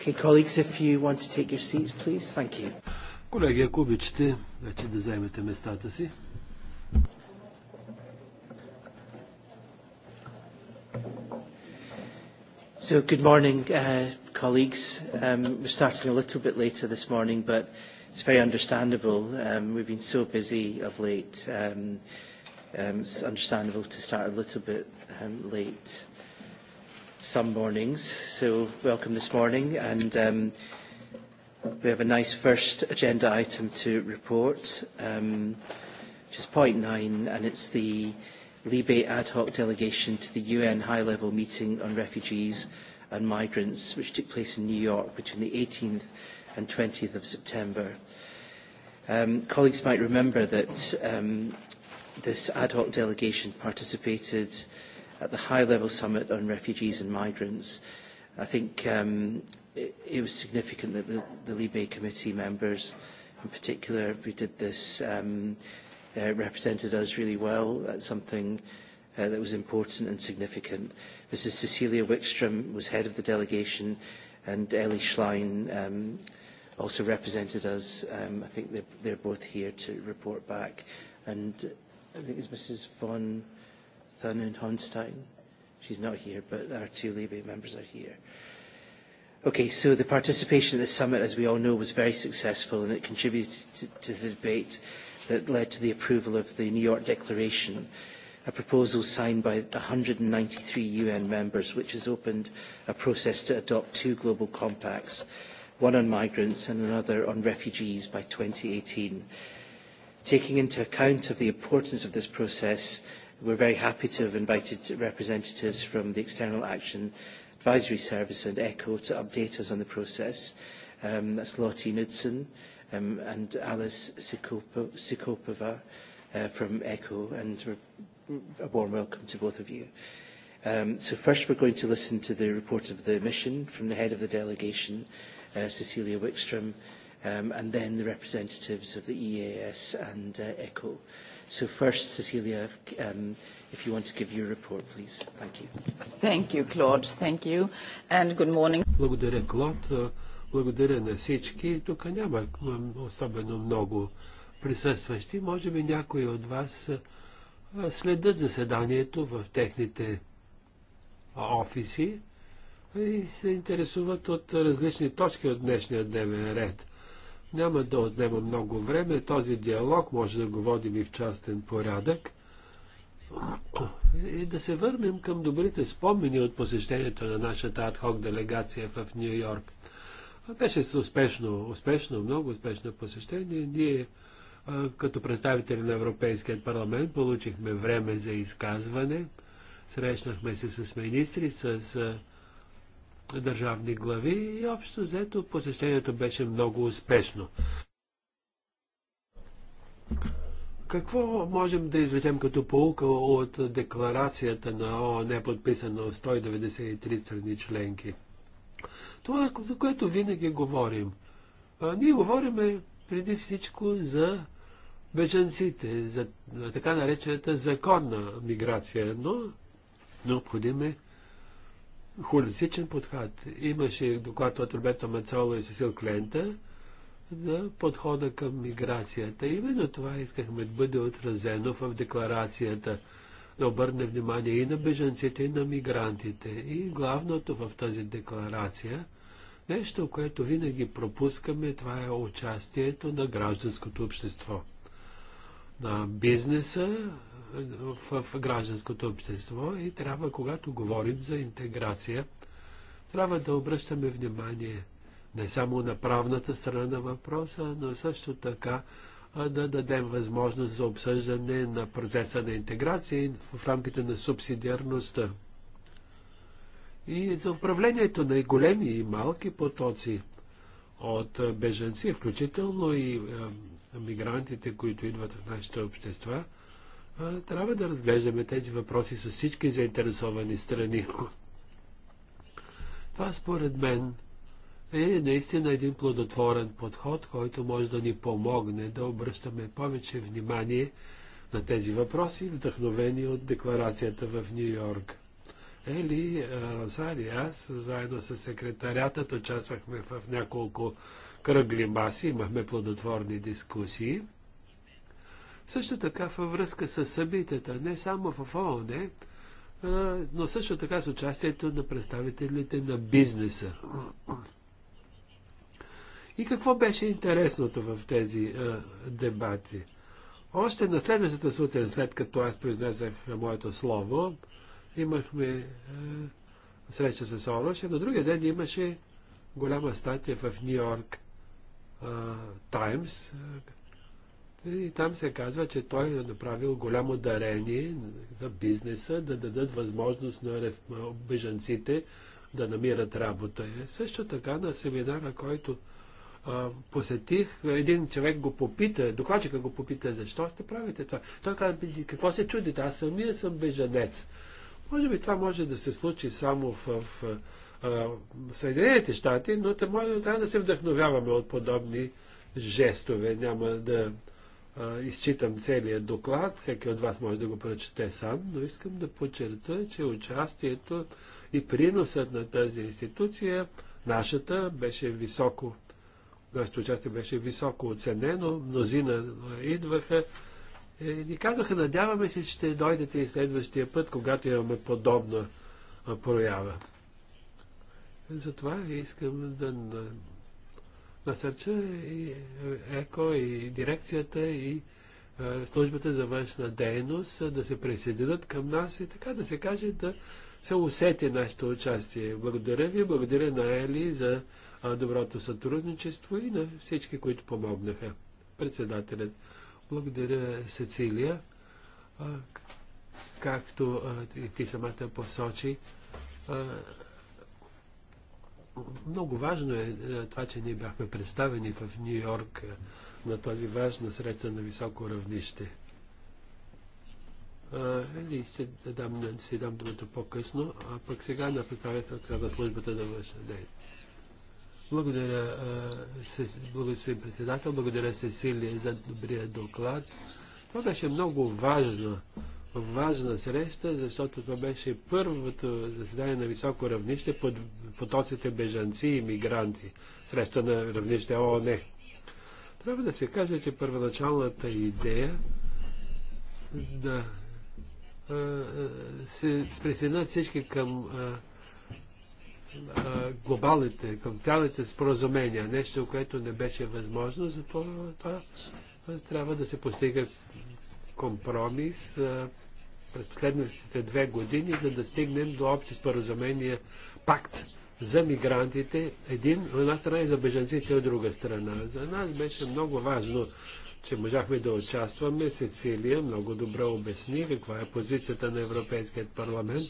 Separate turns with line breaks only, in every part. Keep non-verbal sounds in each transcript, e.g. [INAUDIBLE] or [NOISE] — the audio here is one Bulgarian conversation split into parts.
Okay, colleagues, if you want to take your seats, please. Thank you. Колеги, ако обичате, вече да заемете местата си.
So, good morning, uh, colleagues. Um, we're starting a little bit later this morning, but it's very understandable. Um, we've been so busy of late. Um, um, it's understandable to start a little bit um, late some mornings, so welcome this morning. And um, we have a nice first agenda item to report, um, which is point nine, and it's the Libe ad hoc delegation to the UN high-level meeting on refugees and migrants, which took place in New York between the 18th and 20th of September. Um, colleagues might remember that um, this ad hoc delegation participated at the high-level summit on refugees and migrants. I think um, it, it was significant that the, the Libe committee members, in particular, who did this, um, uh, represented us really well at something uh, that was important and significant. Mrs. Cecilia Wickstrom was head of the delegation, and Ellie Schlein um, also represented us. Um, I think they're, they're both here to report back. And I think it's Mrs. Von Thunund Honstein. She's not here, but our two Labour members are here. Okay, so the participation at this summit, as we all know, was very successful and it contributed to, to the debate that led to the approval of the New York Declaration, a proposal signed by 193 UN members, which has opened a process to adopt two global compacts, one on migrants and another on refugees by 2018. Taking into account of the importance of this process, We're very happy to have invited representatives from the External Action Advisory Service and ECHO to update us on the process. Um, that's Lottie Knudsen um, and Alice Sikopova uh, from ECHO, and a warm welcome to both of you. Um, so first we're going to listen to the report of the mission from the head of the delegation, uh, Cecilia Wickstrom, um, and then the representatives of the EAS and uh, ECHO. So first, Cecilia, um, if you want to give your report, please. Thank you. Thank you, Claude. Thank you. And good morning. Благодаря, Клод. Благодаря на всички. Тук няма
особено много присъстващи. Може би някои от вас следят заседанието в техните офиси и се интересуват от различни точки от днешния дневен ред. Няма да отнема много време. Този диалог може да го водим и в частен порядък. И да се върнем към добрите спомени от посещението на нашата адхок делегация в Нью Йорк. Беше успешно, успешно, много успешно посещение. Ние, като представители на Европейския парламент, получихме време за изказване. Срещнахме се с министри, с държавни глави и общо взето посещението беше много успешно. Какво можем да извлечем като полука от декларацията на ООН, подписана от 193 страни членки? Това, за което винаги говорим. А, ние говорим преди всичко за бежанците, за така наречената законна миграция, но необходим е холистичен подход. Имаше доклад от Роберто Мацоло и Сесил Клента за подхода към миграцията. Именно това искахме да бъде отразено в декларацията, да обърне внимание и на беженците, и на мигрантите. И главното в тази декларация, нещо, което винаги пропускаме, това е участието на гражданското общество, на бизнеса, в, в гражданското общество и трябва, когато говорим за интеграция, трябва да обръщаме внимание не само на правната страна на въпроса, но също така да дадем възможност за обсъждане на процеса на интеграция в рамките на субсидиарността. И за управлението на големи и малки потоци от беженци, включително и мигрантите, които идват в нашите общества, трябва да разглеждаме тези въпроси с всички заинтересовани страни. Това според мен е наистина един плодотворен подход, който може да ни помогне да обръщаме повече внимание на тези въпроси, вдъхновени от декларацията в Нью Йорк. Ели, Розари аз, заедно с секретарятът, участвахме в няколко кръгли маси, имахме плодотворни дискусии – също така във връзка с събитията, не само в ООН, е, но също така с участието на представителите на бизнеса. И какво беше интересното в тези а, е, дебати? Още на следващата сутрин, след като аз произнесах моето слово, имахме а, е, среща с Орош, а на другия ден имаше голяма статия в Нью Йорк Таймс, и там се казва, че той е направил голямо дарение за бизнеса, да дадат възможност на бежанците да намират работа. Е, също така на семинара, който а, посетих, един човек го попита, докладчика го попита, защо ще правите това? Той каза, какво се чудите, аз самия съм бежанец. Може би това може да се случи само в, в, в Съединените щати, но може, трябва да се вдъхновяваме от подобни жестове. Няма да изчитам целият доклад, всеки от вас може да го прочете сам, но искам да подчерта, че участието и приносът на тази институция, нашата, беше високо. Нашето участие беше високо оценено, мнозина идваха е, и ни казаха, надяваме се, че ще дойдете и следващия път, когато имаме подобна проява. Затова искам да насърча и ЕКО, и дирекцията, и службата за външна дейност да се присъединят към нас и така да се каже да се усети нашето участие. Благодаря ви, благодаря на Ели за доброто сътрудничество и на всички, които помогнаха. Председателят. Благодаря, Сецилия. Както и ти самата посочи, много важно е, е това, че ние бяхме представени в Нью Йорк е, на този важна среща на високо равнище. Или ще дам, ще дам думата по-късно, а пък сега на представителка на службата да върша дейност. Благодаря, господин председател, благодаря Сесилия за добрия доклад. Това беше много важно важна среща, защото това беше първото заседание на високо равнище под потоците бежанци и мигранти. Среща на равнище ООН. Трябва да се каже, че първоначалната идея да се присъединят всички към глобалните, към цялите споразумения. Нещо, което не беше възможно, затова трябва да се постига компромис през последните две години, за да стигнем до общи споразумения пакт за мигрантите, един от една страна и за беженците от друга страна. За нас беше много важно, че можахме да участваме. Сецилия много добре обясни каква е позицията на Европейският парламент.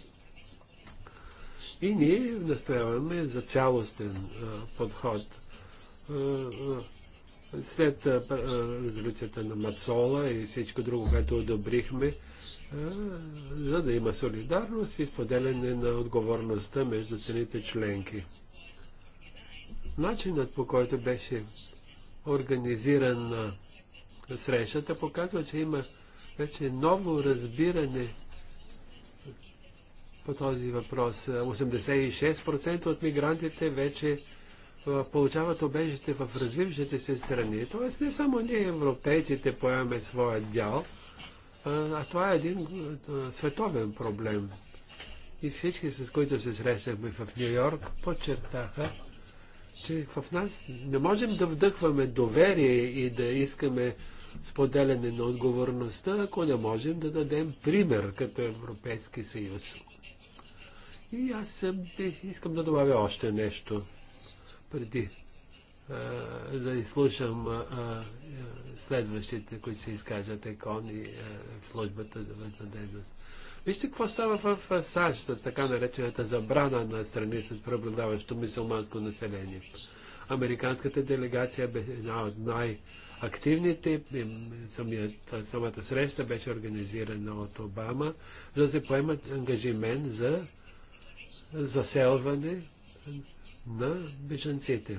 И ние настояваме за цялостен а, подход. А, а, след резолюцията на Мацола и всичко друго, което одобрихме, за да има солидарност и споделяне на отговорността между страните членки. Начинът по който беше организирана срещата показва, че има вече ново разбиране по този въпрос. 86% от мигрантите вече получават обежище в развившите се страни. Тоест не само ние, европейците, поемаме своя дял, а това е един световен проблем. И всички, с които се срещахме в Нью Йорк, подчертаха, че в нас не можем да вдъхваме доверие и да искаме споделяне на отговорността, ако не можем да дадем пример като Европейски съюз. И аз бих, искам да добавя още нещо преди да изслушам следващите, които се изкажат ЕКОН и службата за възнадежност. дейност. Вижте какво става в САЩ с така наречената забрана на страни с преобладаващо мисулманско население. Американската делегация бе една от най-активните. самата среща беше организирана от Обама, за да се поемат ангажимент за заселване на бежанците.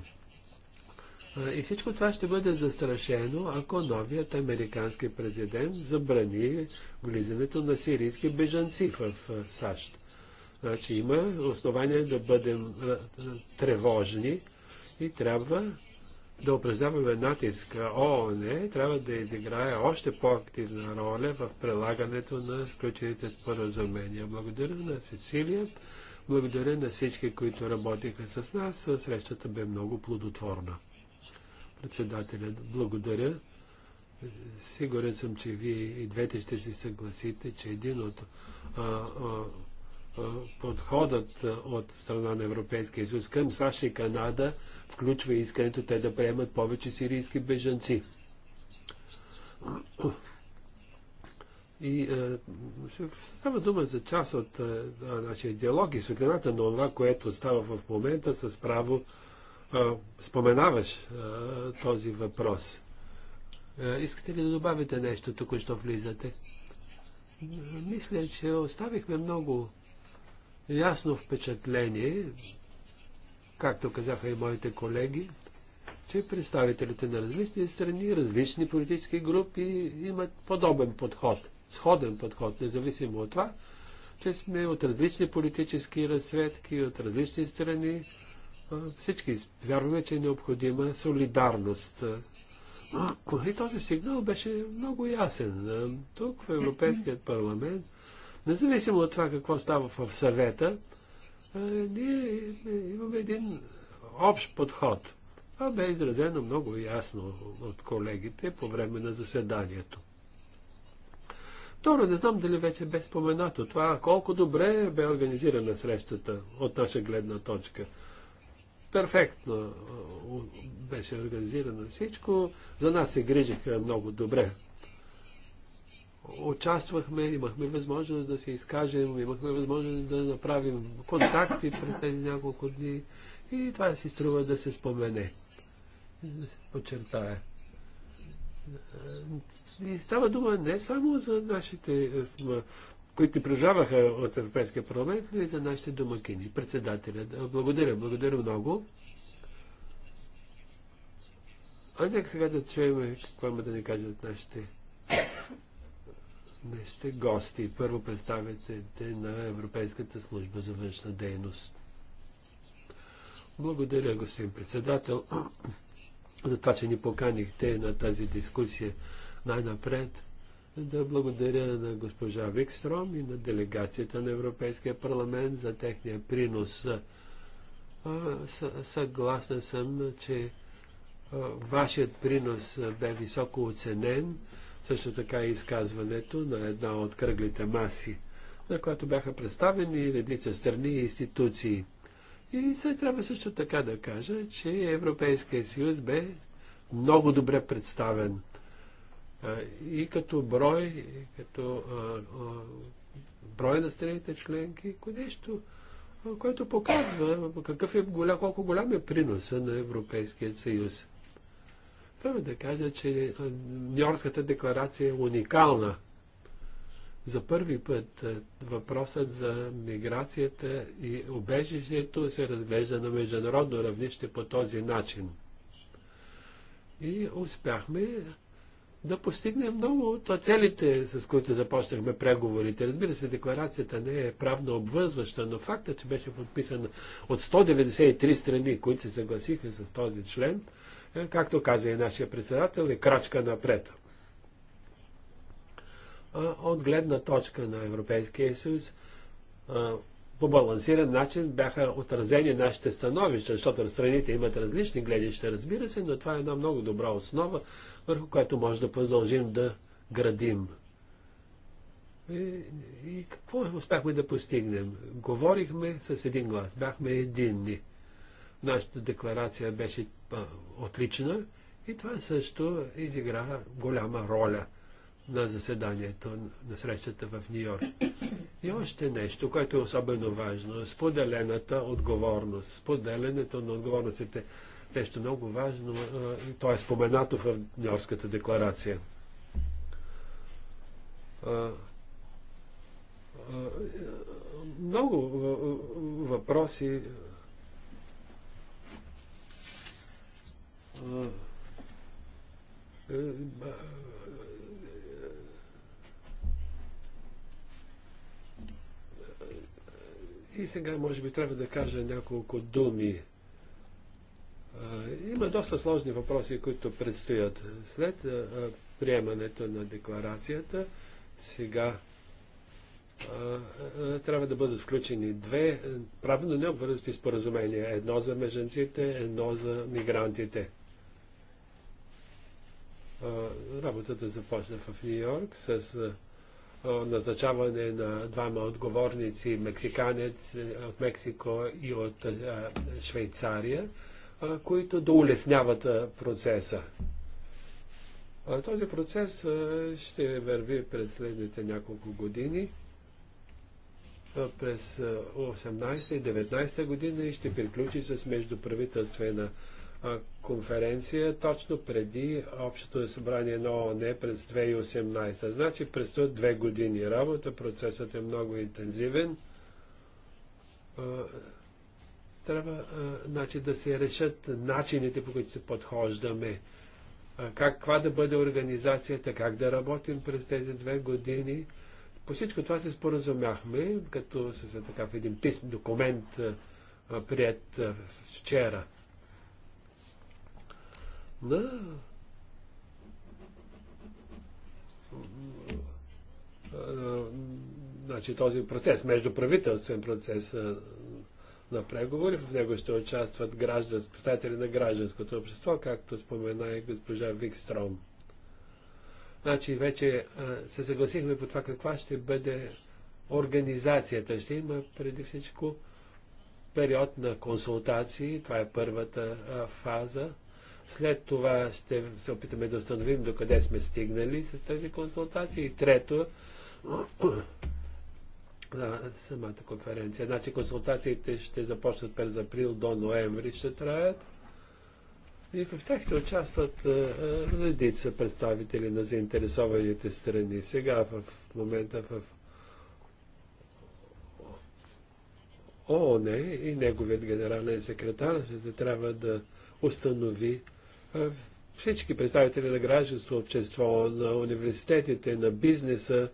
И всичко това ще бъде застрашено, ако новият американски президент забрани влизането на сирийски бежанци в САЩ. Значи има основания да бъдем тревожни и трябва да упражняваме натиска. ООН трябва да изиграе още по-активна роля в прилагането на сключените споразумения. Благодаря на Сесилия. Благодаря на всички, които работиха с нас. Срещата бе много плодотворна. Председателят, благодаря. Сигурен съм, че вие и двете ще се съгласите, че един от а, а, подходът от страна на Европейския съюз към САЩ и Канада включва искането те да приемат повече сирийски бежанци. И е, става дума за част от е, нашия диалог и светлината на това, което става в момента, с право е, споменаваш е, този въпрос. Е, искате ли да добавите нещо, тук, що влизате? Е, мисля, че оставихме много ясно впечатление, както казаха и моите колеги, че представителите на различни страни, различни политически групи имат подобен подход – сходен подход, независимо от това, че сме от различни политически разсветки, от различни страни. Всички вярваме, че е необходима солидарност. И този сигнал беше много ясен. Тук в Европейският парламент, независимо от това какво става в съвета, ние имаме един общ подход. Това бе изразено много ясно от колегите по време на заседанието. Второ, не знам дали вече бе споменато това, колко добре бе организирана срещата от наша гледна точка. Перфектно беше организирано всичко. За нас се грижиха много добре. Участвахме, имахме възможност да се изкажем, имахме възможност да направим контакти през тези няколко дни и това си струва да се спомене, да се подчертая. И е, е, става дума не само за нашите, е, които прижаваха от Европейския парламент, но и за нашите домакини, председателя. Благодаря, благодаря много. А нека сега да чуем какво има да ни кажат нашите, нашите гости. Първо представителите на Европейската служба за външна дейност. Благодаря, господин председател за това, че ни поканихте на тази дискусия. Най-напред да благодаря на госпожа Викстром и на делегацията на Европейския парламент за техния принос. Съгласен съгласна съм, че вашият принос бе високо оценен, също така и изказването на една от кръглите маси, на която бяха представени редица страни и институции. И се трябва също така да кажа, че Европейския съюз бе много добре представен и като брой, и като брой на страните членки, нещо, което показва какъв е голям, колко голям е приноса на Европейския съюз. Трябва да кажа, че Нью-Йоркската декларация е уникална – за първи път е, въпросът за миграцията и обежището се разглежда на международно равнище по този начин. И успяхме да постигнем много от целите, с които започнахме преговорите. Разбира се, декларацията не е правно обвързваща, но фактът, че беше подписана от 193 страни, които се съгласиха с този член, е, както каза и нашия председател, е крачка напред от гледна точка на Европейския съюз по балансиран начин бяха отразени нашите становища, защото страните имат различни гледища, разбира се, но това е една много добра основа, върху която може да продължим да градим. И, и какво успяхме да постигнем? Говорихме с един глас, бяхме единни. Нашата декларация беше а, отлична и това също изигра голяма роля – на заседанието на срещата в Нью-Йорк. И още нещо, което е особено важно, споделената отговорност, споделянето на отговорностите. Е нещо много важно, то е споменато в Нью-Йоркската декларация. Много въпроси И сега може би трябва да кажа няколко думи. Има доста сложни въпроси, които предстоят. След приемането на декларацията, сега трябва да бъдат включени две правно необвързващи споразумения. Едно за меженците, едно за мигрантите. Работата започна в Нью-Йорк с назначаване на двама отговорници, мексиканец е, от Мексико и от е, Швейцария, които да улесняват е, процеса. Този процес ще върви през следните няколко години през 18 19 година и ще приключи с междуправителствена конференция точно преди Общото събрание на ООН през 2018. Значи през две години работа, процесът е много интензивен. Трябва значи, да се решат начините, по които се подхождаме. Каква да бъде организацията, как да работим през тези две години. По всичко това се споразумяхме, като се така в един писан документ, прият вчера на значи, този процес, междуправителствен процес на преговори. В него ще участват граждан, представители на гражданското общество, както спомена и госпожа Викстром. Значи вече се съгласихме по това каква ще бъде организацията. Ще има преди всичко период на консултации. Това е първата фаза. След това ще се опитаме да установим докъде сме стигнали с тези консултации. И трето, на самата конференция. Значи консултациите ще започнат през април до ноември, ще траят. И в тях ще участват редица представители на заинтересованите страни. Сега в момента в ООН и неговият генерален секретар ще трябва да установи всички представители на гражданство, общество, на университетите, на бизнеса,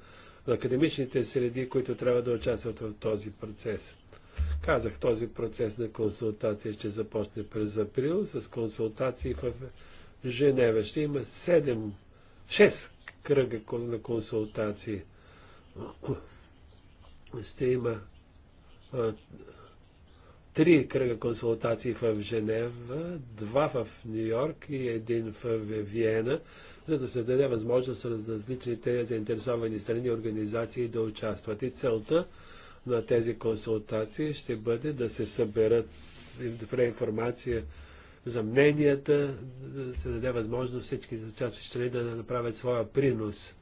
на академичните среди, които трябва да участват в този процес. Казах този процес на консултация, че започне през април с консултации в Женева. Ще има 7, 6 кръга на консултации. Ще има три кръга консултации в Женева, два в Нью Йорк и един в Виена, за да се даде възможност различните заинтересовани страни и организации да участват. И целта на тези консултации ще бъде да се съберат добре информация за мненията, да се даде възможност всички участващи страни да направят своя принос.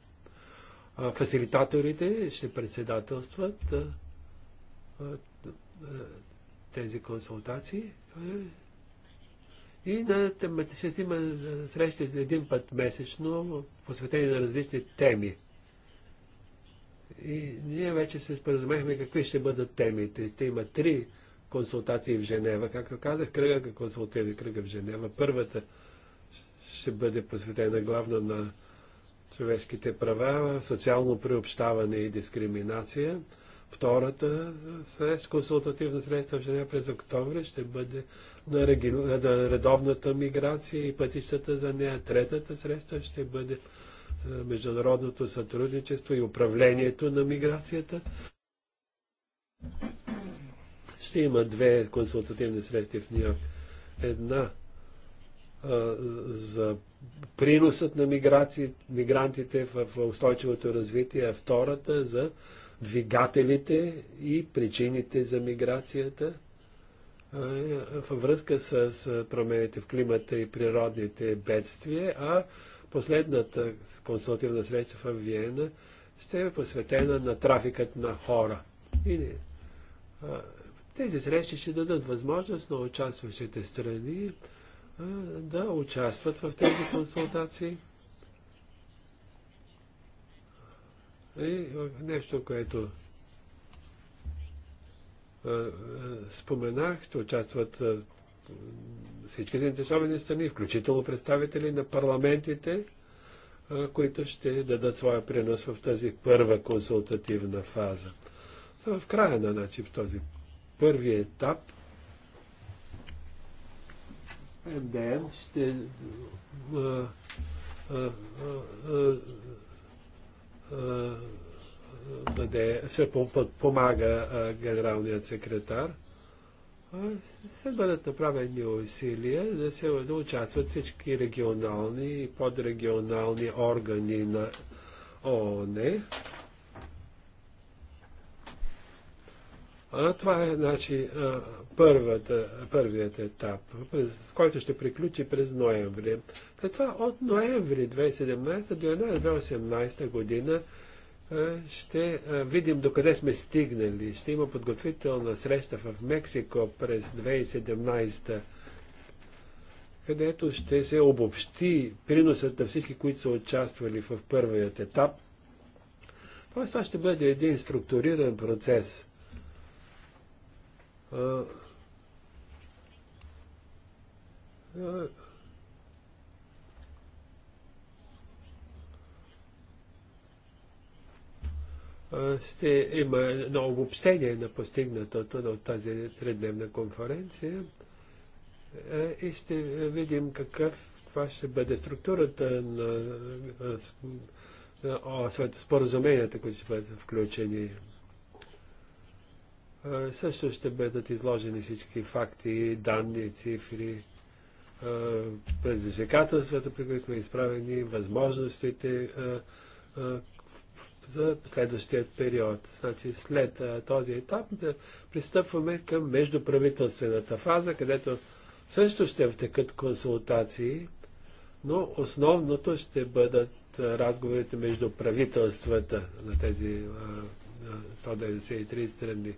Фасилитаторите ще председателстват тези консултации. И на тематични има срещи един път месечно, посветени на различни теми. И ние вече се споразумехме какви ще бъдат темите. Ще има три консултации в Женева. Както казах, кръга консултира кръга в Женева. Първата ще бъде посветена главно на човешките права, социално приобщаване и дискриминация. Втората среща, консултативна среща в Женя през октомври ще бъде на, реги... на редовната миграция и пътищата за нея. Третата среща ще бъде международното сътрудничество и управлението на миграцията. Ще има две консултативни срещи в Нью-Йорк. Една а, за приносът на миграци... мигрантите в устойчивото развитие, а втората за двигателите и причините за миграцията във връзка с промените в климата и природните бедствия, а последната консултативна среща в Виена ще е посветена на трафикът на хора. И, тези срещи ще дадат възможност на участващите страни да участват в тези консултации. И нещо, което споменах, ще участват всички заинтересовани страни, включително представители на парламентите, които ще дадат своя принос в тази първа консултативна фаза. В края на значи, в този първи етап МДН ще а, а, а, даде, ще помага генералният секретар, ще бъдат направени усилия да се да участват всички регионални и подрегионални органи на ООН, е. А, това е значи, първата, първият етап, през, който ще приключи през ноември. След това от ноември 2017 до 2018 година ще видим докъде сме стигнали. Ще има подготвителна среща в Мексико през 2017 където ще се обобщи приносът на всички, които са участвали в първият етап. Тоест, това ще бъде един структуриран процес ще има едно обобщение на постигнатото от тази тридневна конференция и ще видим какъв това ще бъде структурата на, на, на, на, на, на споразуменията, които ще бъдат включени също ще бъдат изложени всички факти, данни, цифри, предизвикателствата, при които сме изправени, възможностите за следващия период. Значи след този етап да пристъпваме към междуправителствената фаза, където също ще втекат консултации, но основното ще бъдат разговорите между правителствата на тези 193 страни.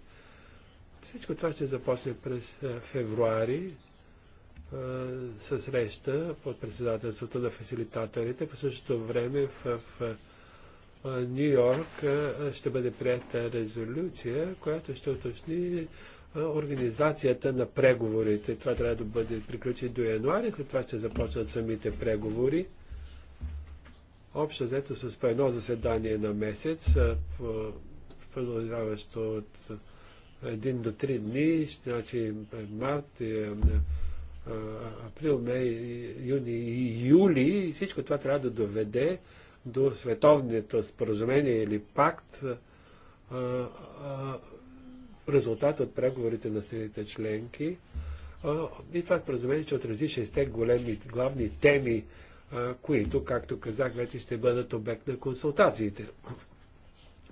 Всичко това ще започне през е, февруари е, със среща под председателството на фасилитаторите. По същото време в, в е, Нью Йорк ще бъде прията резолюция, която ще уточни организацията на преговорите. Това трябва да бъде приключено до януари, след това ще започнат самите преговори. Общо взето с по едно заседание на месец, продължаващо от един до три дни, значи е март, е, е, април, май, юни и юли, всичко това трябва да доведе до световното споразумение или пакт, резултат от преговорите на страните членки. и това споразумение ще отрази шесте големи главни теми, които, както казах, вече ще бъдат обект на консултациите.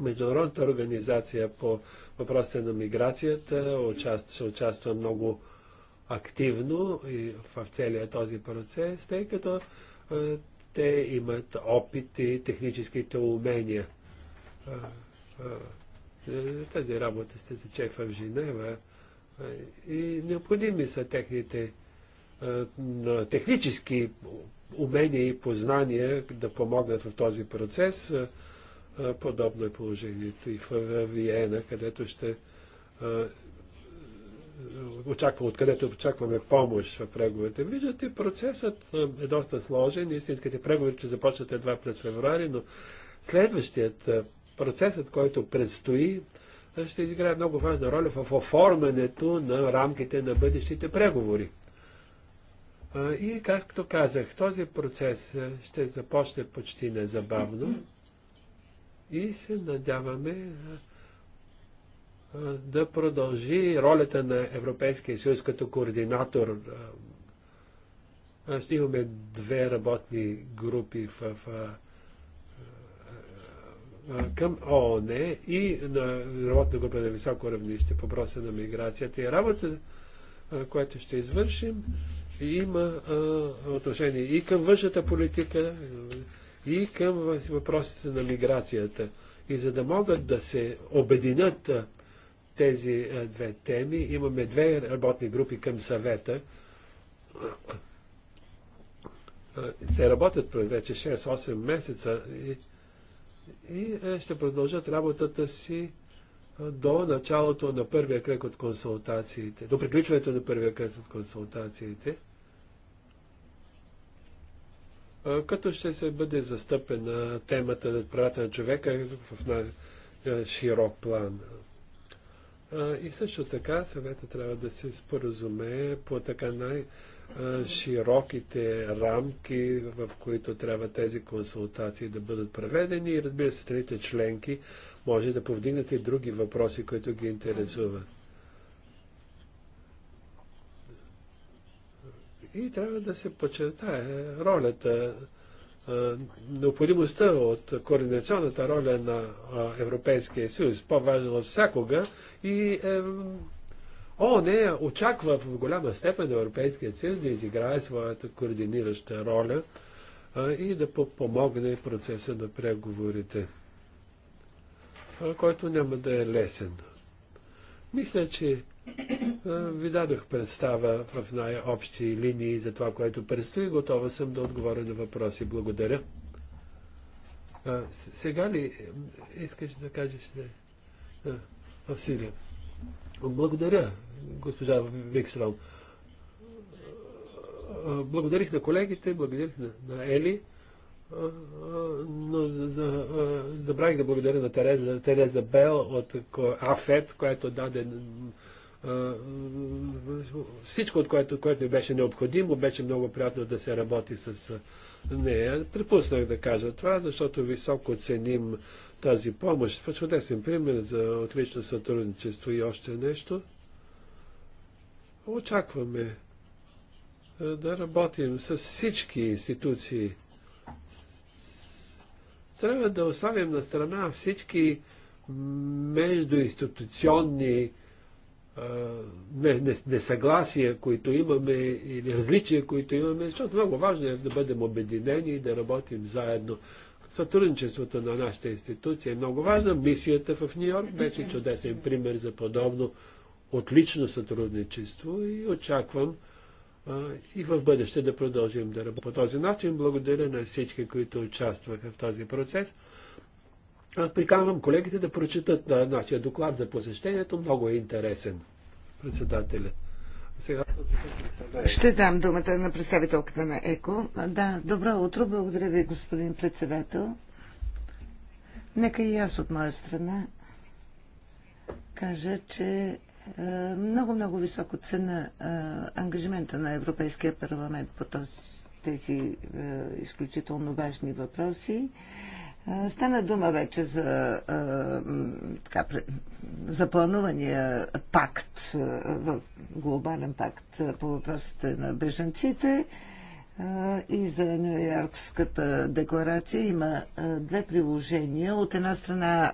Международната организация по въпросите на миграцията ще участва много активно и в целия този процес, тъй като те имат опит и техническите умения. Е, тази работа ще тече в Женева и необходими са техните технически умения и познания да помогнат в този процес. Подобно е положението и в Виена, където ще очаква, откъдето очакваме помощ в преговорите. Виждате, процесът е доста сложен. Истинските преговори ще започнат едва през февруари, но следващият процесът, който предстои, ще изиграе много важна роля в оформянето на рамките на бъдещите преговори. И, както казах, този процес ще започне почти незабавно и се надяваме да продължи ролята на Европейския съюз като координатор. Аз имаме две работни групи в, в, към ООН и на работна група на високо равнище по проса на миграцията и работа, която ще извършим, има отношение и към външната политика, и към въпросите на миграцията. И за да могат да се обединят тези две теми, имаме две работни групи към съвета. Те работят през вече 6-8 месеца и, и ще продължат работата си до началото на първия кръг от консултациите, до приключването на първия кръг от консултациите като ще се бъде застъпена темата на правата на човека в на широк план. И също така съвета трябва да се споразумее по така най-широките рамки, в които трябва тези консултации да бъдат проведени. и разбира се, страните членки може да повдигнат и други въпроси, които ги интересуват. И трябва да се подчертае ролята, необходимостта от координационната роля на Европейския съюз, по-важна от всякога. И е, ООН очаква в голяма степен Европейския съюз да изиграе своята координираща роля и да помогне процеса на преговорите, който няма да е лесен. Мисля, че ви дадох представа в най-общи линии за това, което предстои. Готова съм да отговоря на въпроси. Благодаря. Сега ли искаш да кажеш не? В Сирия. Благодаря, госпожа Викстром. Благодарих на колегите, благодарих на, на Ели, но забравих да благодаря на Тереза, Тереза Бел от АФЕТ, която даде всичко, от което, което ми беше необходимо, беше много приятно да се работи с нея. Припуснах да кажа това, защото високо ценим тази помощ. Е чудесен пример за отлично сътрудничество и още нещо. Очакваме да работим с всички институции. Трябва да оставим на страна всички междуинституционни институционни несъгласия, които имаме или различия, които имаме, защото много важно е да бъдем обединени и да работим заедно. Сътрудничеството на нашата институция е много важно. Мисията в Нью Йорк беше чудесен пример за подобно отлично сътрудничество и очаквам а, и в бъдеще да продължим да работим. По този начин благодаря на всички, които участваха в този процес. Приканвам колегите да прочитат а, нашия доклад за посещението. Много е интересен. Председателя. Сега... Ще
дам думата на представителката на ЕКО. Да, добро утро. Благодаря ви, господин председател. Нека и аз от моя страна кажа, че е, много-много високо цена е, ангажимента на Европейския парламент по този, тези е, изключително важни въпроси. Е, стана дума вече за, е, така, за планувания пакт, е, глобален пакт по въпросите на бежанците и за Нью-Йоркската декларация. Има две приложения. От една страна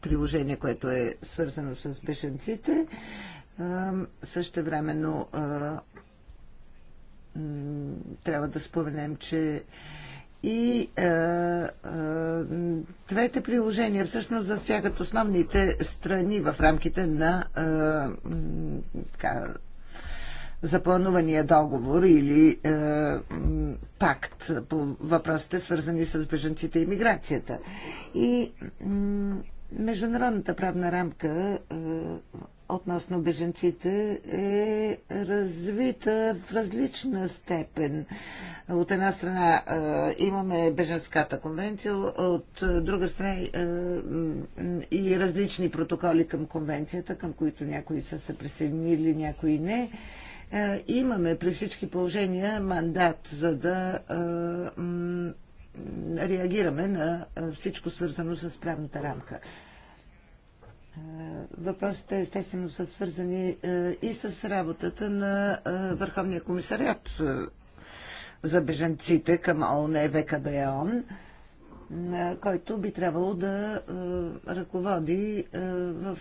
приложение, което е свързано с бежанците, също времено трябва да споменем, че и а, е, а, е, двете приложения всъщност засягат основните страни в рамките на е, запланувания договор или а, пакт по въпросите свързани с беженците и миграцията. И международната правна рамка а, относно беженците е развита в различна степен. От една страна е, имаме беженската конвенция, от друга страна е, и различни протоколи към конвенцията, към които някои са се присъединили, някои не. Е, имаме при всички положения мандат за да реагираме на всичко свързано с правната рамка Въпросите естествено са свързани е, и с работата на е, Върховния комисариат е, за беженците към ООН ВКБОН, който би трябвало да ръководи в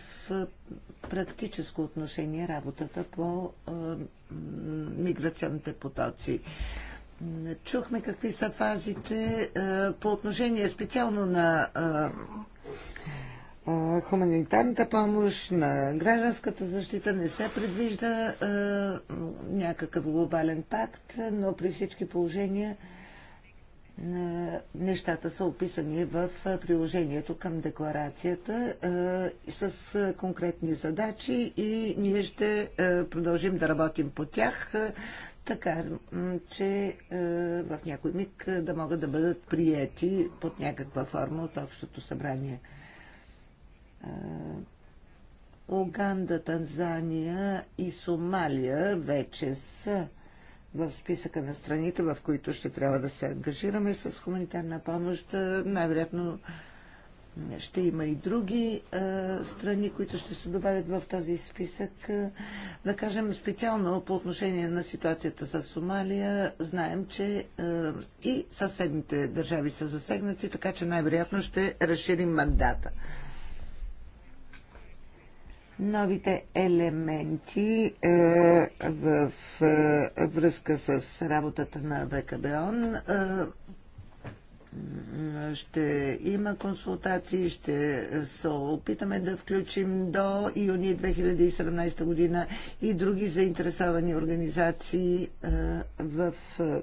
практическо отношение работата по миграционните потоци. Чухме какви са фазите по отношение специално на хуманитарната помощ, на гражданската защита не се предвижда а, някакъв глобален пакт, но при всички положения а, нещата са описани в приложението към декларацията а, с конкретни задачи и ние ще продължим да работим по тях, така че в някой миг да могат да бъдат приети под някаква форма от Общото събрание. Е, Уганда, Танзания и Сомалия вече са в списъка на страните, в които ще трябва да се ангажираме с хуманитарна помощ. Е, най-вероятно ще има и други а, е, страни, които ще се добавят в този списък. да кажем специално по отношение на ситуацията с Сомалия, знаем, че а, и съседните държави са засегнати, така че най-вероятно ще разширим мандата новите елементи е, в е, връзка с работата на ВКБОН. Е, ще има консултации, ще се опитаме да включим до юни 2017 година и други заинтересовани организации е, в е,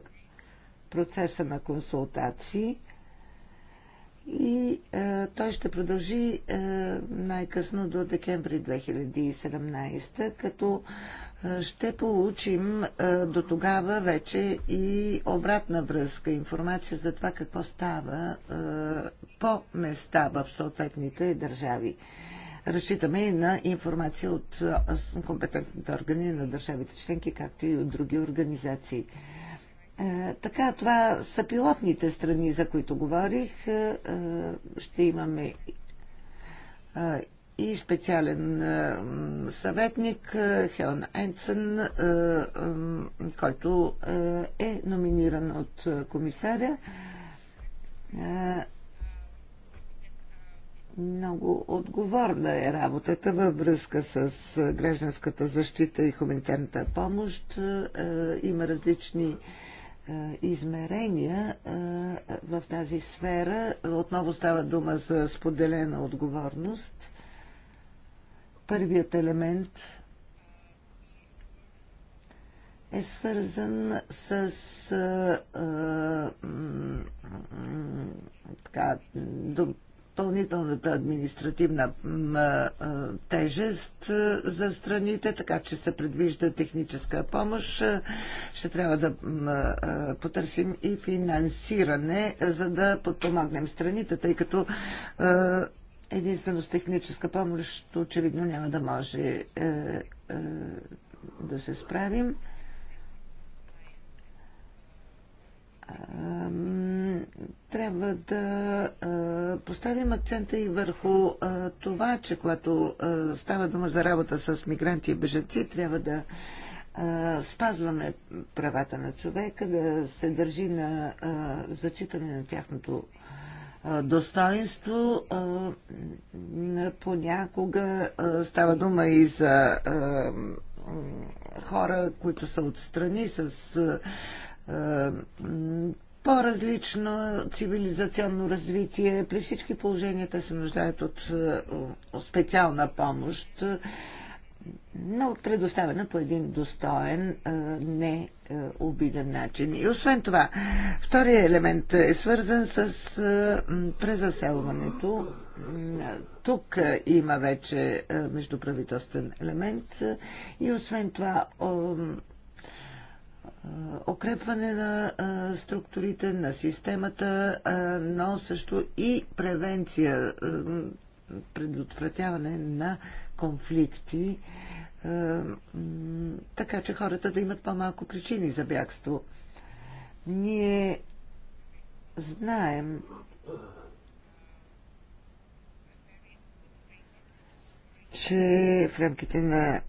процеса на консултации и е, той ще продължи е, най-късно до декември 2017, като е, ще получим е, до тогава вече и обратна връзка, информация за това какво става е, по места в съответните държави. Разчитаме и на информация от е, компетентните органи на държавите членки, както и от други организации. Е, така, това са пилотните страни, за които говорих. Е, е, ще имаме и специален съветник Хелен Енцен, който е номиниран от комисаря. Много отговорна е работата във връзка с гражданската защита и хуманитарната помощ. Има различни е, измерения е, в тази сфера. Отново става дума за споделена отговорност. Първият елемент е свързан с а, е, а, така, допълнителната административна тежест за страните, така че се предвижда техническа помощ. Ще трябва да потърсим и финансиране, за да подпомогнем страните, тъй като единствено с техническа помощ очевидно няма да може е, е, да се справим. трябва да поставим акцента и върху това, че когато става дума за работа с мигранти и бежанци, трябва да спазваме правата на човека, да се държи на зачитане на тяхното достоинство. Понякога става дума и за хора, които са отстрани с е, по-различно цивилизационно развитие. При всички положения те се нуждаят от е, специална помощ, но предоставена по един достоен, е, не обиден начин. И освен това, втория елемент е свързан с презаселването. Тук има вече междуправителствен елемент и освен това укрепване на структурите, на системата, но също и превенция, предотвратяване на конфликти, така че хората да имат по-малко причини за бягство. Ние знаем, че в рамките на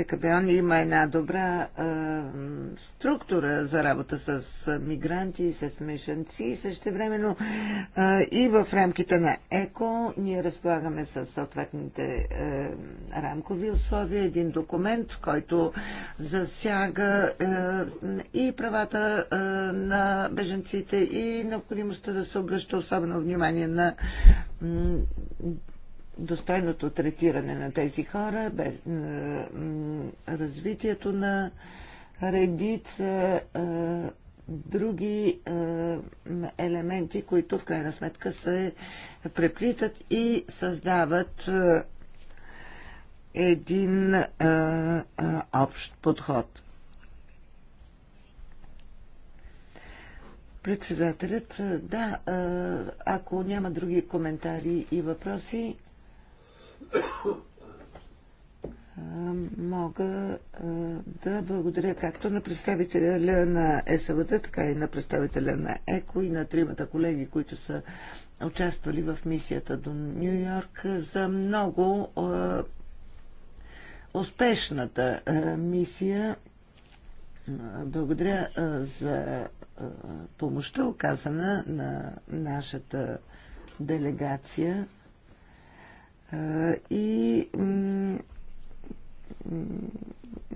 ВКБОН има една добра структура за работа с мигранти и с мешанци и а, и в рамките на ЕКО ние разполагаме с съответните рамкови условия, един документ, който засяга и правата на беженците и необходимостта да се обръща особено внимание на достойното третиране на тези хора, без, развитието на редица други елементи, които в крайна сметка се преплитат и създават един общ подход. Председателят, да, ако няма други коментари и въпроси, мога да благодаря както на представителя на СВД, така и на представителя на ЕКО и на тримата колеги, които са участвали в мисията до Нью Йорк за много успешната мисия. Благодаря за помощта оказана на нашата делегация и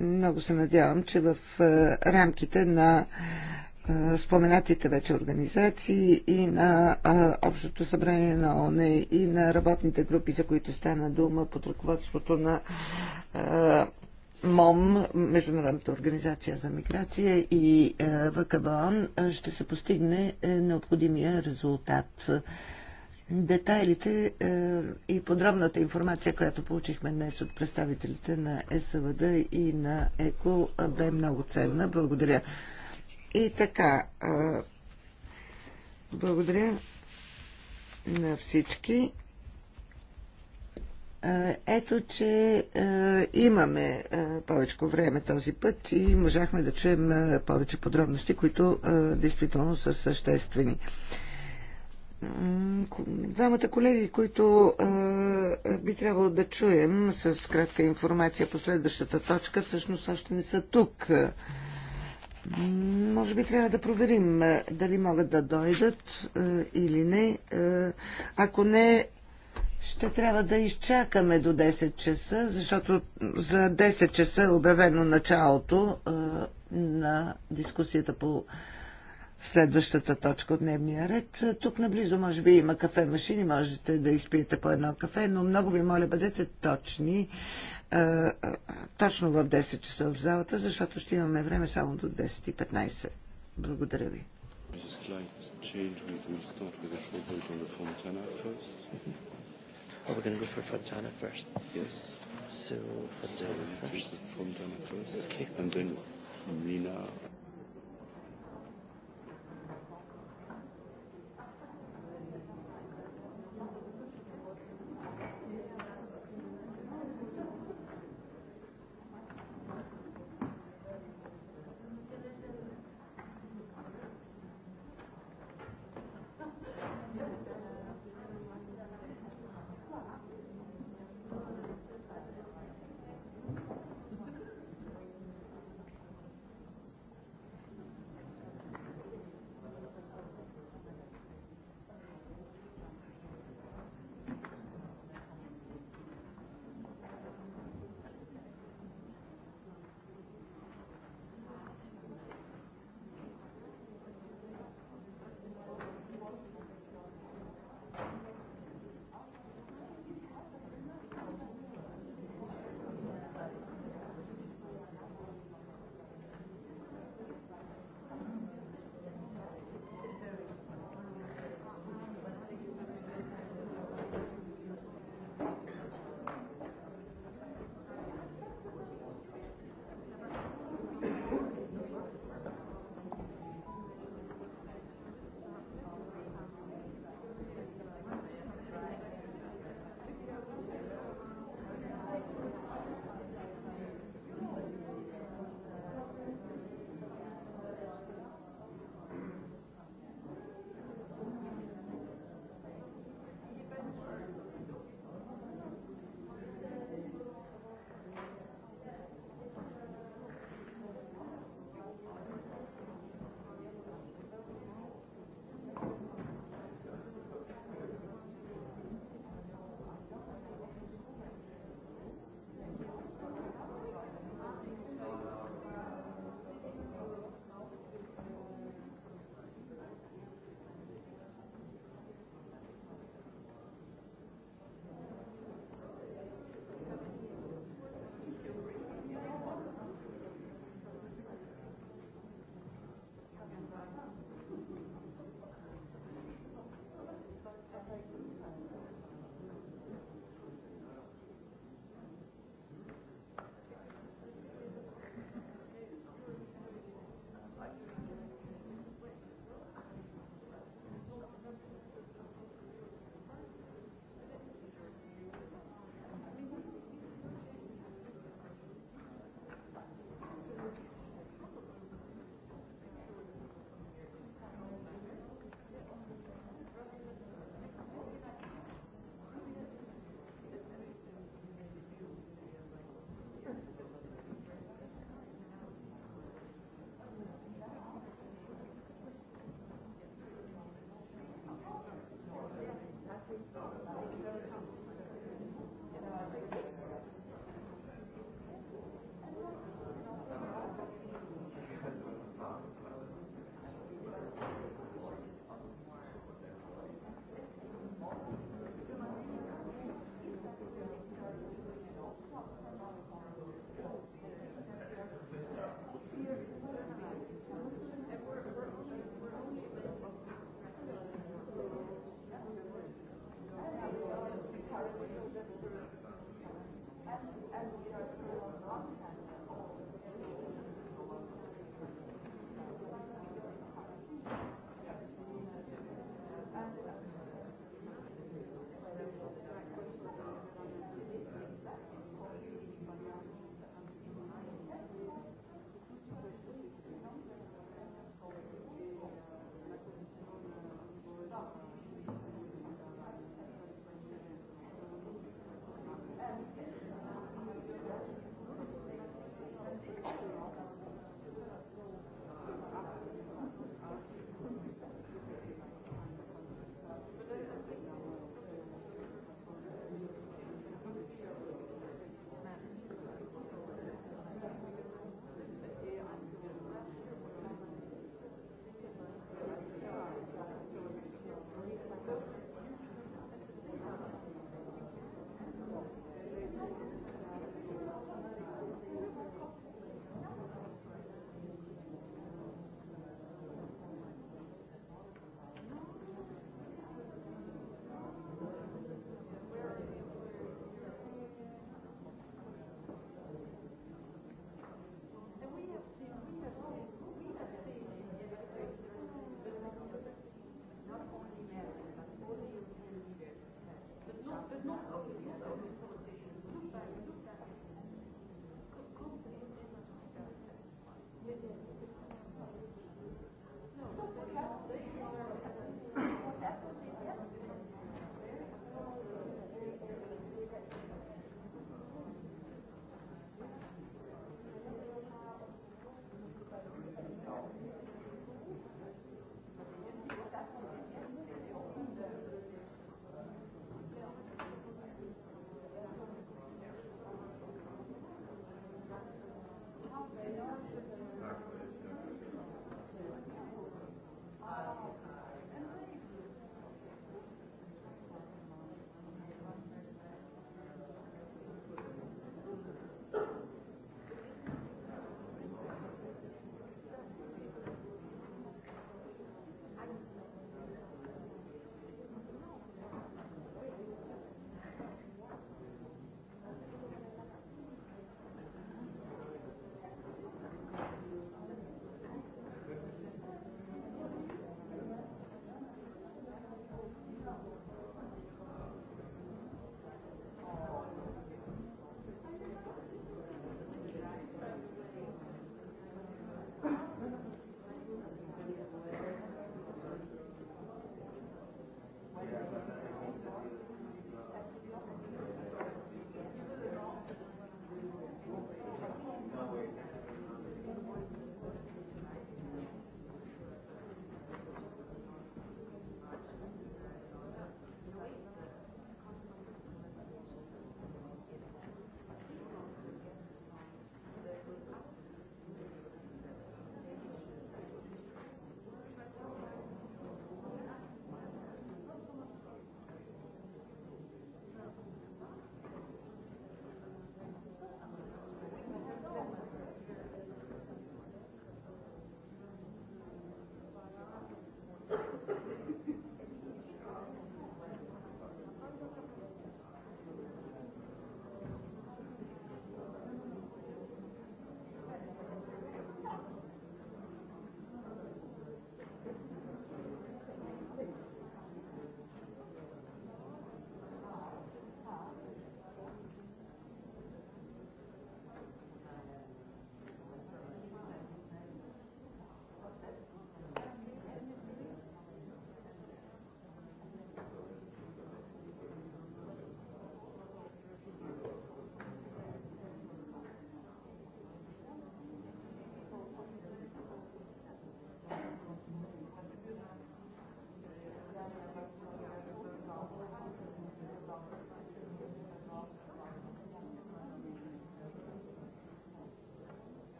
много се надявам, че в рамките на споменатите вече организации и на Общото събрание на ОНЕ и на работните групи, за които стана дума под ръководството на МОМ, Международната организация за миграция и ВКБОН, ще се постигне е, необходимия резултат детайлите е, и подробната информация, която получихме днес от представителите на СВД и на ЕКО, е, бе много ценна. Благодаря. И така, е, благодаря на всички. Ето, че имаме повече време този път и можахме да чуем повече подробности, които действително са съществени. Двамата колеги, които а, би трябвало да чуем с кратка информация по следващата точка, всъщност още не са тук. Може би трябва да проверим дали могат да дойдат или не. Ако не, ще трябва да изчакаме до 10 часа, защото за 10 часа е обявено началото на дискусията по следващата точка от дневния ред. Тук наблизо може би има кафе машини, можете да изпиете по едно кафе, но много ви моля бъдете точни е, е, точно в 10 часа в залата, защото ще имаме време само до 10 и 15. Благодаря ви.
Oh, we're going to go for Fontana first. Yes. So Fontana first. Fontana first. Okay. And then Mina.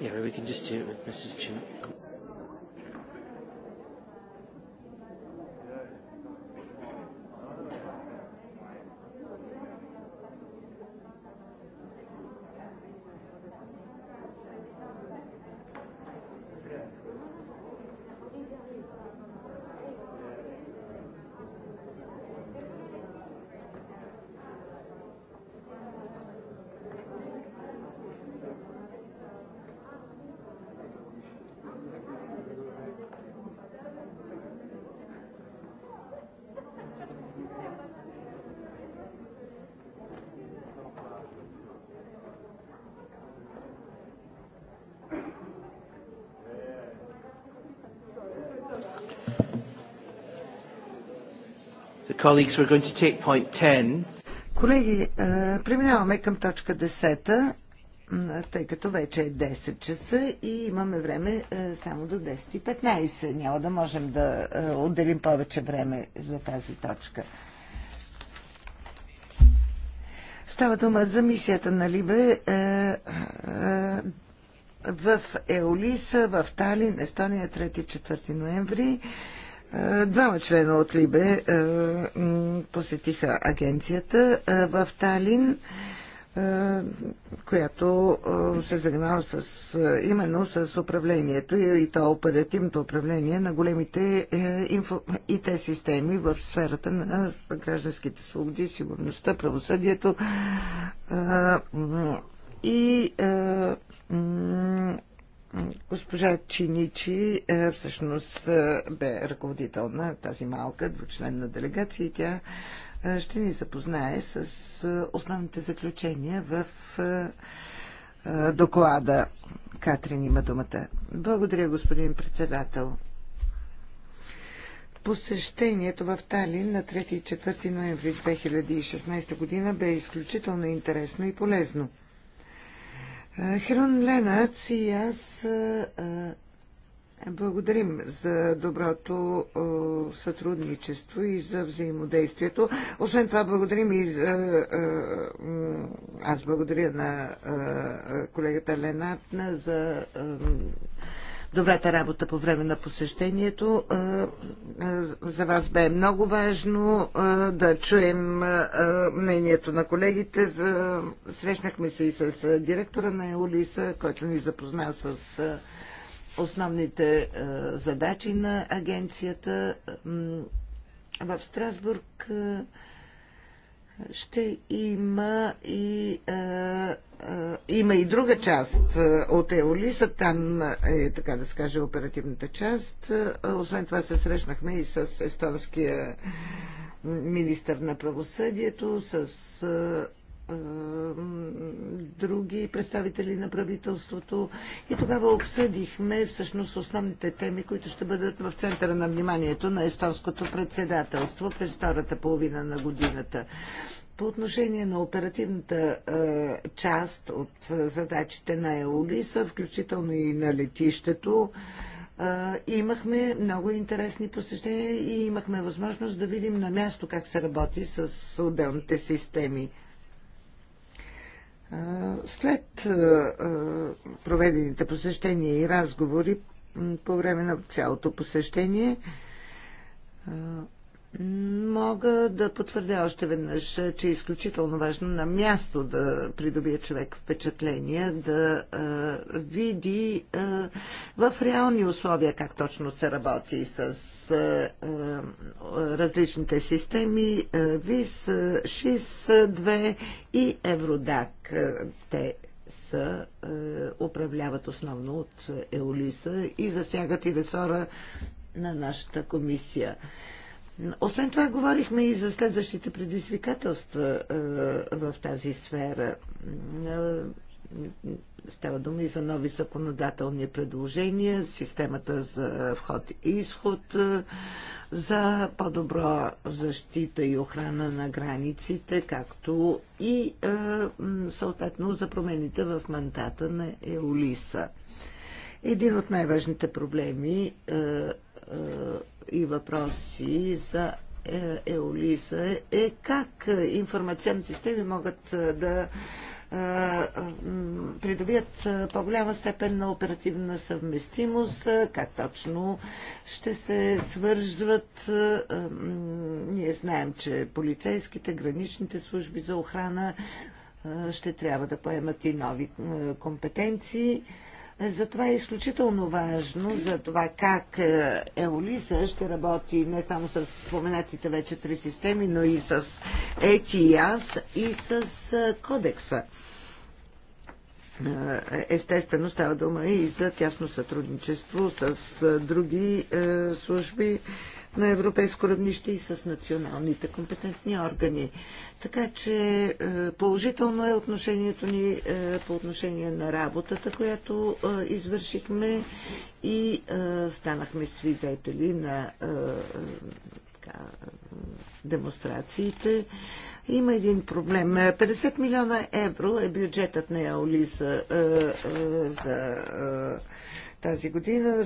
Yeah, we can just do it with Mrs. Chimp. colleagues, we're going to take point 10.
Колеги, е, преминаваме към точка 10, тъй като вече е 10 часа и имаме време е, само до 10.15. Няма да можем да е, отделим повече време за тази точка. Става дума за мисията на Либе в Еолиса, в Талин, Естония, 3-4 ноември. Двама члена от Либе е, посетиха агенцията е, в Талин, е, която се занимава с, именно с управлението и то оперативното управление на големите ИТ системи в сферата на гражданските свободи, сигурността, правосъдието и Госпожа Чиничи е, всъщност е, бе ръководител на тази малка двучленна делегация и тя е, ще ни запознае с основните заключения в доклада. Катрин има думата. Благодаря, господин председател. Посещението в Талин на 3 и 4 ноември 2016 година бе изключително интересно и полезно – Херон Ленац и аз е, благодарим за доброто сътрудничество и за взаимодействието. Освен това, благодарим и за... Аз благодаря на колегата Ленатна за добрата работа по време на посещението. За вас бе много важно да чуем мнението на колегите. Срещнахме се и с директора на Еолиса, който ни запозна с основните задачи на агенцията. В Страсбург ще има и а, е, а, е, има и друга част е, от Еолиса, там е така да се каже оперативната част. Освен това се срещнахме и с естонския министър на правосъдието, с други представители на правителството и тогава обсъдихме всъщност основните теми, които ще бъдат в центъра на вниманието на естонското председателство през втората половина на годината. По отношение на оперативната е, част от задачите на Еолиса, включително и на летището, е, имахме много интересни посещения и имахме възможност да видим на място как се работи с отделните системи. След проведените посещения и разговори по време на цялото посещение, Мога да потвърдя още веднъж, че е изключително важно на място да придобие човек впечатление, да е, види е, в реални условия как точно се работи с е, е, различните системи е, ВИС, ШИС 2 и Евродак. Те са, е, управляват основно от Еолиса и засягат и ресора на нашата комисия. Освен това, говорихме и за следващите предизвикателства е, в тази сфера. Е, става дума и за нови законодателни предложения, системата за вход и изход, е, за по-добро защита и охрана на границите, както и съответно за промените в мандата на Еолиса. Един от най-важните проблеми и въпроси за е, Еолиса е как информационни системи могат е, да е, придобият по-голяма степен на оперативна съвместимост, как точно ще се свързват. Ние знаем, че полицейските, граничните служби за охрана ще трябва да поемат и нови компетенции. Затова е изключително важно за това как е, Еолиса ще работи не само с споменатите вече три системи, но и с ETIAS и с е, Кодекса. Е, естествено става дума и за тясно сътрудничество с други служби на европейско равнище и с националните компетентни органи. Така че е, положително е отношението ни е, по отношение на работата, която е, извършихме и станахме свидетели на така, демонстрациите. Има един проблем. 50 милиона евро е бюджетът на Еолиза за тази година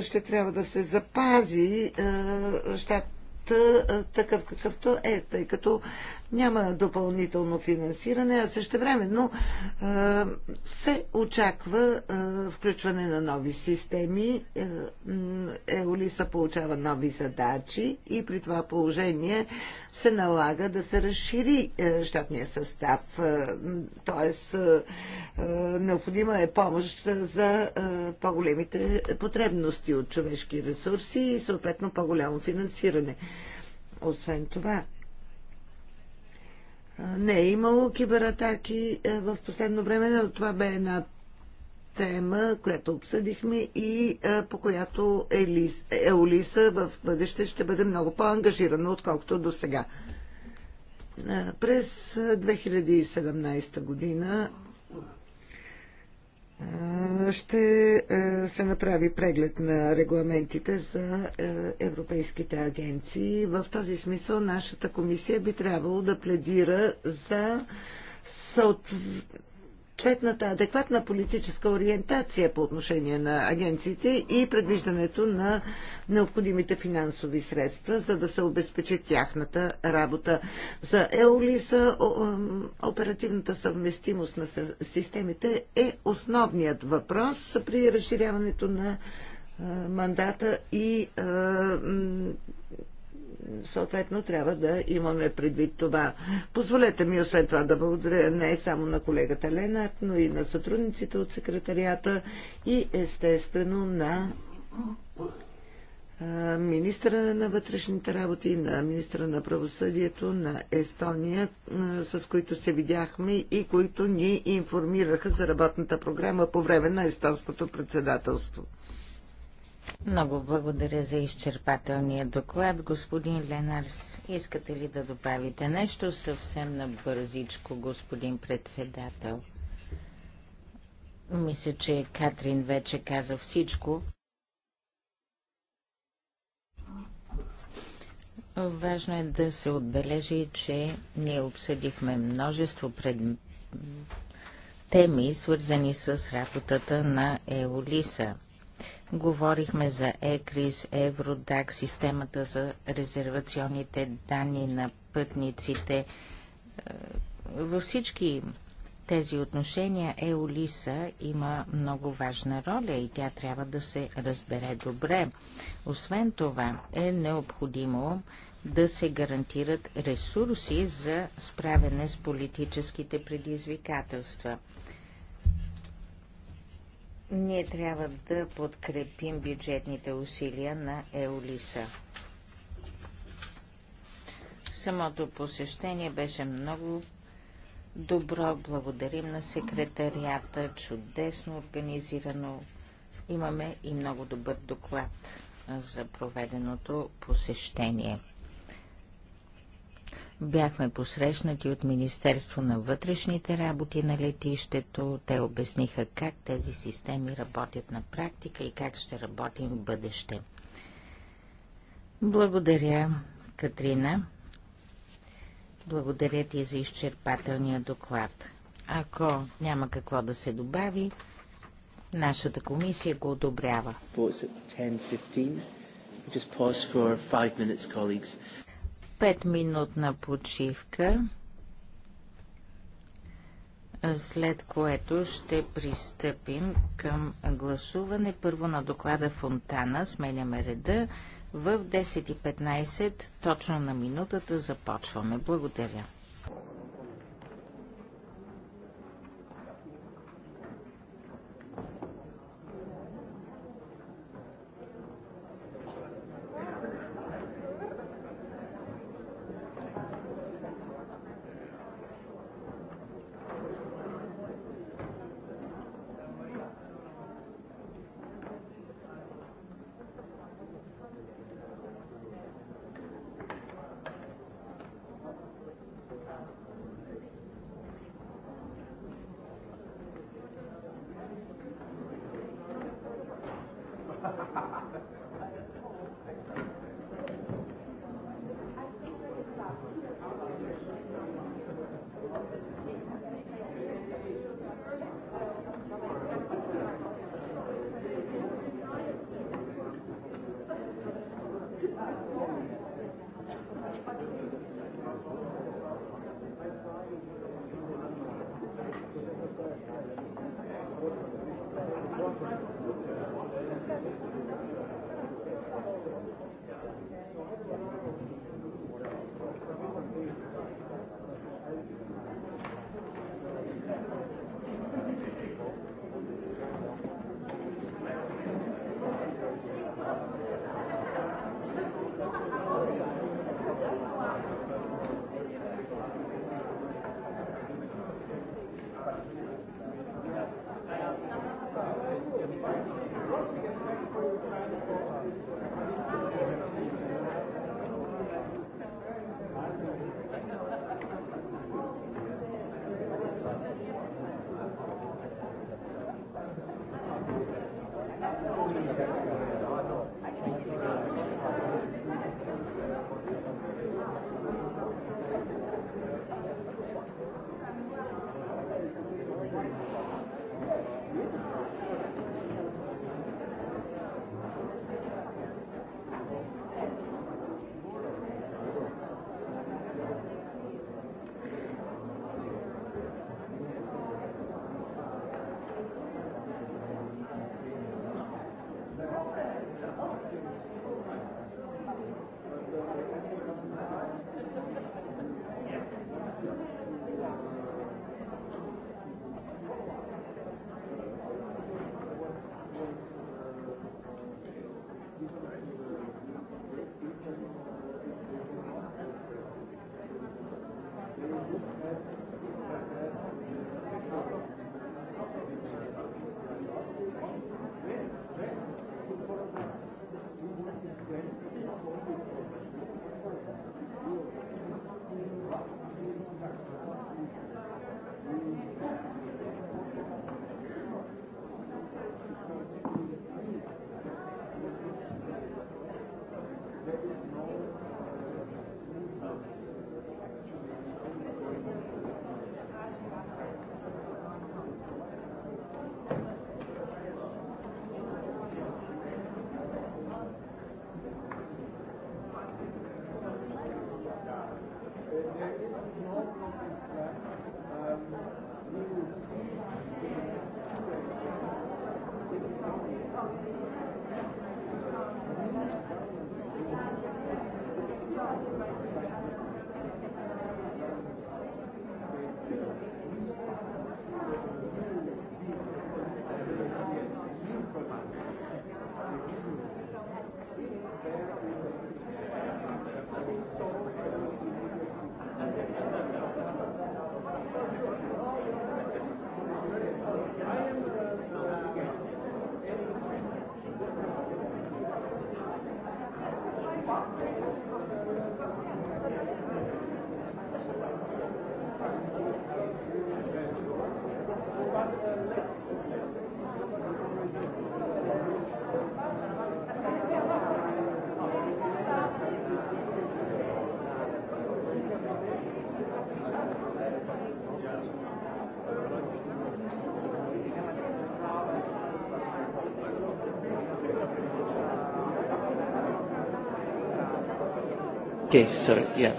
ще трябва да се запази щат такъв какъвто е, тъй като няма допълнително финансиране, а също времено се очаква включване на нови системи. Е, Еолиса получава нови задачи и при това положение се налага да се разшири е, щатния състав. Е, тоест, необходима е помощ за по-големите потребности от човешки ресурси и съответно по-голямо финансиране. Освен това, не е имало кибератаки в последно време, но това бе една тема, която обсъдихме и по която Елис, Еолиса в бъдеще ще бъде много по-ангажирана, отколкото до сега. През 2017 година ще се направи преглед на регламентите за европейските агенции. В този смисъл нашата комисия би трябвало да пледира за съответната адекватна политическа ориентация по отношение на агенциите и предвиждането на необходимите финансови средства, за да се обезпечи тяхната работа. За Еолиса оперативната съвместимост на системите е основният въпрос при разширяването на мандата и съответно трябва да имаме предвид това. Позволете ми освен това да благодаря не само на колегата Ленард, но и на сътрудниците от секретарията и естествено на министра на вътрешните работи, на министра на правосъдието на Естония, с които се видяхме и които ни информираха за работната програма по време на естонското председателство.
Много благодаря за изчерпателния доклад. Господин Ленарс, искате ли да добавите нещо съвсем набързичко, господин председател? Мисля, че Катрин вече каза всичко. Важно е да се отбележи, че ние обсъдихме множество пред... теми, свързани с работата на Еолиса – Говорихме за ЕКРИС, Евродак, системата за резервационните данни на пътниците. Е, във всички тези отношения Еолиса има много важна роля и тя трябва да се разбере добре. Освен това е необходимо да се гарантират ресурси за справяне с политическите предизвикателства – ние трябва да подкрепим бюджетните усилия на Еолиса. Самото посещение беше много добро. Благодарим на секретарията. Чудесно организирано. Имаме и много добър доклад за проведеното посещение. Бяхме посрещнати от Министерство на вътрешните работи на летището. Те обясниха как тези системи работят на практика и как ще работим в бъдеще. Благодаря, Катрина. Благодаря ти за изчерпателния доклад. Ако няма какво да се добави, нашата комисия го одобрява. 5-минутна почивка, след което ще пристъпим към гласуване. Първо на доклада Фонтана, сменяме реда. В 10.15, точно на минутата, започваме. Благодаря.
Okay, sorry, yeah.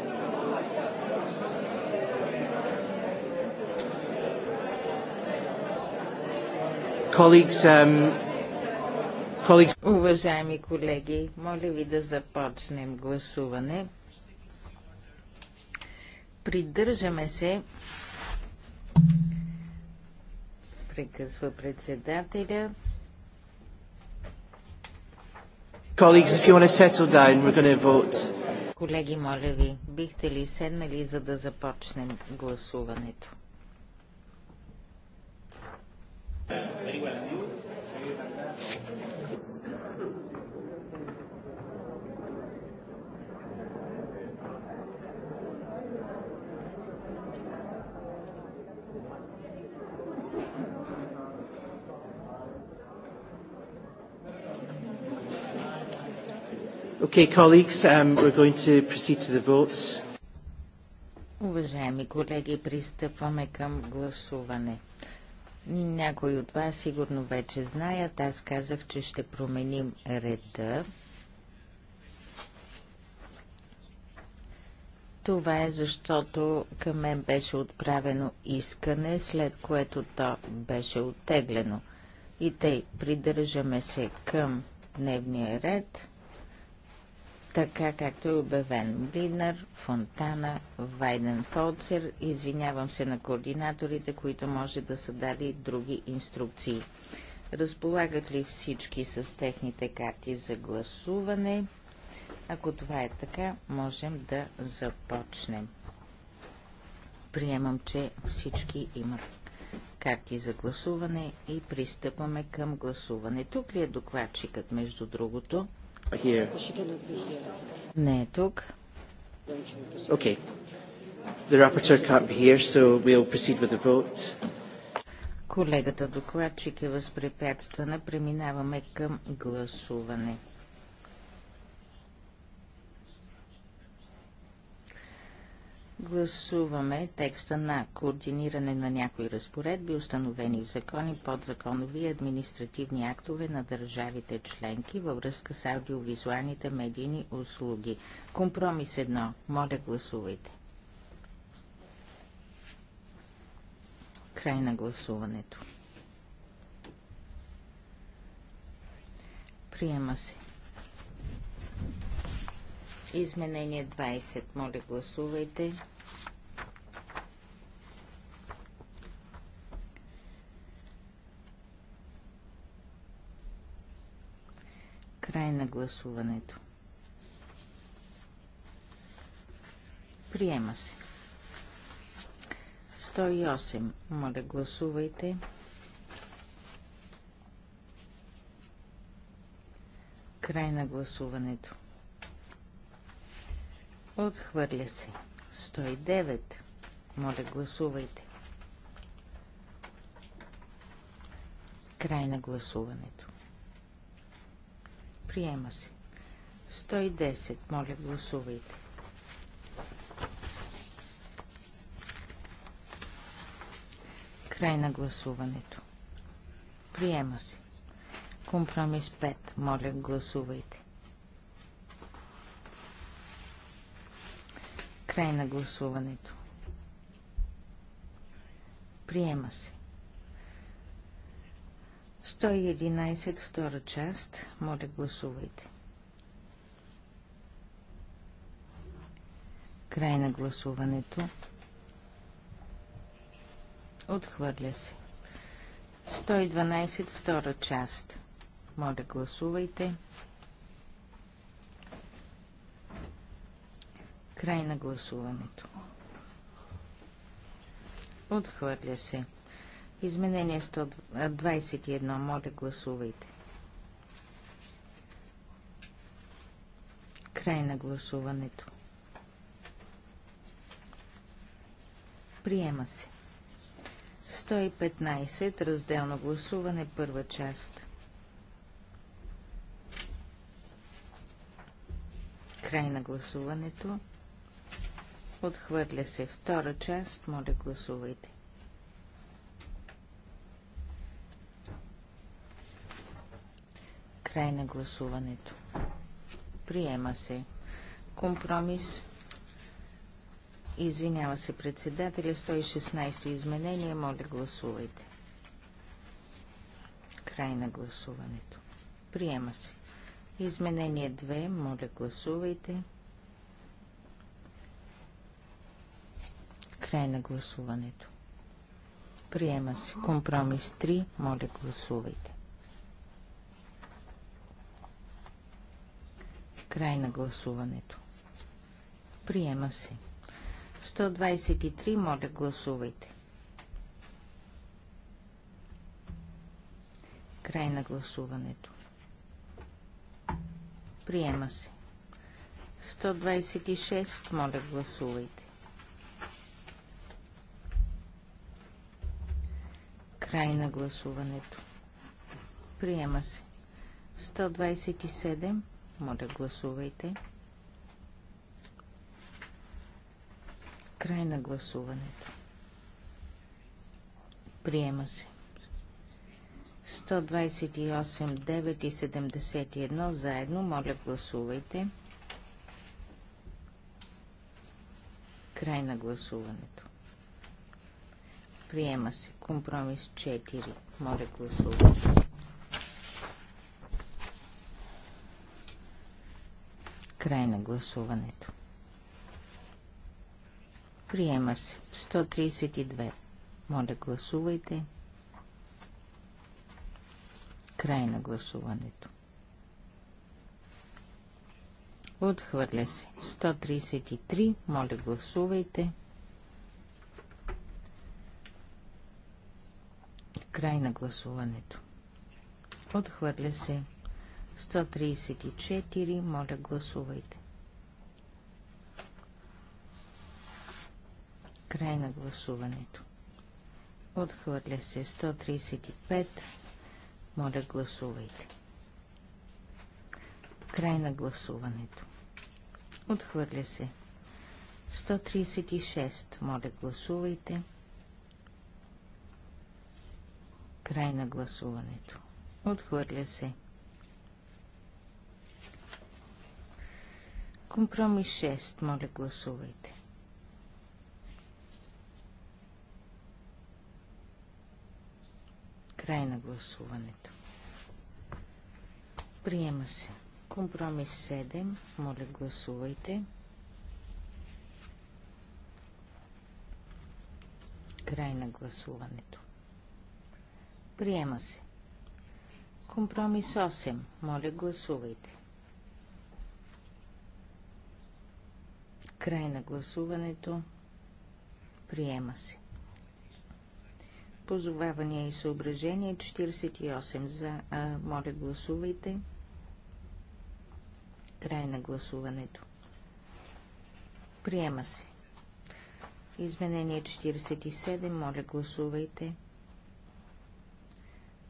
Colleagues, um, colleagues... Уважаеми
колеги, моля ви да започнем гласуване. Придържаме се, прекъсва председателя.
Colleagues, if you want to settle down, we're going to vote.
Колеги, моля ви, бихте ли седнали, за да започнем гласуването?
Very well.
Okay, colleagues, um, we're going to proceed to the votes.
Уважаеми колеги, пристъпваме към гласуване. Някои от вас сигурно вече знаят, аз казах, че ще променим реда. Това е защото към мен беше отправено искане, след което то беше оттеглено. И тъй, придържаме се към дневния ред така както е обявен. Млинар, Фонтана, Вайденхолцер. Извинявам се на координаторите, които може да са дали други инструкции. Разполагат ли всички с техните карти за гласуване? Ако това е така, можем да започнем. Приемам, че всички имат карти за гласуване и пристъпваме към гласуване. Тук ли е докладчикът, между другото?
here. Не е тук. Okay. The rapporteur can't be here, so we'll proceed with the vote.
Колегата докладчик е възпрепятствана. Преминаваме към гласуване. Гласуваме текста на координиране на някои разпоредби, установени в закони, подзаконови и административни актове на държавите членки във връзка с аудиовизуалните медийни услуги. Компромис 1. Моля гласувайте. Край на гласуването. Приема се. Изменение 20. Моля, гласувайте. Край на гласуването. Приема се. 108. Моля, гласувайте. Край на гласуването. Отхвърля се. 109. Моля, гласувайте. Край на гласуването. Приема се. 110. Моля, гласувайте. Край на гласуването. Приема се. Компромис 5. Моля, гласувайте. Край на гласуването. Приема се. 111 втора част. Моля, гласувайте. Край на гласуването. Отхвърля се. 112 втора част. Моля, гласувайте. Край на гласуването. Отхвърля се. Изменение 121. Моля, гласувайте. Край на гласуването. Приема се. 115. Разделно гласуване. Първа част. Край на гласуването. Отхвърля се. Втора част. Моля, гласувайте. Край на гласуването. Приема се. Компромис. Извинява се председателя. 116 изменение. Моля, гласувайте. Край на гласуването. Приема се. Изменение 2. Моля, гласувайте. Край на гласуването. Приема се. Компромис 3. Моля, гласувайте. Край на гласуването. Приема се. 123. Моля, гласувайте. Край на гласуването. Приема се. 126. Моля, гласувайте. Край на гласуването. Приема се. 127. Моля, гласувайте. Край на гласуването. Приема се. 128, 9 и 71 заедно. Моля, гласувайте. Край на гласуването. Приема се. Компромис 4. Моля, гласувайте. Край на гласуването. Приема се. 132. Моля, гласувайте. Край на гласуването. Отхвърля се. 133. Моля, гласувайте. Край на гласуването. Отхвърля се. 134. Моля, гласувайте. Край на гласуването. Отхвърля се. 135. Моля, гласувайте. Край на гласуването. Отхвърля се. 136. Моля, гласувайте. Край на гласуването. Отхвърля се. Компромис 6. Моля, гласувайте. Край на гласуването. Приема се. Компромис 7. Моля, гласувайте. Край на гласуването. Приема се. Компромис 8. Моля, гласувайте. Край на гласуването. Приема се. Позовавания и съображение. 48 за. А, моля, гласувайте. Край на гласуването. Приема се. Изменение 47. Моля, гласувайте.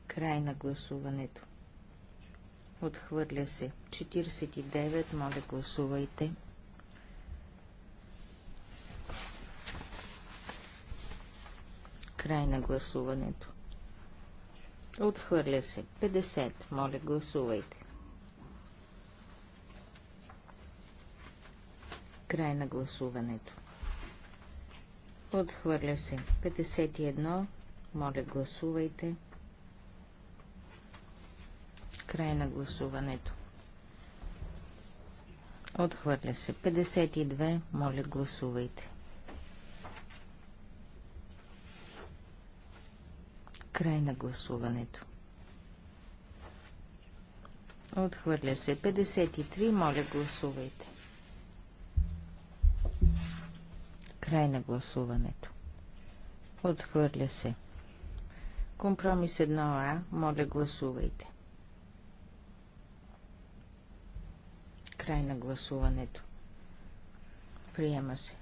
Край на гласуването. Отхвърля се. 49. Моля, гласувайте. Край на гласуването. Отхвърля се. 50. Моля, гласувайте. Край на гласуването. Отхвърля се. 51. Моля, гласувайте. Край на гласуването. Отхвърля се. 52. Моля, гласувайте. Край на гласуването. Отхвърля се. 53. Моля, гласувайте. Край на гласуването. Отхвърля се. Компромис 1А. Моля, гласувайте. Край на гласуването. Приема се.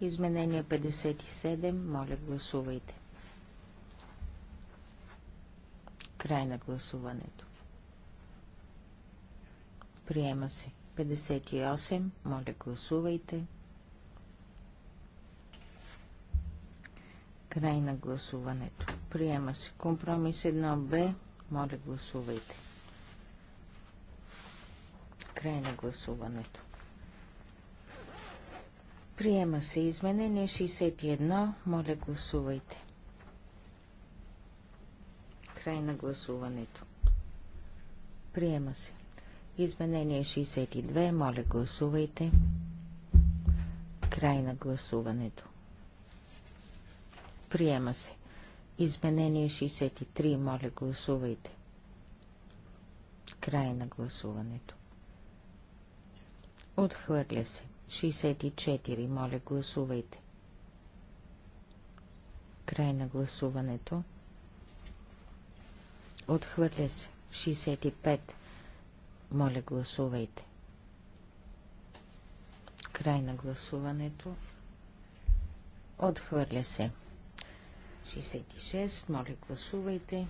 Изменение 57. Моля, гласувайте. Край на гласуването. Приема се. 58. Моля, гласувайте. Край на гласуването. Приема се. Компромис 1Б. Моля, гласувайте. Край на гласуването. Приема се изменение 61. Моля, гласувайте. Край на гласуването. Приема се. Изменение 62. Моля, гласувайте. Край на гласуването. Приема се. Изменение 63. Моля, гласувайте. Край на гласуването. Отхвърля се. 64. Моля, гласувайте. Край на гласуването. Отхвърля се. 65. Моля, гласувайте. Край на гласуването. Отхвърля се. 66. Моля, гласувайте.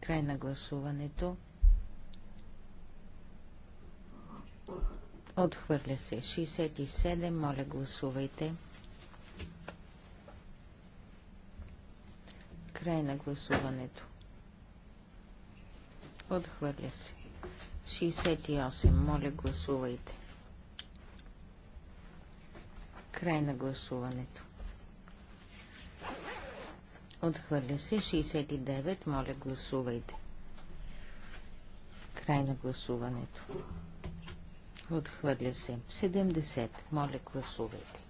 Край на гласуването. Отхвърля се. 67. Моля, гласувайте. Край на гласуването. Отхвърля се. 68. Моля, гласувайте. Край на гласуването. Отхвърля се. 69. Моля, гласувайте. Край на гласуването. Отхвърля се. 70. Моля, гласувайте.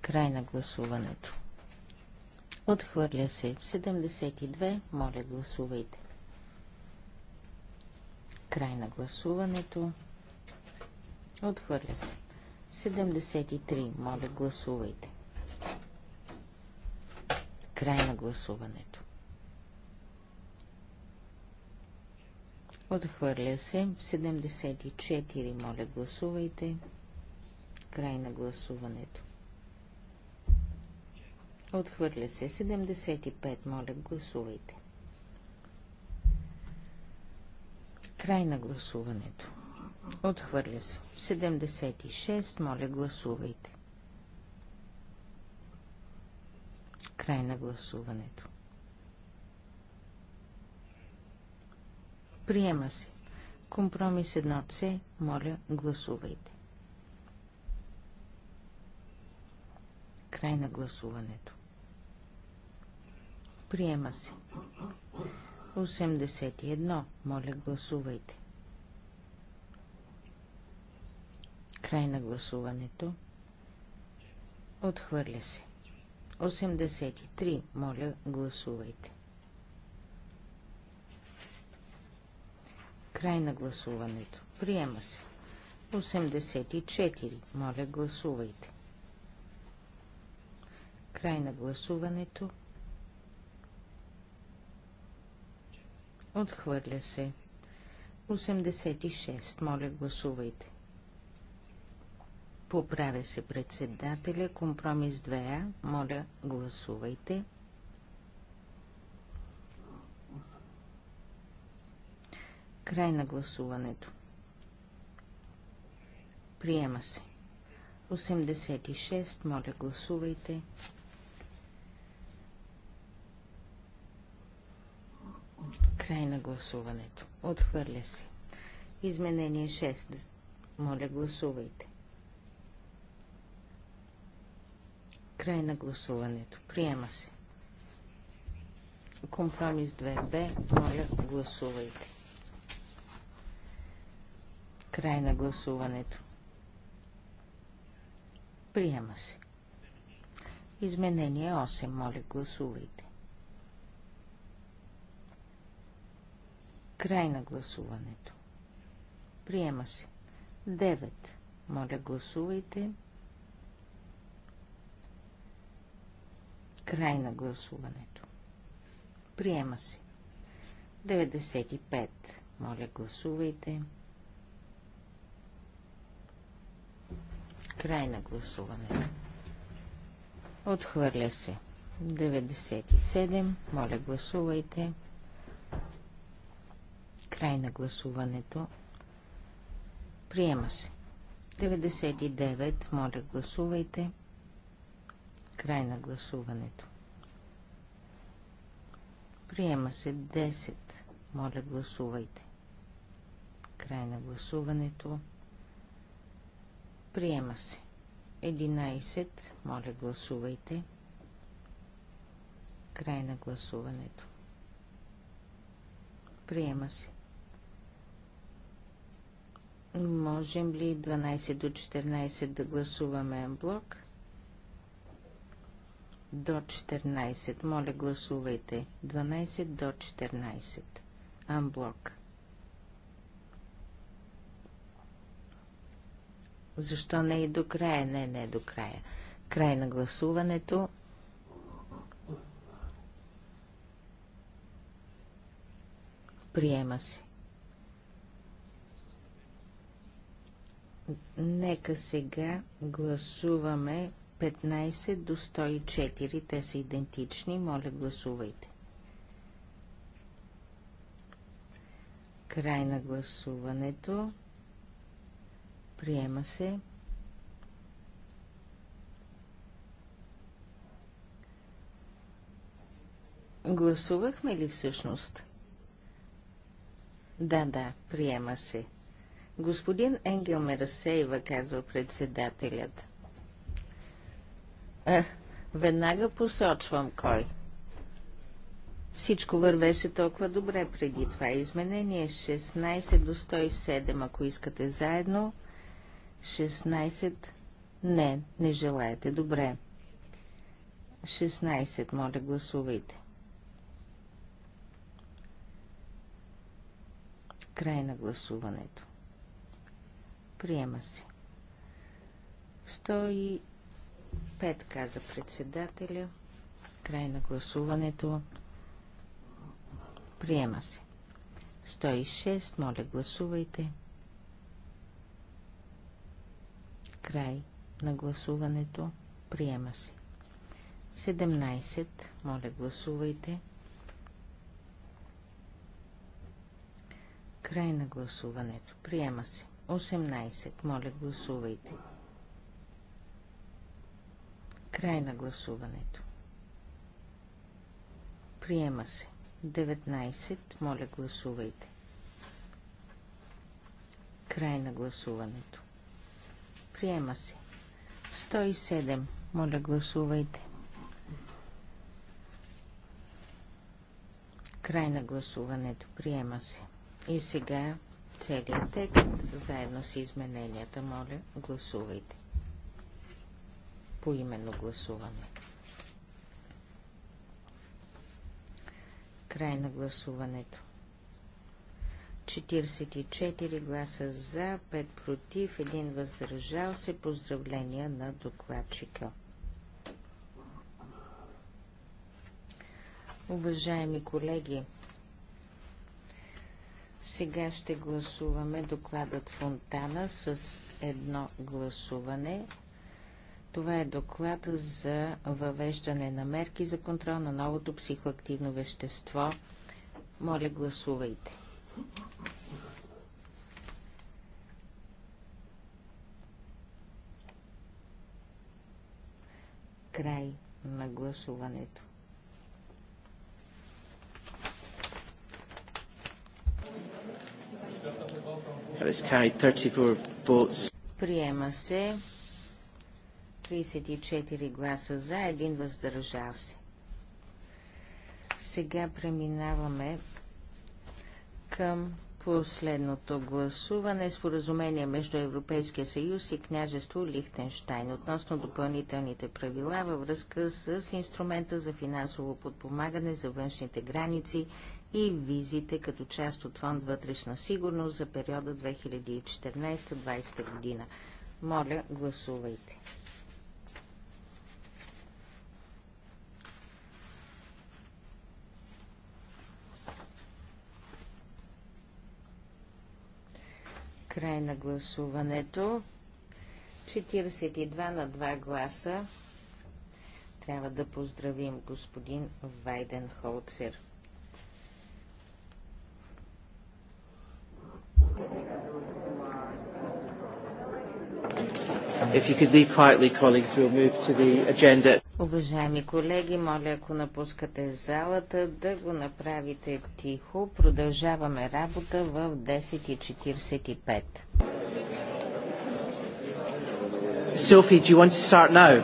Край на гласуването. Отхвърля се. 72. Моля, гласувайте. Край на гласуването. Отхвърля се. 73. Моля, гласувайте. Край на гласуването. Отхвърля се. 74. Моля, гласувайте. Край на гласуването. Отхвърля се. 75. Моля, гласувайте. Край на гласуването. Отхвърля се. 76. Моля, гласувайте. Край на гласуването. Приема се. Компромис 1C. Моля, гласувайте. Край на гласуването. Приема се. 81. Моля, гласувайте. Край на гласуването. Отхвърля се. 83. Моля, гласувайте. Край на гласуването. Приема се. 84. Моля, гласувайте. Край на гласуването. Отхвърля се. 86. Моля, гласувайте. Поправя се председателя. Компромис 2А. Моля, гласувайте. Край на гласуването. Приема се. 86. Моля, гласувайте. Край на гласуването. Отхвърля се. Изменение 6. Моля, гласувайте. Край на гласуването. Приема се. Компромис 2Б. Моля, гласувайте. Край на гласуването. Приема се. Изменение 8. Моля, гласувайте. Край на гласуването. Приема се. 9. Моля, гласувайте. Край на гласуването. Приема се. 95. Моля, гласувайте. Край на гласуването. Отхвърля се. 97. Моля, гласувайте. Край на гласуването. Приема се. 99. Моля, гласувайте. Край на гласуването. Приема се 10. Моля, гласувайте. Край на гласуването. Приема се. 11. Моля, гласувайте. Край на гласуването. Приема се. Можем ли 12 до 14 да гласуваме блок? До 14. Моля, гласувайте. 12 до 14. Амблок. Защо не и до края? Не, не до края. Край на гласуването. Приема се. Нека сега гласуваме 15 до 104. Те са идентични. Моля, гласувайте. Край на гласуването. Приема се. Гласувахме ли всъщност? Да, да, приема се. Господин Енгел ме разсейва, казва председателят. Е, веднага посочвам кой. Всичко вървеше толкова добре преди това. Изменение 16 до 107, ако искате заедно. 16. Не, не желаете. Добре. 16. Моля, гласувайте. Край на гласуването. Приема се. 105 каза председателя. Край на гласуването. Приема се. 106. Моля, гласувайте. 107. Край на гласуването. Приема се. 17. Моля, гласувайте. Край на гласуването. Приема се. 18. Моля, гласувайте. Край на гласуването. Приема се. 19. Моля, гласувайте. Край на гласуването. Приема се. 107. Моля, гласувайте. Край на гласуването. Приема се. И сега целият текст, заедно с измененията, моля, гласувайте. По именно гласуване. Край на гласуването. 44 гласа за, 5 против, 1 въздържал се. Поздравления на докладчика. Уважаеми колеги, сега ще гласуваме докладът Фонтана с едно гласуване. Това е доклад за въвеждане на мерки за контрол на новото психоактивно вещество. Моля, гласувайте. Край на гласуването. Приема се 34 гласа за, един въздържал се. Сега преминаваме към Последното гласуване е споразумение между Европейския съюз и княжество Лихтенштайн относно допълнителните правила във връзка с инструмента за финансово подпомагане за външните граници и визите като част от фонд вътрешна сигурност за периода 2014-2020 година. Моля, гласувайте. Край на гласуването. 42 на 2 гласа. Трябва да поздравим господин Вайден Холцер.
Thank you. Quietly,
Уважаеми колеги, моля, ако напускате залата, да го направите тихо. Продължаваме работа в 10.45.
Sophie, do you want to start now?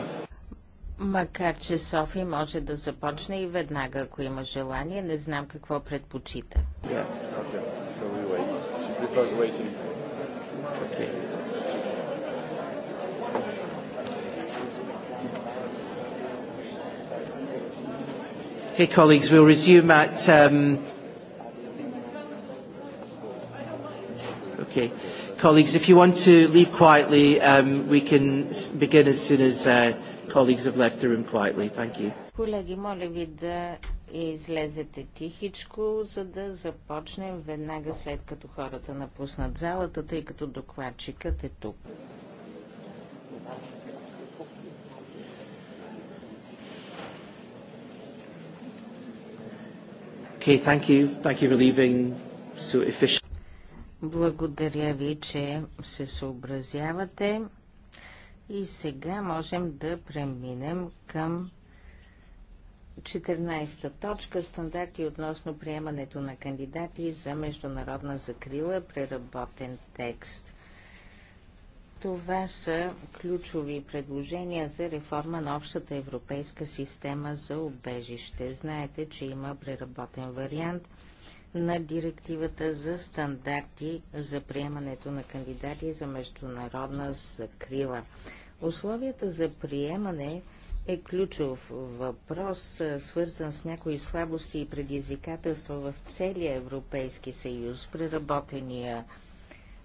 Макар, че Софи може да започне и веднага, ако има желание. Не знам какво предпочита.
Yeah.
Okay. So we wait. She prefers waiting. Okay.
Okay, colleagues, we'll resume at. Um, okay, colleagues, if you want to leave quietly, um, we can begin as soon as uh, colleagues have left the room quietly. Thank you.
Колеги, моля ви да излезете тихичко, за да започнем веднага след като хората напуснат залата, тъй като докладчикът е тук.
Okay, thank you. Thank you for leaving so
Благодаря ви, че се съобразявате. И сега можем да преминем към 14 точка стандарти относно приемането на кандидати за международна закрила преработен текст. Това са ключови предложения за реформа на общата европейска система за убежище. Знаете, че има преработен вариант на директивата за стандарти за приемането на кандидати за международна закрила. Условията за приемане е ключов въпрос, свързан с някои слабости и предизвикателства в целия Европейски съюз. Преработения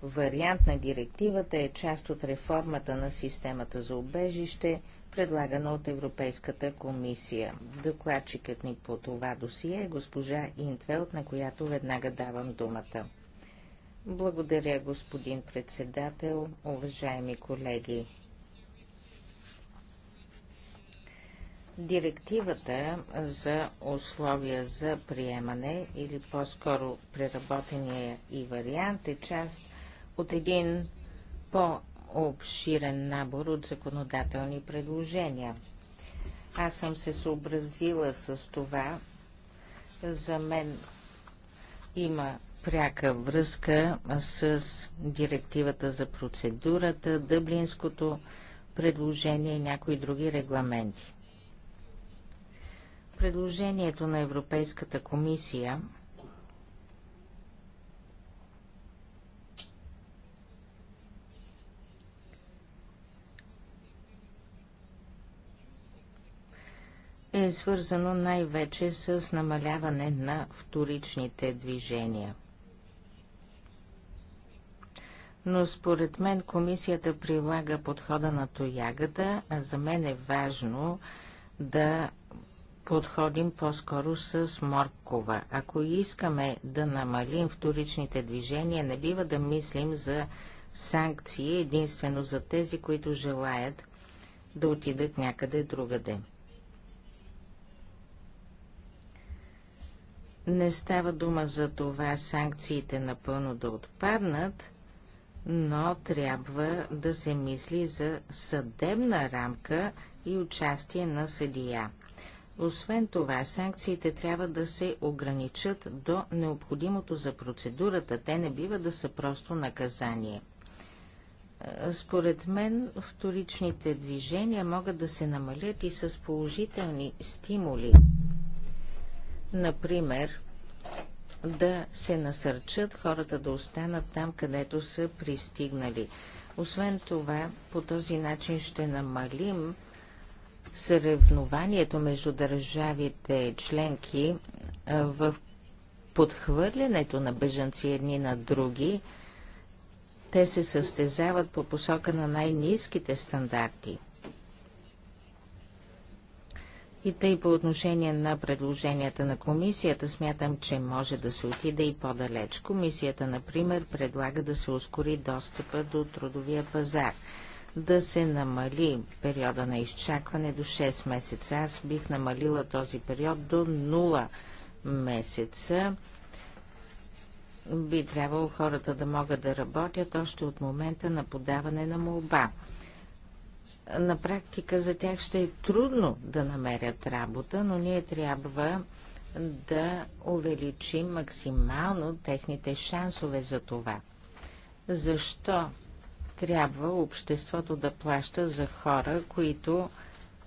вариант на директивата е част от реформата на системата за убежище, предлагана от Европейската комисия. Докладчикът ни по това досие е госпожа Интвелт, на която веднага давам думата. Благодаря, господин председател, уважаеми колеги. Директивата за условия за приемане или по-скоро преработения и вариант е част от един по-обширен набор от законодателни предложения. Аз съм се съобразила с това. За мен има пряка връзка с директивата за процедурата, дъблинското предложение и някои други регламенти. Предложението на Европейската комисия – е свързано най-вече с намаляване на вторичните движения. Но според мен комисията прилага подхода на тоягата, а за мен е важно да подходим по-скоро с моркова. Ако искаме да намалим вторичните движения, не бива да мислим за санкции единствено за тези, които желаят да отидат някъде другаде. Не става дума за това санкциите напълно да отпаднат, но трябва да се мисли за съдебна рамка и участие на съдия. Освен това, санкциите трябва да се ограничат до необходимото за процедурата. Те не бива да са просто наказание. Според мен, вторичните движения могат да се намалят и с положителни стимули. Например, да се насърчат хората да останат там, където са пристигнали. Освен това, по този начин ще намалим съревнованието между държавите членки в подхвърлянето на бежанци едни на други. Те се състезават по посока на най-низките стандарти – и тъй по отношение на предложенията на комисията, смятам, че може да се отиде и по-далеч. Комисията, например, предлага да се ускори достъпа до трудовия пазар, да се намали периода на изчакване до 6 месеца. Аз бих намалила този период до 0 месеца. Би трябвало хората да могат да работят още от момента на подаване на молба на практика за тях ще е трудно да намерят работа, но ние трябва да увеличим максимално техните шансове за това. Защо трябва обществото да плаща за хора, които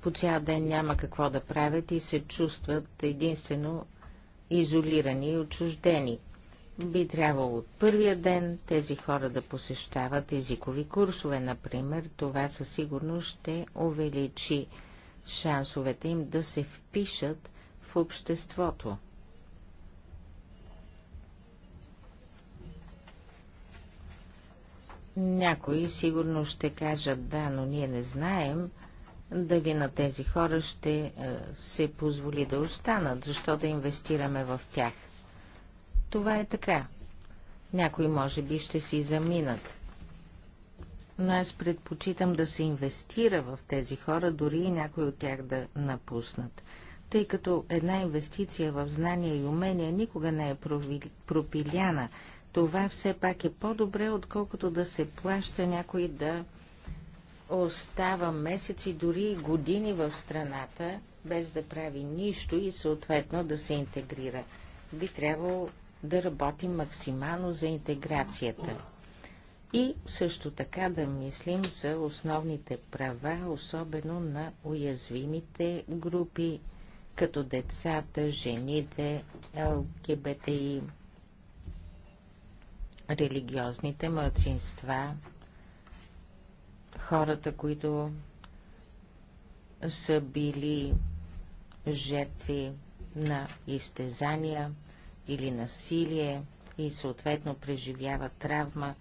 по цял ден няма какво да правят и се чувстват единствено изолирани и отчуждени? Би трябвало от първия ден тези хора да посещават езикови курсове, например. Това със сигурност ще увеличи шансовете им да се впишат в обществото. Някои сигурно ще кажат да, но ние не знаем дали на тези хора ще е, се позволи да останат, защо да инвестираме в тях. Това е така. Някои може би ще си заминат. Но аз предпочитам да се инвестира в тези хора, дори и някои от тях да напуснат. Тъй като една инвестиция в знания и умения никога не е пропиляна, това все пак е по-добре, отколкото да се плаща някой да остава месеци, дори и години в страната, без да прави нищо и съответно да се интегрира. Би трябвало да работим максимално за интеграцията. И също така да мислим за основните права, особено на уязвимите групи, като децата, жените, ЛГБТИ, религиозните мълцинства, хората, които са били жертви на изтезания – или насилие и съответно преживява травма.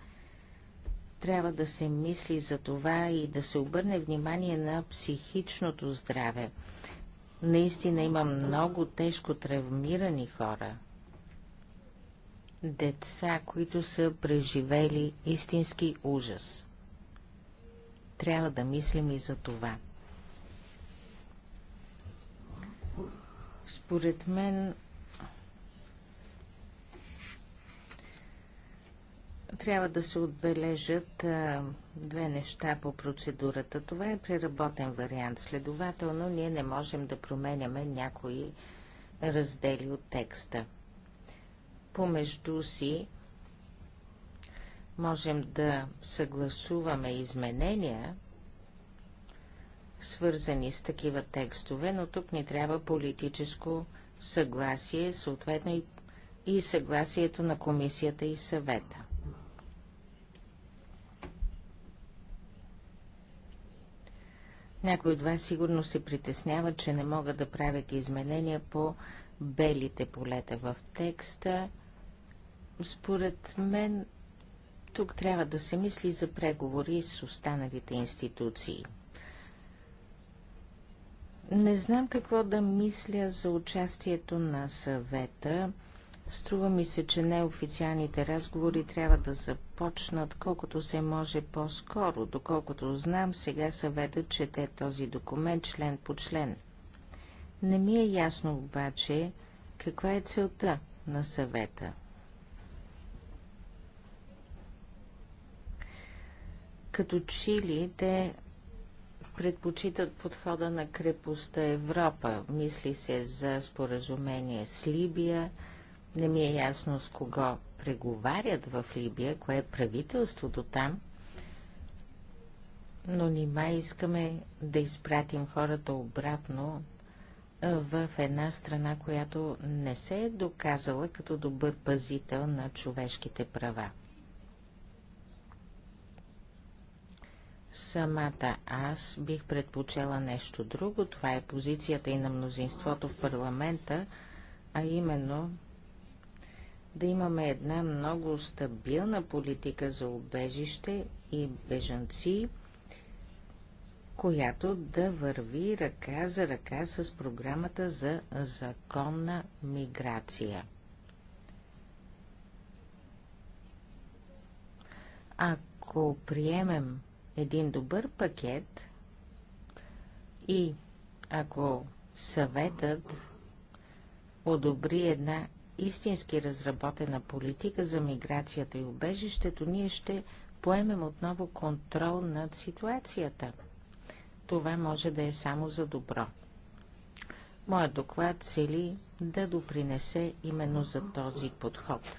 Трябва да се мисли за това и да се обърне внимание на психичното здраве. Наистина има много тежко травмирани хора. Деца, които са преживели истински ужас. Трябва да мислим и за това. Според мен Трябва да се отбележат а, две неща по процедурата. Това е преработен вариант. Следователно, ние не можем да променяме някои раздели от текста. Помежду си можем да съгласуваме изменения, свързани с такива текстове, но тук ни трябва политическо съгласие, съответно и, и съгласието на комисията и съвета. Някои от вас сигурно се притесняват, че не могат да правят изменения по белите полета в текста. Според мен тук трябва да се мисли за преговори с останалите институции. Не знам какво да мисля за участието на съвета Струва ми се, че неофициалните разговори трябва да започнат колкото се може по-скоро. Доколкото знам, сега съветът чете този документ член по член. Не ми е ясно обаче каква е целта на съвета. Като Чили, те предпочитат подхода на крепостта Европа. Мисли се за споразумение с Либия – не ми е ясно с кого преговарят в Либия, кое е правителството там, но нима искаме да изпратим хората обратно в една страна, която не се е доказала като добър пазител на човешките права. Самата аз бих предпочела нещо друго. Това е позицията и на мнозинството в парламента, а именно да имаме една много стабилна политика за убежище и бежанци, която да върви ръка за ръка с програмата за законна миграция. Ако приемем един добър пакет и ако съветът одобри една истински разработена политика за миграцията и убежището, ние ще поемем отново контрол над ситуацията. Това може да е само за добро. Моят доклад цели да допринесе именно за този подход.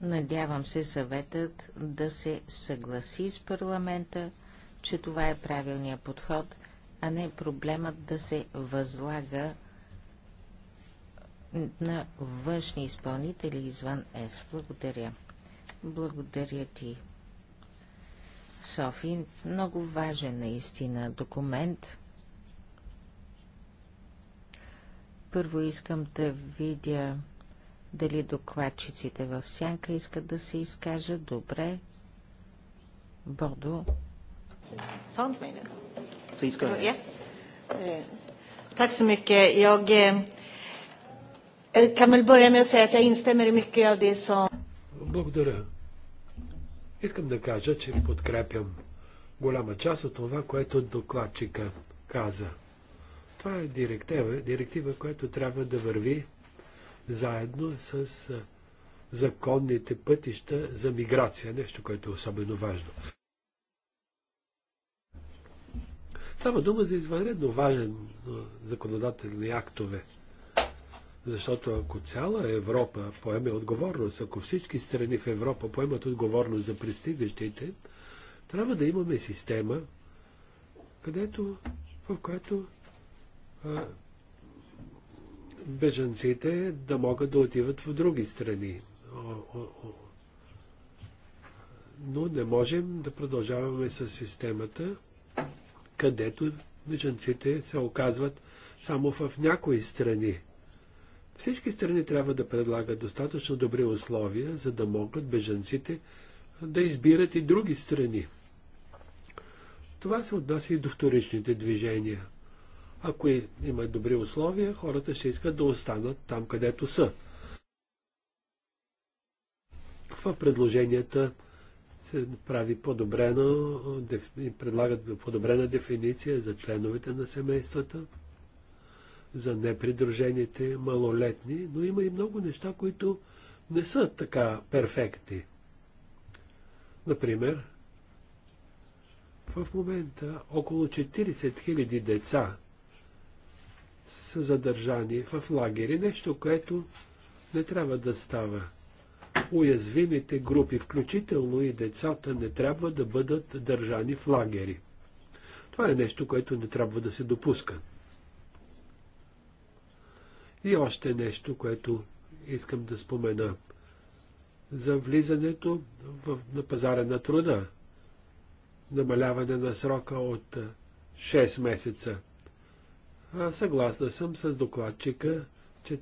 Надявам се съветът да се съгласи с парламента, че това е правилният подход, а не проблемът да се възлага на външни изпълнители извън ЕС. Благодаря. Благодаря ти, Софи. Много важен наистина документ. Първо искам да видя дали докладчиците в сянка искат да се изкажат. Добре. Бордо. Sånt мене. du?
Please Jag eh, kan väl börja med att säga att jag instämmer i mycket av det som...
Благодаря. Искам да кажа, че подкрепям голяма част от това, което докладчика каза. Това е директива, директива, която трябва да върви заедно с законните пътища за миграция, нещо, което е особено важно. Става дума за извънредно важен законодателни актове. Защото ако цяла Европа поеме отговорност, ако всички страни в Европа поемат отговорност за пристигащите, трябва да имаме система, където, в която а, бежанците да могат да отиват в други страни. О, о, о. Но не можем да продължаваме с системата, където бежанците се оказват само в някои страни всички страни трябва да предлагат достатъчно добри условия, за да могат бежанците да избират и други страни. Това се отнася и до вторичните движения. Ако имат добри условия, хората ще искат да останат там, където са. Това предложенията се прави по-добрено, предлагат подобрена дефиниция за членовете на семействата за непридружените малолетни, но има и много неща, които не са така перфектни. Например, в момента около 40 000 деца са задържани в лагери, нещо, което не трябва да става. Уязвимите групи, включително и децата, не трябва да бъдат държани в лагери. Това е нещо, което не трябва да се допуска. И още нещо, което искам да спомена. За влизането в, на пазара на труда. Намаляване на срока от 6 месеца. А съгласна съм с докладчика, че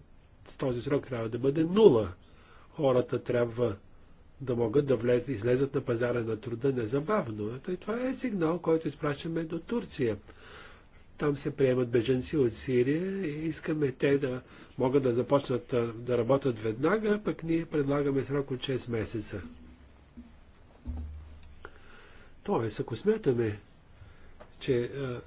този срок трябва да бъде нула. Хората трябва да могат да влез, излезат на пазара на труда незабавно. това е сигнал, който изпращаме до Турция. Там се приемат беженци от Сирия и искаме те да могат да започнат да работят веднага, пък ние предлагаме срок от 6 месеца. Тоест, ако смятаме, че а,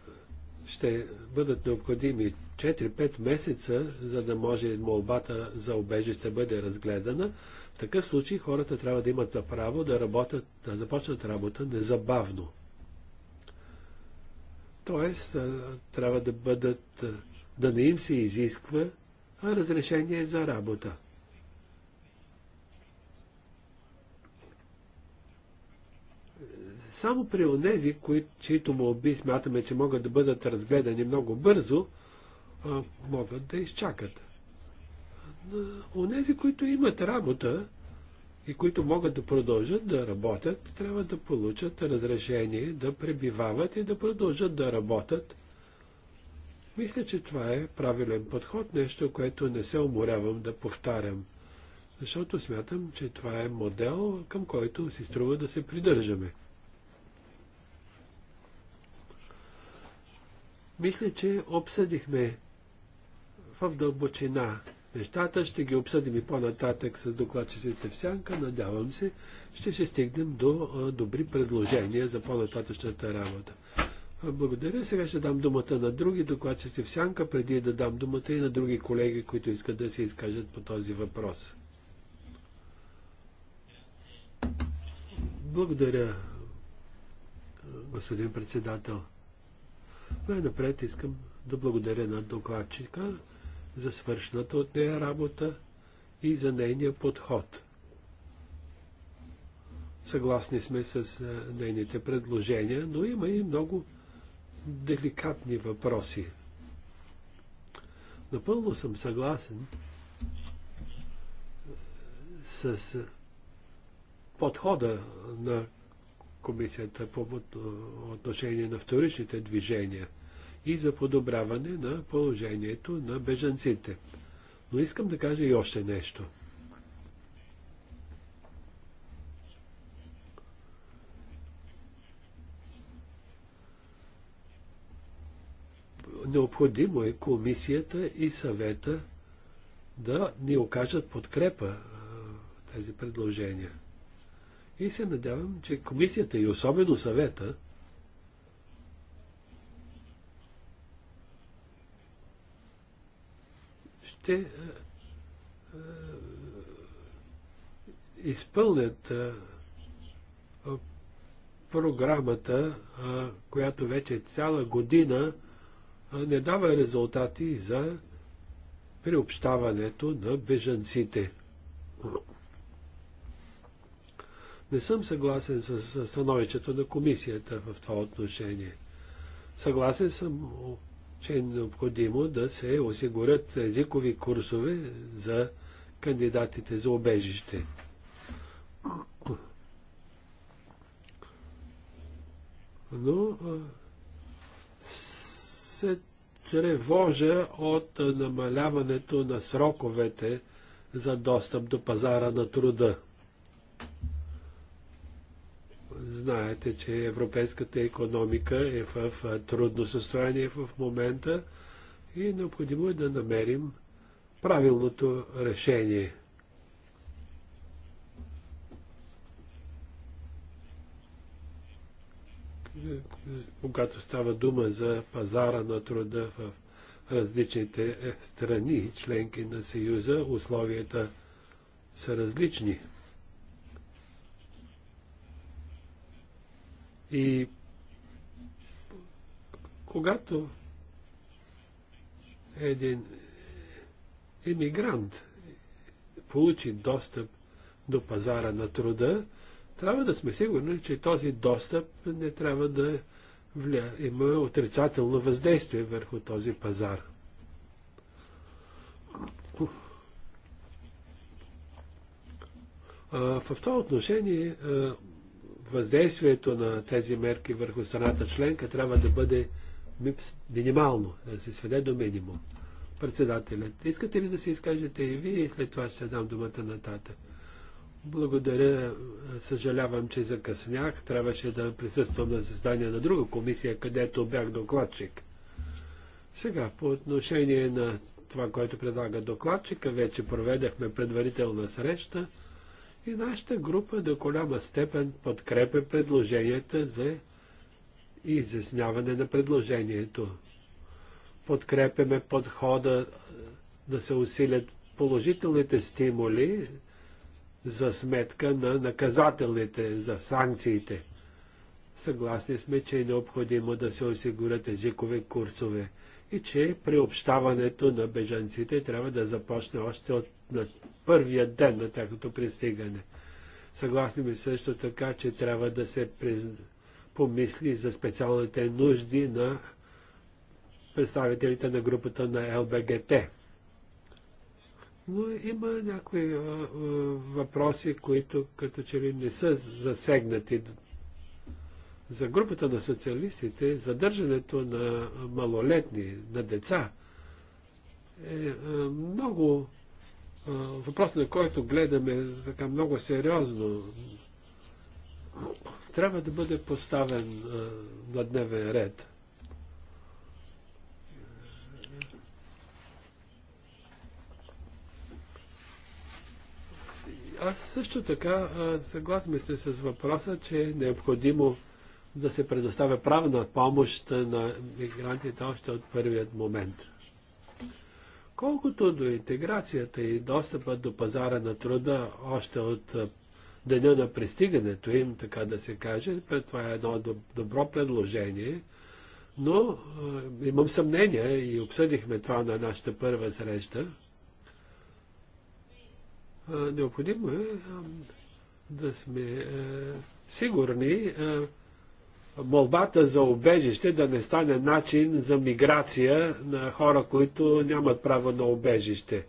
ще бъдат необходими 4-5 месеца, за да може молбата за убежище бъде разгледана, в такъв случай хората трябва да имат право да, работят, да започнат работа незабавно. Тоест, трябва да бъдат, да не им се изисква разрешение за работа. Само при онези, кои, чието молби смятаме, че могат да бъдат разгледани много бързо, а, могат да изчакат. онези, които имат работа, и които могат да продължат да работят, трябва да получат разрешение да пребивават и да продължат да работят. Мисля, че това е правилен подход, нещо, което не се уморявам да повтарям, защото смятам, че това е модел, към който си струва да се придържаме. Мисля, че обсъдихме в дълбочина нещата. Ще ги обсъдим и по-нататък с докладчиците в сянка. Надявам се, ще се стигнем до добри предложения за по-нататъчната работа. Благодаря. Сега ще дам думата на други докладчици в сянка, преди да дам думата и на други колеги, които искат да се изкажат по този въпрос. Благодаря, господин председател. Най-напред искам да благодаря на докладчика за свършната от нея работа и за нейния подход. Съгласни сме с нейните предложения, но има и много деликатни въпроси. Напълно съм съгласен с подхода на Комисията по отношение на вторичните движения – и за подобряване на положението на бежанците. Но искам да кажа и още нещо. Необходимо е комисията и съвета да ни окажат подкрепа тези предложения. И се надявам, че комисията и особено съвета а, е, е, изпълнят е, програмата, която вече цяла година не дава резултати за приобщаването на бежанците. Не съм съгласен с становището на комисията в това отношение. Съгласен съм че е необходимо да се осигурят езикови курсове за кандидатите за обежище. Но се тревожа от намаляването на сроковете за достъп до пазара на труда. Знаете, че европейската економика е в трудно състояние в момента и е необходимо е да намерим правилното решение. Когато става дума за пазара на труда в различните страни, членки на Съюза, условията са различни. И когато един иммигрант получи достъп до пазара на труда, трябва да сме сигурни, че този достъп не трябва да вля... има отрицателно въздействие върху този пазар. В това отношение въздействието на тези мерки върху страната членка трябва да бъде минимално, да се сведе до минимум. Председателят, искате ли да се изкажете и вие и след това ще дам думата на тата? Благодаря, съжалявам, че закъснях. Трябваше да присъствам на заседание на друга комисия, където бях докладчик. Сега, по отношение на това, което предлага докладчика, вече проведахме предварителна среща. И нашата група до голяма степен подкрепя предложенията за изясняване на предложението. Подкрепяме подхода е, да се усилят положителните стимули за сметка на наказателните, за санкциите. Съгласни сме, че е необходимо да се осигурят езикови курсове и че приобщаването на бежанците трябва да започне още от на първия ден на тяхното пристигане. Съгласни ми също така, че трябва да се помисли за специалните нужди на представителите на групата на ЛБГТ. Но има някои въпроси, които като че ли не са засегнати. За групата на социалистите задържането на малолетни, на деца е много Въпросът на е, който гледаме така много сериозно, трябва да бъде поставен на дневен ред. Аз също така съгласен сме с въпроса, че е необходимо да се предоставя правна помощ на мигрантите още от първият момент. Колкото до интеграцията и достъпа до пазара на труда още от деня на пристигането им, така да се каже, това е едно добро предложение, но имам съмнение и обсъдихме това на нашата първа среща. необходимо е да сме е, сигурни, е, молбата за обежище да не стане начин за миграция на хора, които нямат право на обежище.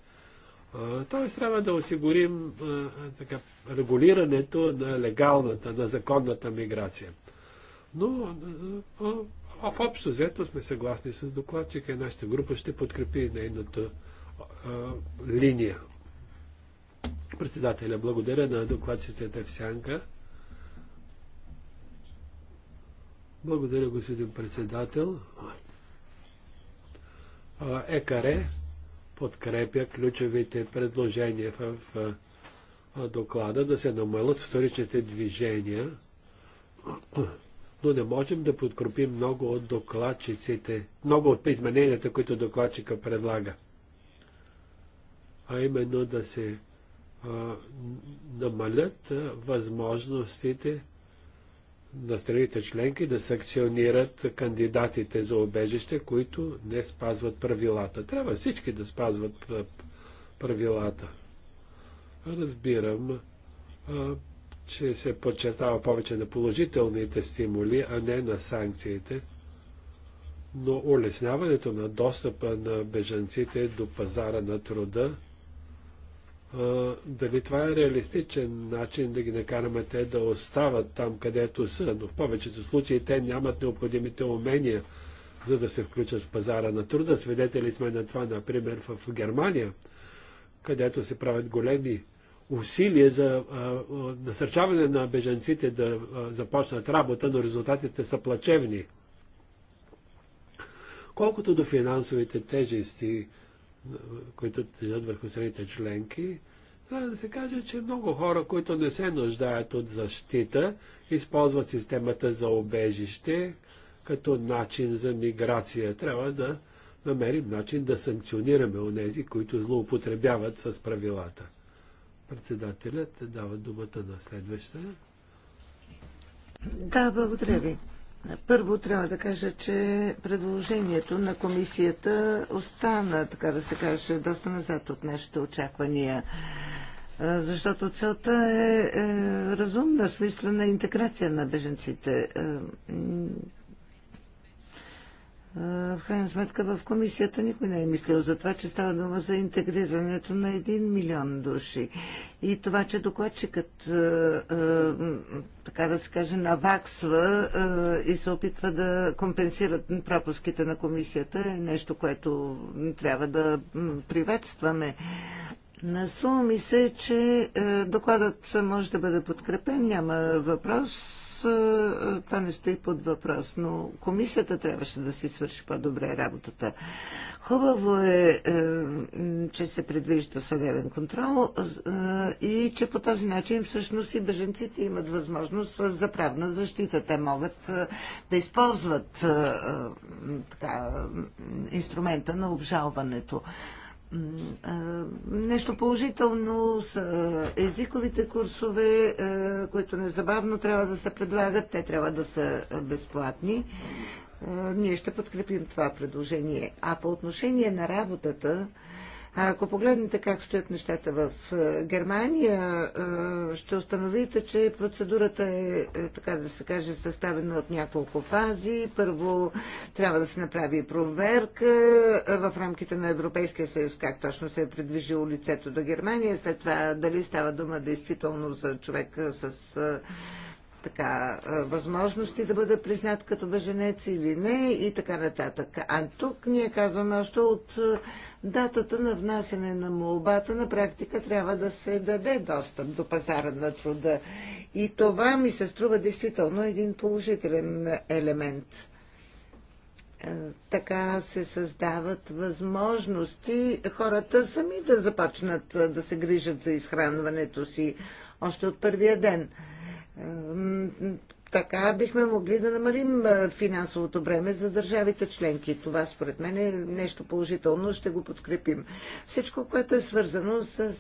Т.е. трябва да осигурим така, регулирането на легалната, на законната миграция. Но в общо взето сме съгласни с докладчика и нашата група ще подкрепи нейната линия. Председателя, благодаря на докладчицата в Сянка. Благодаря, господин председател. ЕКАРЕ подкрепя ключовите предложения в, доклада да се намалят вторичните движения, но не можем да подкрепим много от докладчиците, много от измененията, които докладчика предлага. А именно да се намалят възможностите на страните членки да санкционират кандидатите за обежище, които не спазват правилата. Трябва всички да спазват правилата. Разбирам, че се подчертава повече на положителните стимули, а не на санкциите, но улесняването на достъпа на бежанците до пазара на труда дали това е реалистичен начин да ги накараме те да остават там, където са, но в повечето случаи те нямат необходимите умения, за да се включат в пазара на труда. Свидетели сме на това, например, в Германия, където се правят големи усилия за а, насърчаване на беженците да а, започнат работа, но резултатите са плачевни. Колкото до финансовите тежести, които тежат върху средните членки, трябва да се каже, че много хора, които не се нуждаят от защита, използват системата за обежище като начин за миграция. Трябва да намерим начин да санкционираме онези, които злоупотребяват с правилата. Председателят дава думата на следващата.
Да, благодаря ви. Първо трябва да кажа, че предложението на комисията остана, така да се каже, доста назад от нашите очаквания. Защото целта е, е, разумна, смислена интеграция на беженците. В крайна сметка в комисията никой не е мислил за това, че става дума за интегрирането на един милион души. И това, че докладчикът, така да се каже, наваксва и се опитва да компенсират пропуските на комисията е нещо, което трябва да приветстваме. Струва ми се, че докладът може да бъде подкрепен, няма въпрос това не стои под въпрос, но комисията трябваше да си свърши по-добре работата. Хубаво е, е че се предвижда съдебен контрол и че по този начин всъщност и беженците имат възможност за правна защита. Те могат да използват така, инструмента на обжалването нещо положително с езиковите курсове, които незабавно трябва да се предлагат. Те трябва да са безплатни. Ние ще подкрепим това предложение. А по отношение на работата, а ако погледнете как стоят нещата в е, Германия, е, ще установите, че процедурата е, е, така да се каже, съставена от няколко фази. Първо трябва да се направи проверка в рамките на Европейския съюз, как точно се е придвижило лицето до Германия. След това дали става дума действително за човек с така възможности да бъде признат като беженец или не и така нататък. А тук ние казваме още от датата на внасяне на молбата на практика трябва да се даде достъп до пазара на труда. И това ми се струва действително един положителен елемент така се създават възможности хората сами да започнат да се грижат за изхранването си още от първия ден така бихме могли да намалим финансовото бреме за държавите членки. Това според мен е нещо положително, ще го подкрепим. Всичко, което е свързано с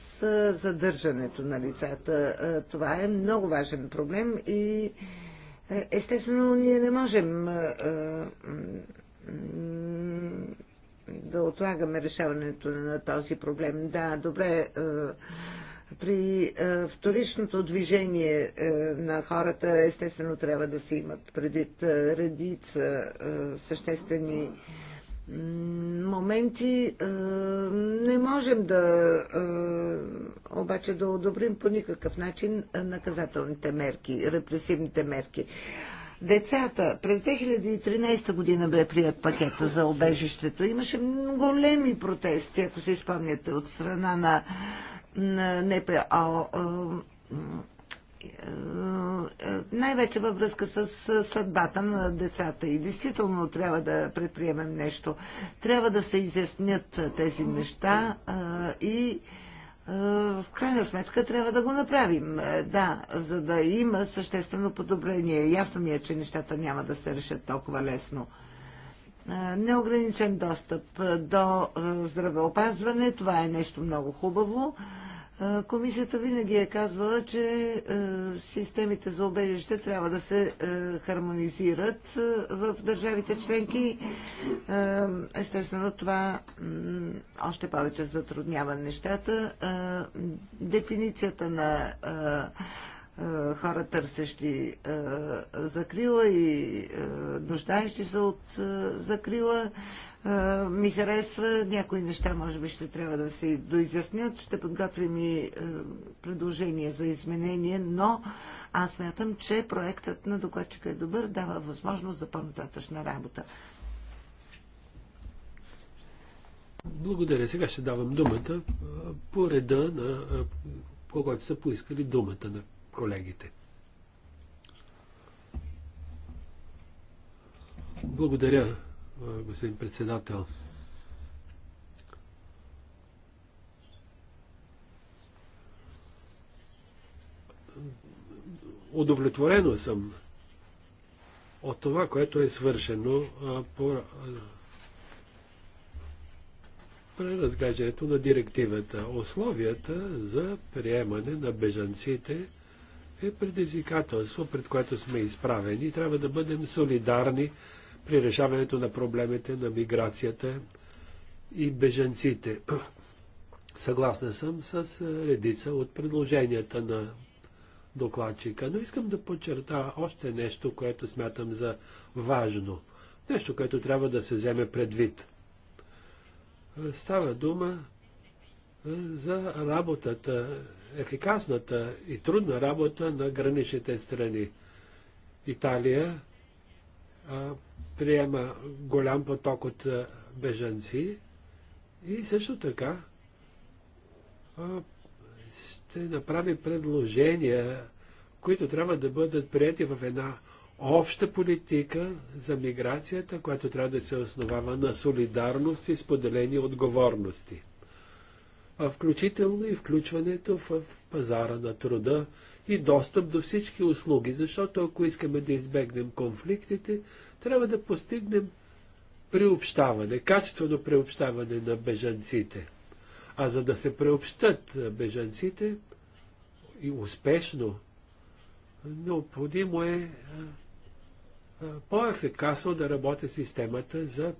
задържането на лицата, това е много важен проблем и естествено ние не можем да отлагаме решаването на този проблем. Да, добре при е, вторичното движение е, на хората естествено трябва да се имат предвид е, редица съществени моменти. Не можем да обаче да одобрим по никакъв начин наказателните мерки, репресивните мерки. Децата. През 2013 година бе прият пакета за обежището. Имаше големи протести, ако се изпомняте, от страна на НПО най-вече във връзка с съдбата на децата. И действително трябва да предприемем нещо. Трябва да се изяснят тези неща и в крайна сметка трябва да го направим. Да, за да има съществено подобрение. Ясно ми е, че нещата няма да се решат толкова лесно. Неограничен достъп до здравеопазване, това е нещо много хубаво Комисията винаги е казвала, че е, системите за обежище трябва да се е, хармонизират е, в държавите членки. Естествено, това още повече затруднява нещата. Дефиницията на хора търсещи закрила и нуждаещи се от закрила ми харесва. Някои неща може би ще трябва да се доизяснят. Ще подготвим и е, предложения за изменение, но аз мятам, че проектът на докладчика е добър, дава възможност за по-нататъчна работа.
Благодаря. Сега ще давам думата е, по реда, на, е, по който са поискали думата на колегите. Благодаря господин председател. Удовлетворено съм от това, което е свършено по преразглеждането на директивата. Условията за приемане на бежанците е предизвикателство, пред което сме изправени. Трябва да бъдем солидарни при решаването на проблемите на миграцията и беженците. [CLEARS THROAT] Съгласна съм с редица от предложенията на докладчика, но искам да подчерта още нещо, което смятам за важно. Нещо, което трябва да се вземе предвид. Става дума за работата, ефикасната и трудна работа на граничните страни. Италия приема голям поток от бежанци и също така ще направи предложения, които трябва да бъдат прияти в една обща политика за миграцията, която трябва да се основава на солидарност и споделени отговорности. Включително и включването в пазара на труда и достъп до всички услуги, защото ако искаме да избегнем конфликтите, трябва да постигнем приобщаване, качествено приобщаване на бежанците. А за да се приобщат бежанците и успешно, необходимо е по-ефикасно да работи системата за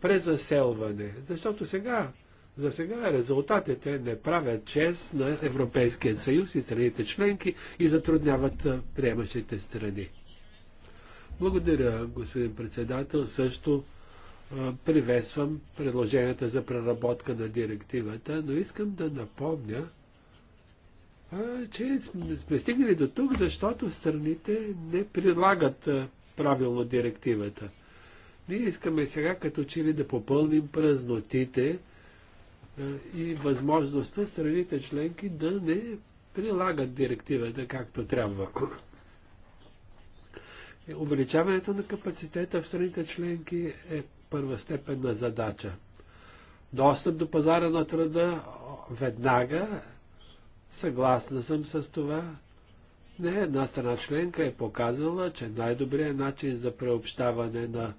презаселване. Защото сега за сега резултатите не правят чест на Европейския съюз и страните членки и затрудняват приемащите страни. Благодаря, господин председател. Също приветствам предложенията за преработка на директивата, но искам да напомня, че сме стигнали до тук, защото страните не прилагат правилно директивата. Ние искаме сега като че ли да попълним празнотите, е, и възможността страните членки да не прилагат директивата както трябва. Е, увеличаването на капацитета в страните членки е първостепенна задача. Достъп до пазара на труда веднага, съгласна съм с това, не една страна членка е показала, че най-добрият начин за преобщаване на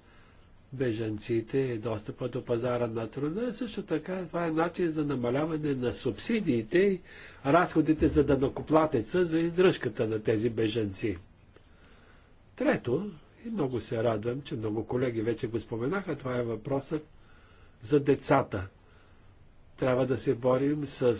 беженците и е достъпа до пазара на труда. Също така това е начин за намаляване на субсидиите и разходите за данокоплатеца за издръжката на тези беженци. Трето, и много се радвам, че много колеги вече го споменаха, това е въпросът за децата. Трябва да се борим с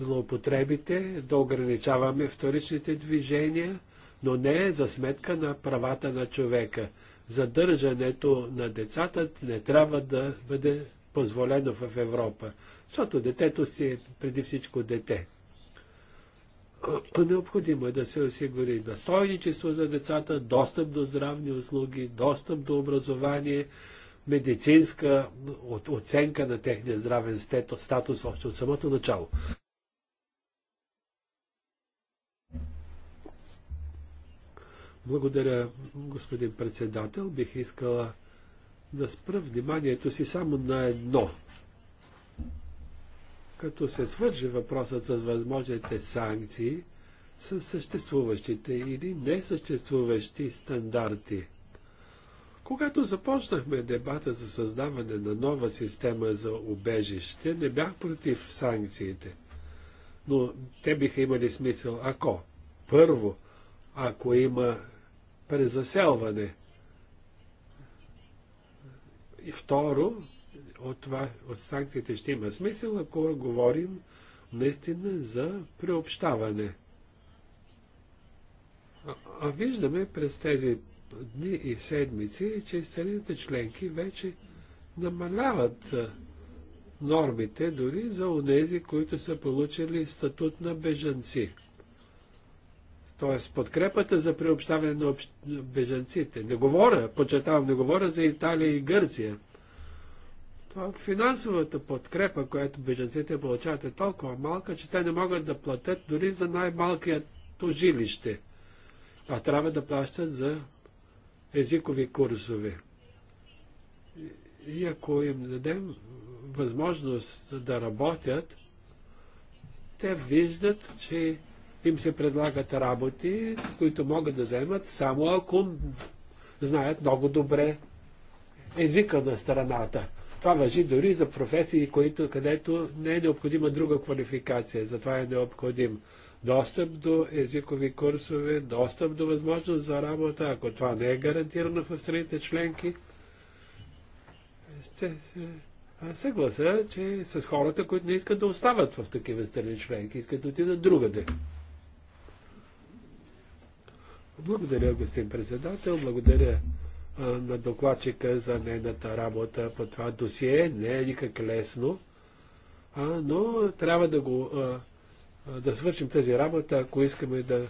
злоупотребите, да ограничаваме вторичните движения – но не е за сметка на правата на човека. Задържането на децата не трябва да бъде позволено в Европа, защото детето си е преди всичко дете. [CLEARS THROAT] Необходимо е да се осигури настойничество за децата, достъп до здравни услуги, достъп до образование, медицинска оценка на техния здравен статус още от самото начало. Благодаря, господин председател. Бих искала да спра вниманието си само на едно. Като се свържи въпросът с възможните санкции, с съществуващите или несъществуващи стандарти. Когато започнахме дебата за създаване на нова система за убежище, не бях против санкциите. Но те биха имали смисъл ако, първо, ако има презаселване. И второ, от, това, от санкциите ще има смисъл, ако говорим наистина за приобщаване. А, а виждаме през тези дни и седмици, че страните членки вече намаляват нормите дори за онези, които са получили статут на бежанци т.е. подкрепата за приобщаване на общ... беженците. Не говоря, Почетавам, не говоря за Италия и Гърция. Това е финансовата подкрепа, която беженците получават е толкова малка, че те не могат да платят дори за най-малкието жилище, а трябва да плащат за езикови курсове. И ако им дадем възможност да работят, те виждат, че им се предлагат работи, които могат да вземат само ако знаят много добре езика на страната. Това въжи дори за професии, които, където не е необходима друга квалификация. Затова е необходим достъп до езикови курсове, достъп до възможност за работа, ако това не е гарантирано в страните членки. Ще гласа, че с хората, които не искат да остават в такива страни членки, искат да отидат другаде. Благодаря, господин председател. Благодаря а, на докладчика за нейната работа по това досие. Не е никак лесно, а, но трябва да го а, да свършим тази работа, ако искаме да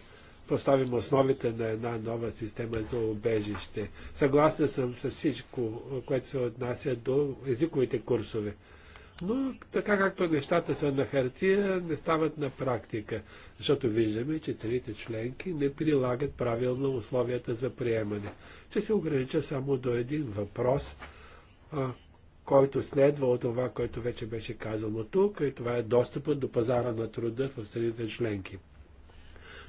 поставим основите на една нова система за обежище. Съгласен съм с всичко, което се отнася до езиковите курсове. Но така както нещата са на хартия, не стават на практика, защото виждаме, че трите членки не прилагат правилно условията за приемане. Ще се огранича само до един въпрос, а, който следва от това, което вече беше казано тук, и това е достъпът до пазара на труда в страните членки.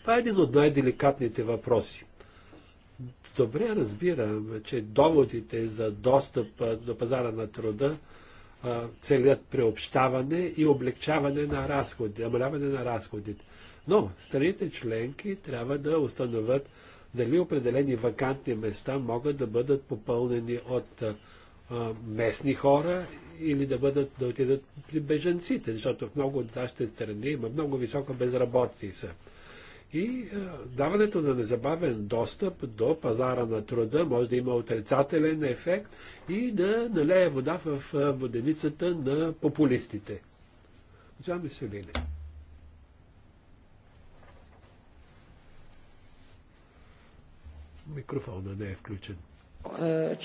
Това е един от най-деликатните въпроси. Добре разбирам, че доводите за достъп до пазара на труда целят преобщаване и облегчаване на разходи, намаляване на разходите. Но страните членки трябва да установят дали определени вакантни места могат да бъдат попълнени от а, местни хора или да бъдат да отидат при беженците, защото в много от нашите страни има много висока безработица. И даването на незабавен достъп до пазара на труда може да има отрицателен ефект и да налее вода в воденицата на популистите. Госпожа Миселине. Микрофона не е включен.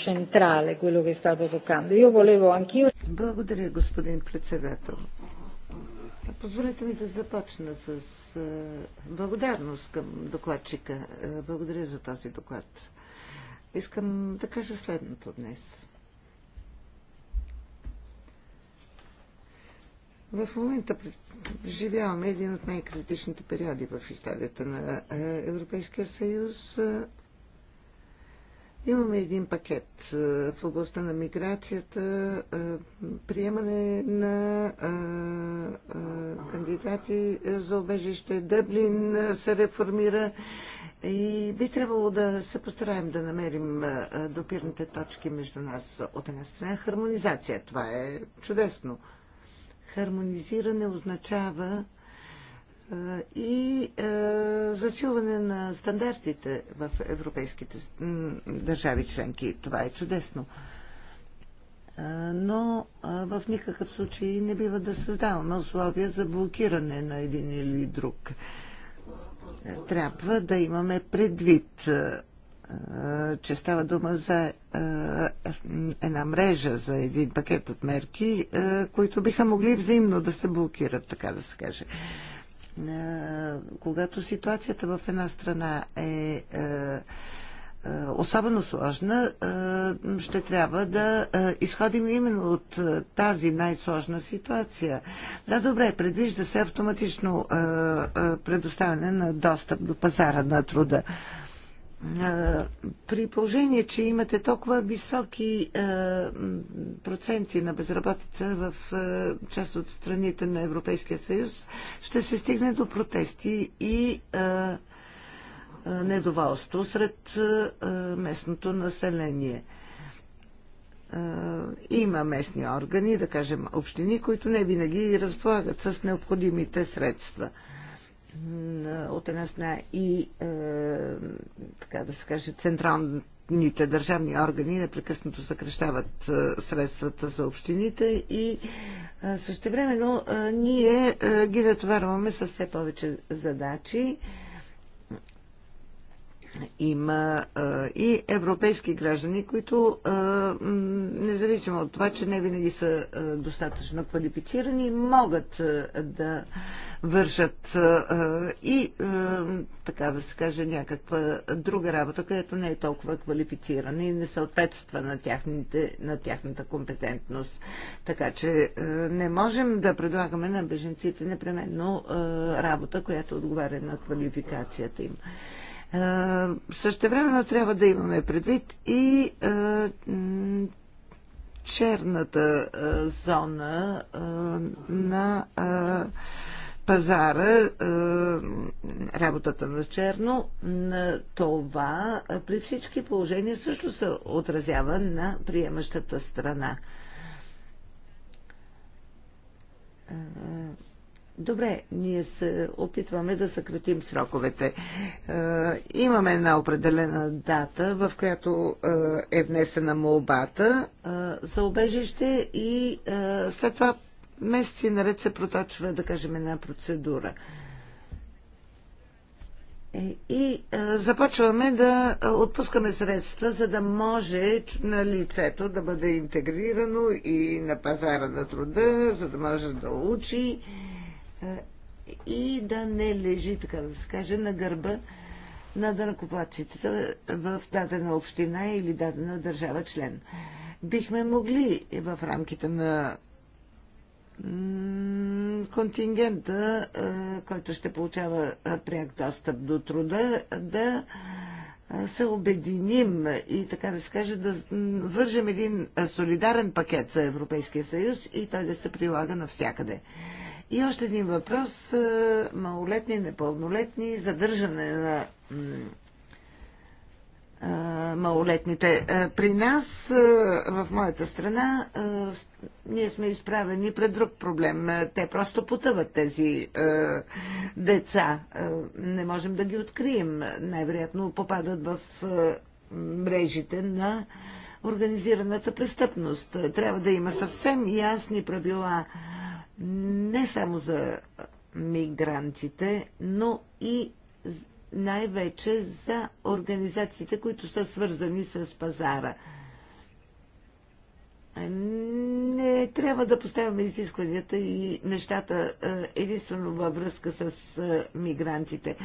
Централе, което е è stato Благодаря, господин председател. Позволете ми да започна с благодарност към докладчика. Благодаря за този доклад. Искам да кажа следното днес. В момента живяваме един от най-критичните периоди в историята на Европейския съюз. Имаме един пакет в областта на миграцията, приемане на кандидати за обежище. Дъблин се реформира и би трябвало да се постараем да намерим допирните точки между нас. От една страна хармонизация. Това е чудесно. Хармонизиране означава и е, засилване на стандартите в европейските държави членки. Това е чудесно. Е, но е, в никакъв случай не бива да създаваме условия за блокиране на един или друг. Трябва да имаме предвид, че става дума за една мрежа, за един пакет от мерки, които биха могли взаимно да се блокират, така да се каже когато ситуацията в една страна е, е, е особено сложна, ще трябва да изходим именно от тази най-сложна ситуация. Да, добре, предвижда се автоматично предоставяне на достъп до пазара на труда при положение, че имате толкова високи проценти на безработица в част от страните на Европейския съюз, ще се стигне до протести и недоволство сред местното население. Има местни органи, да кажем общини, които не винаги разполагат с необходимите средства – от една страна и е, така да се каже централните държавни органи непрекъснато съкрещават е, средствата за общините и е, същевременно е, ние е, ги натоварваме със все повече задачи. Е, има а, и европейски граждани, които а, независимо от това, че не винаги са а, достатъчно квалифицирани, могат а, да вършат а, и а, така да се каже някаква друга работа, която не е толкова квалифицирана и не съответства на, тяхните, на тяхната компетентност. Така че а, не можем да предлагаме на беженците непременно а, работа, която отговаря на квалификацията им. Е, същевременно трябва да имаме предвид и е, черната е, зона на пазара, работата на черно, на това при всички положения също се отразява на приемащата страна. Добре, ние се опитваме да съкратим сроковете. Е, имаме една определена дата, в която е, е внесена молбата е, за обежище и след това месеци наред се проточва, да кажем, една процедура. И започваме да отпускаме средства, за да може на лицето да бъде интегрирано и на пазара на труда, за да може да учи и да не лежи, така да се каже, на гърба на дънакоплаците в дадена община или дадена държава член. Бихме могли в рамките на контингента, който ще получава пряк достъп до труда, да се обединим и така да се каже да вържем един солидарен пакет за Европейския съюз и той да се прилага навсякъде. И още един въпрос. Е, малолетни, непълнолетни, задържане на е, малолетните. Е, при нас, в моята страна, ние сме изправени пред друг проблем. Те просто потъват тези деца. Не можем да ги открием. Най-вероятно попадат в мрежите на организираната престъпност. Трябва да има съвсем ясни правила не само за мигрантите, но и най-вече за организациите, които са свързани с пазара. Не трябва да поставяме изискванията и нещата е, единствено във връзка с е, мигрантите,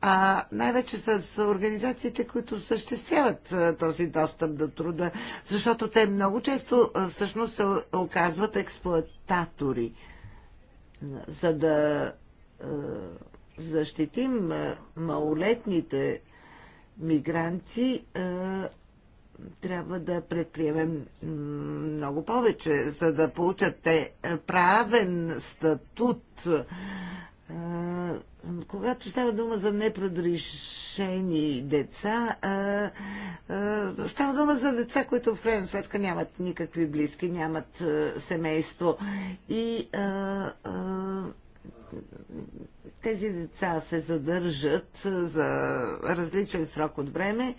а най-вече с организациите, които съществяват е, този достъп до труда, защото те много често всъщност се оказват експлуататори. За да е, защитим е, малолетните мигранти, е, трябва да предприемем много повече, за да получат те правен статут когато става дума за непродрешени деца, става дума за деца, които в крайна сметка нямат никакви близки, нямат семейство. И тези деца се задържат за различен срок от време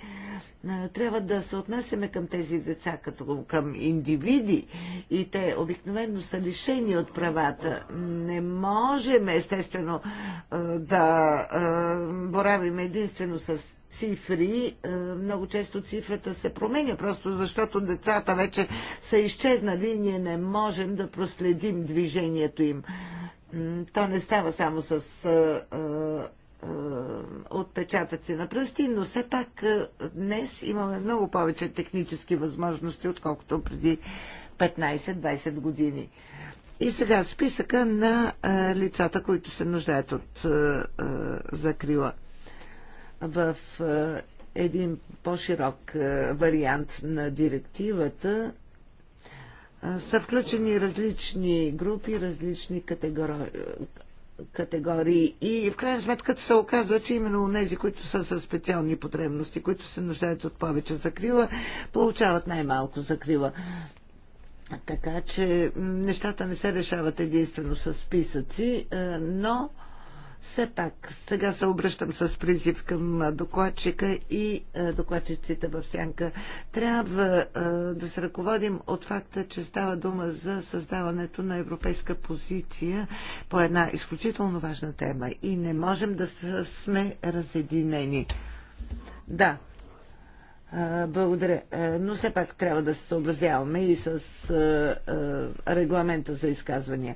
е, трябва да се отнасяме към тези деца като към индивиди и те обикновено са лишени от правата. Не можем естествено е, да е, боравим единствено с цифри. Много често цифрата се променя, просто защото децата вече са изчезнали и ние не можем да проследим движението им. То не става само с е, отпечатъци на пръсти, но все пак е, днес имаме много повече технически възможности, отколкото преди 15-20 години. И сега списъка на е, лицата, които се нуждаят от закрила. В един по-широк вариант на директивата са включени различни групи, различни категори категории. И в крайна сметка се оказва, че именно тези, които са с специални потребности, които се нуждаят от повече закрила, получават най-малко закрила. Така че нещата не се решават единствено с списъци, е, но все пак, сега се обръщам с призив към докладчика и е, докладчиците в сянка. Трябва е, да се ръководим от факта, че става дума за създаването на европейска позиция по една изключително важна тема и не можем да сме разединени. Да, е, благодаря. Но все пак трябва да се съобразяваме и с регламента за изказвания.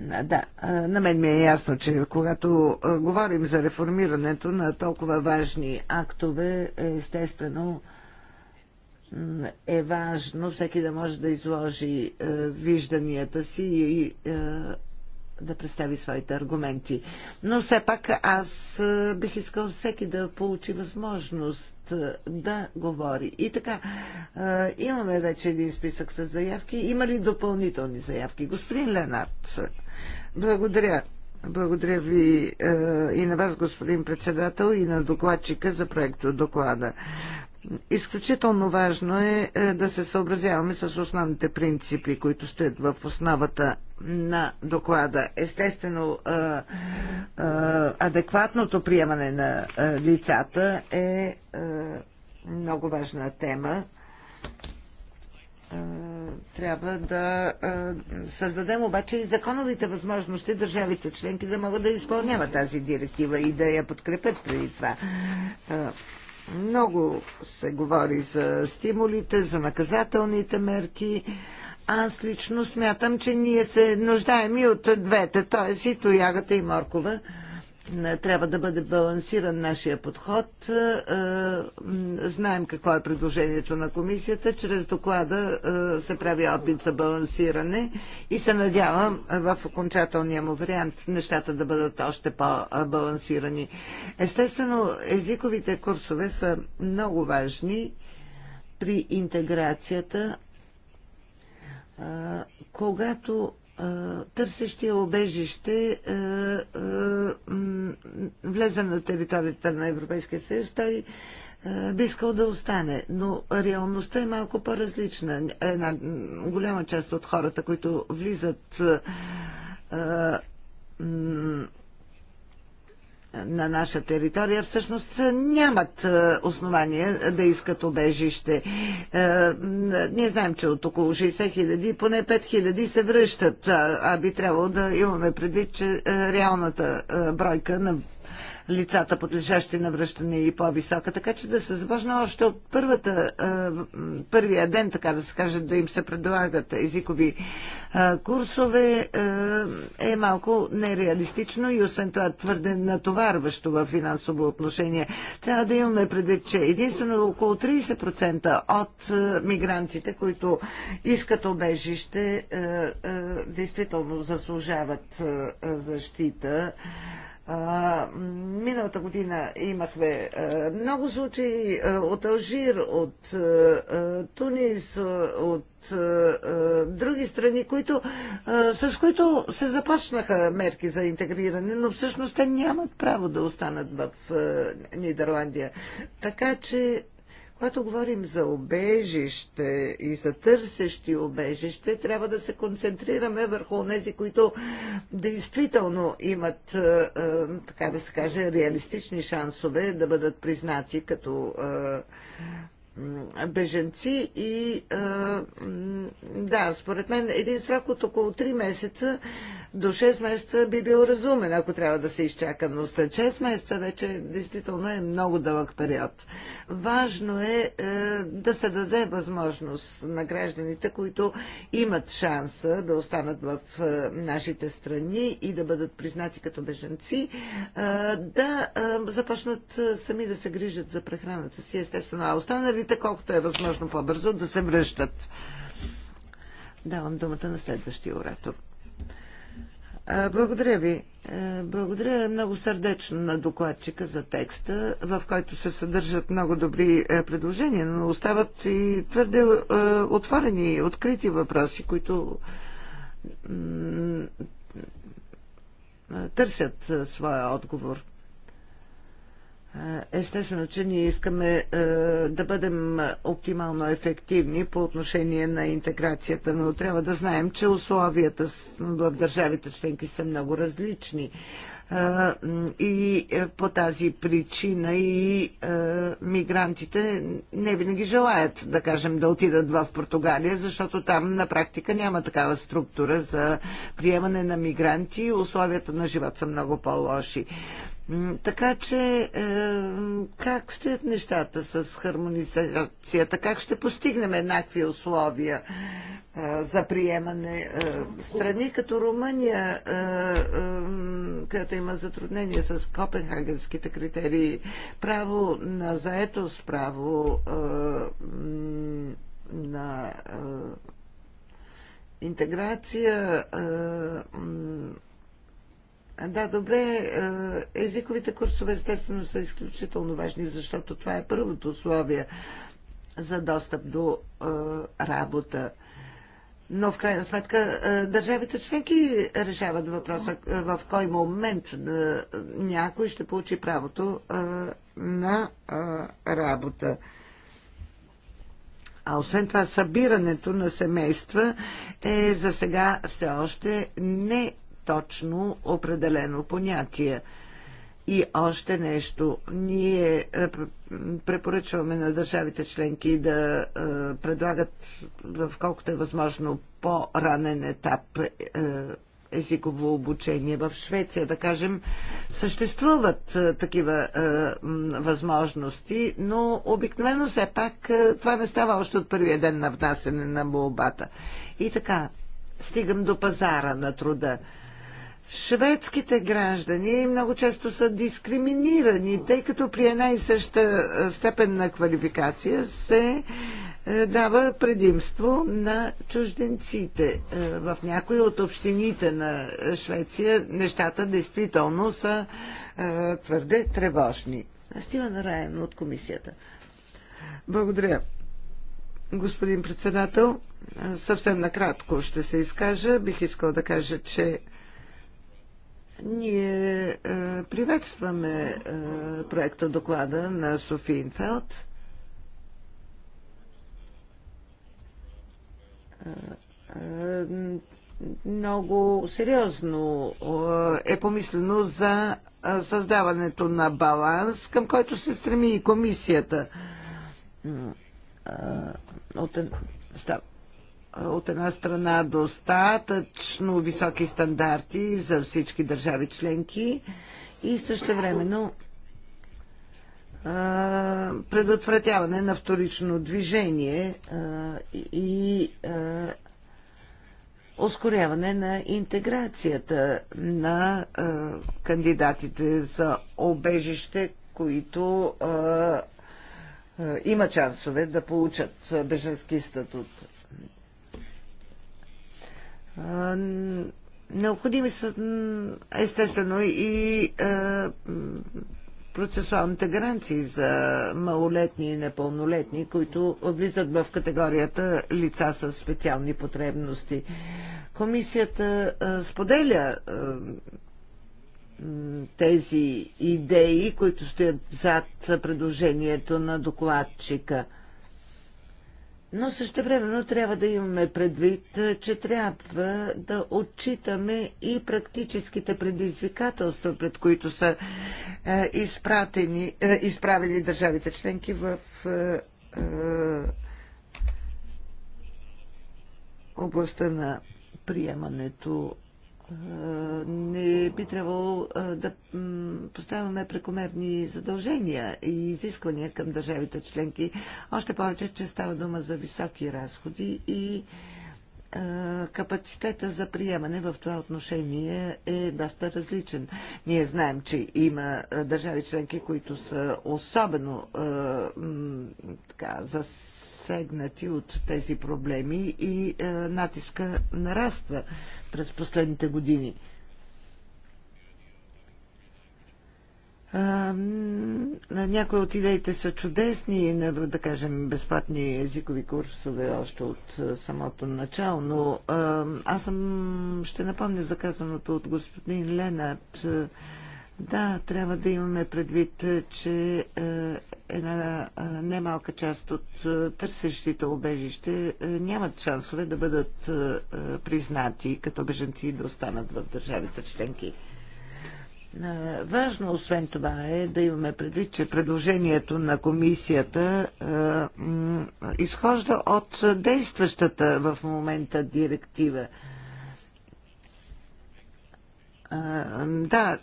Да, на мен ми е ясно, че когато говорим за реформирането на толкова важни актове, естествено е важно всеки да може да изложи вижданията си и да представи своите аргументи. Но все пак аз бих искал всеки да получи възможност да говори. И така, имаме вече един списък с заявки. Има ли допълнителни заявки? Господин Ленард, благодаря. Благодаря ви и на вас, господин председател, и на докладчика за проекто доклада. Изключително важно е, е да се съобразяваме с основните принципи, които стоят в основата на доклада. Естествено, е, е, адекватното приемане на лицата е много важна тема. Трябва да създадем обаче и законовите възможности държавите членки да могат да изпълняват тази директива и да я подкрепят преди това много се говори за стимулите, за наказателните мерки. Аз лично смятам, че ние се нуждаем и от двете, т.е. и Тоягата и Моркова трябва да бъде балансиран нашия подход. Е, е, знаем какво е предложението на комисията. Чрез доклада е, се прави опит за балансиране и се надявам в окончателния му вариант нещата да бъдат още по-балансирани. Естествено, езиковите курсове са много важни при интеграцията. Когато търсещия обежище влезе на територията на Европейския съюз, той би искал да остане. Но реалността е малко по-различна. Една голяма част от хората, които влизат на наша територия всъщност нямат е, основания да искат обежище. Е, ние знаем, че от около 60 хиляди поне 5 хиляди се връщат, а би трябвало да имаме предвид, че е, реалната бройка на лицата, подлежащи на връщане и по-висока, така че да се започна още от първата, първия ден, така да се каже, да им се предлагат езикови курсове е малко нереалистично и освен това твърде натоварващо в финансово отношение. Трябва да имаме предвид, че единствено около 30% от мигрантите, които искат обежище, действително заслужават защита миналата година имахме а, много случаи а, от Алжир, от а, Тунис, от а, други страни, които, а, с които се започнаха мерки за интегриране, но всъщност те нямат право да останат в а, Нидерландия. Така че когато говорим за обежище и за търсещи обежище, трябва да се концентрираме върху тези, които действително имат, е, е, така да се каже, реалистични шансове да бъдат признати като е, беженци и да, според мен един срок от около 3 месеца до 6 месеца би бил разумен, ако трябва да се изчака, но след 6 месеца вече действително е много дълъг период. Важно е, е да се даде възможност на гражданите, които имат шанса да останат в е, нашите страни и да бъдат признати като беженци, е, да е, започнат е, сами да се грижат за прехраната си, естествено, а останалите колкото е възможно по-бързо да се връщат. Давам думата на следващия оратор. Благодаря ви. Благодаря много сърдечно на докладчика за текста, в който се съдържат много добри предложения, но остават и твърде отворени и открити въпроси, които търсят своя отговор. Естествено, че ние искаме е, да бъдем оптимално ефективни по отношение на интеграцията, но трябва да знаем, че условията в държавите членки са много различни. И е, по тази причина и е, мигрантите не винаги желаят, да кажем, да отидат в Португалия, защото там на практика няма такава структура за приемане на мигранти и условията на живот са много по-лоши. Така че е, как стоят нещата с хармонизацията? Как ще постигнем еднакви условия е, за приемане? Е, страни като Румъния, която има затруднение с копенхагенските критерии, право на заетост, право на интеграция, да, добре. Е, езиковите курсове естествено са изключително важни, защото това е първото условие за достъп до е, работа. Но в крайна сметка е, държавите членки решават въпроса в кой момент някой ще получи правото на работа. А освен това, събирането на семейства е за сега все още не точно определено понятие. И още нещо. Ние е, препоръчваме на държавите членки да е, предлагат в колкото е възможно по-ранен етап е, езиково обучение. В Швеция, да кажем, съществуват такива възможности, но обикновено все пак това не става още от първия ден на внасене на молбата. И така, стигам до пазара на труда. Шведските граждани много често са дискриминирани, тъй като при една и съща степен на квалификация се е, дава предимство на чужденците. Е, в някои от общините на е, Швеция нещата действително са твърде тревожни. на Раен от комисията. Благодаря. Господин председател, съвсем накратко ще се изкажа. Бих искал да кажа, че ние е, приветстваме е, проекта доклада на Софи Инфелд. Е, много сериозно е помислено за създаването на баланс, към който се стреми и комисията. От, става от една страна достатъчно високи стандарти за всички държави членки и също времено предотвратяване на вторично движение и ускоряване на интеграцията на кандидатите за обежище, които има шансове да получат беженски статут. Необходими са естествено и процесуалните гаранции за малолетни и непълнолетни, които влизат в категорията лица с специални потребности. Комисията споделя тези идеи, които стоят зад предложението на докладчика – но също времено трябва да имаме предвид, че трябва да отчитаме и практическите предизвикателства, пред които са е, изпратени, е, изправили държавите членки в е, областта на приемането не би трябвало да поставяме прекомерни задължения и изисквания към държавите членки. Още повече, че става дума за високи разходи и капацитета за приемане в това отношение е доста различен. Ние знаем, че има държави членки, които са особено така, за засегнати от тези проблеми и е, натиска нараства през последните години. Е, някои от идеите са чудесни, да кажем, безплатни езикови курсове още от е, самото начало, но аз съм, ще напомня заказаното от господин Ленард. Да, трябва да имаме предвид, че е, една е, немалка част от е, търсещите обежище нямат шансове да бъдат признати като беженци и да останат в държавите членки. Важно, освен това, е да имаме предвид, че предложението на комисията изхожда от действащата в момента директива да,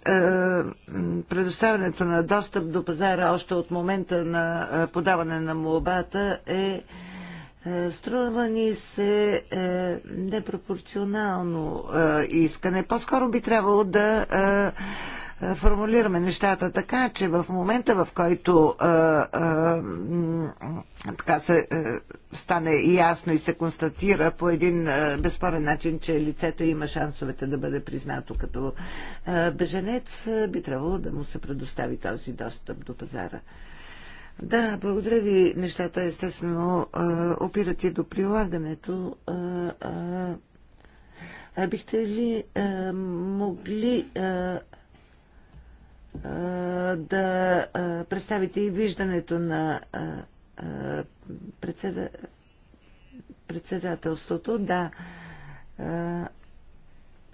предоставянето на достъп до пазара още от момента на подаване на молбата е струва ни се е, непропорционално искане. По-скоро би трябвало да е, формулираме нещата така, че в момента, в който а, е, а, е, така се а, стане ясно и се констатира по един а, безспорен начин, че лицето има шансовете да бъде признато като а, беженец, а, би трябвало да му се предостави този достъп до пазара. Да, благодаря ви. Нещата естествено опират и до прилагането. бихте ли могли да представите и виждането на председа... председателството. Да.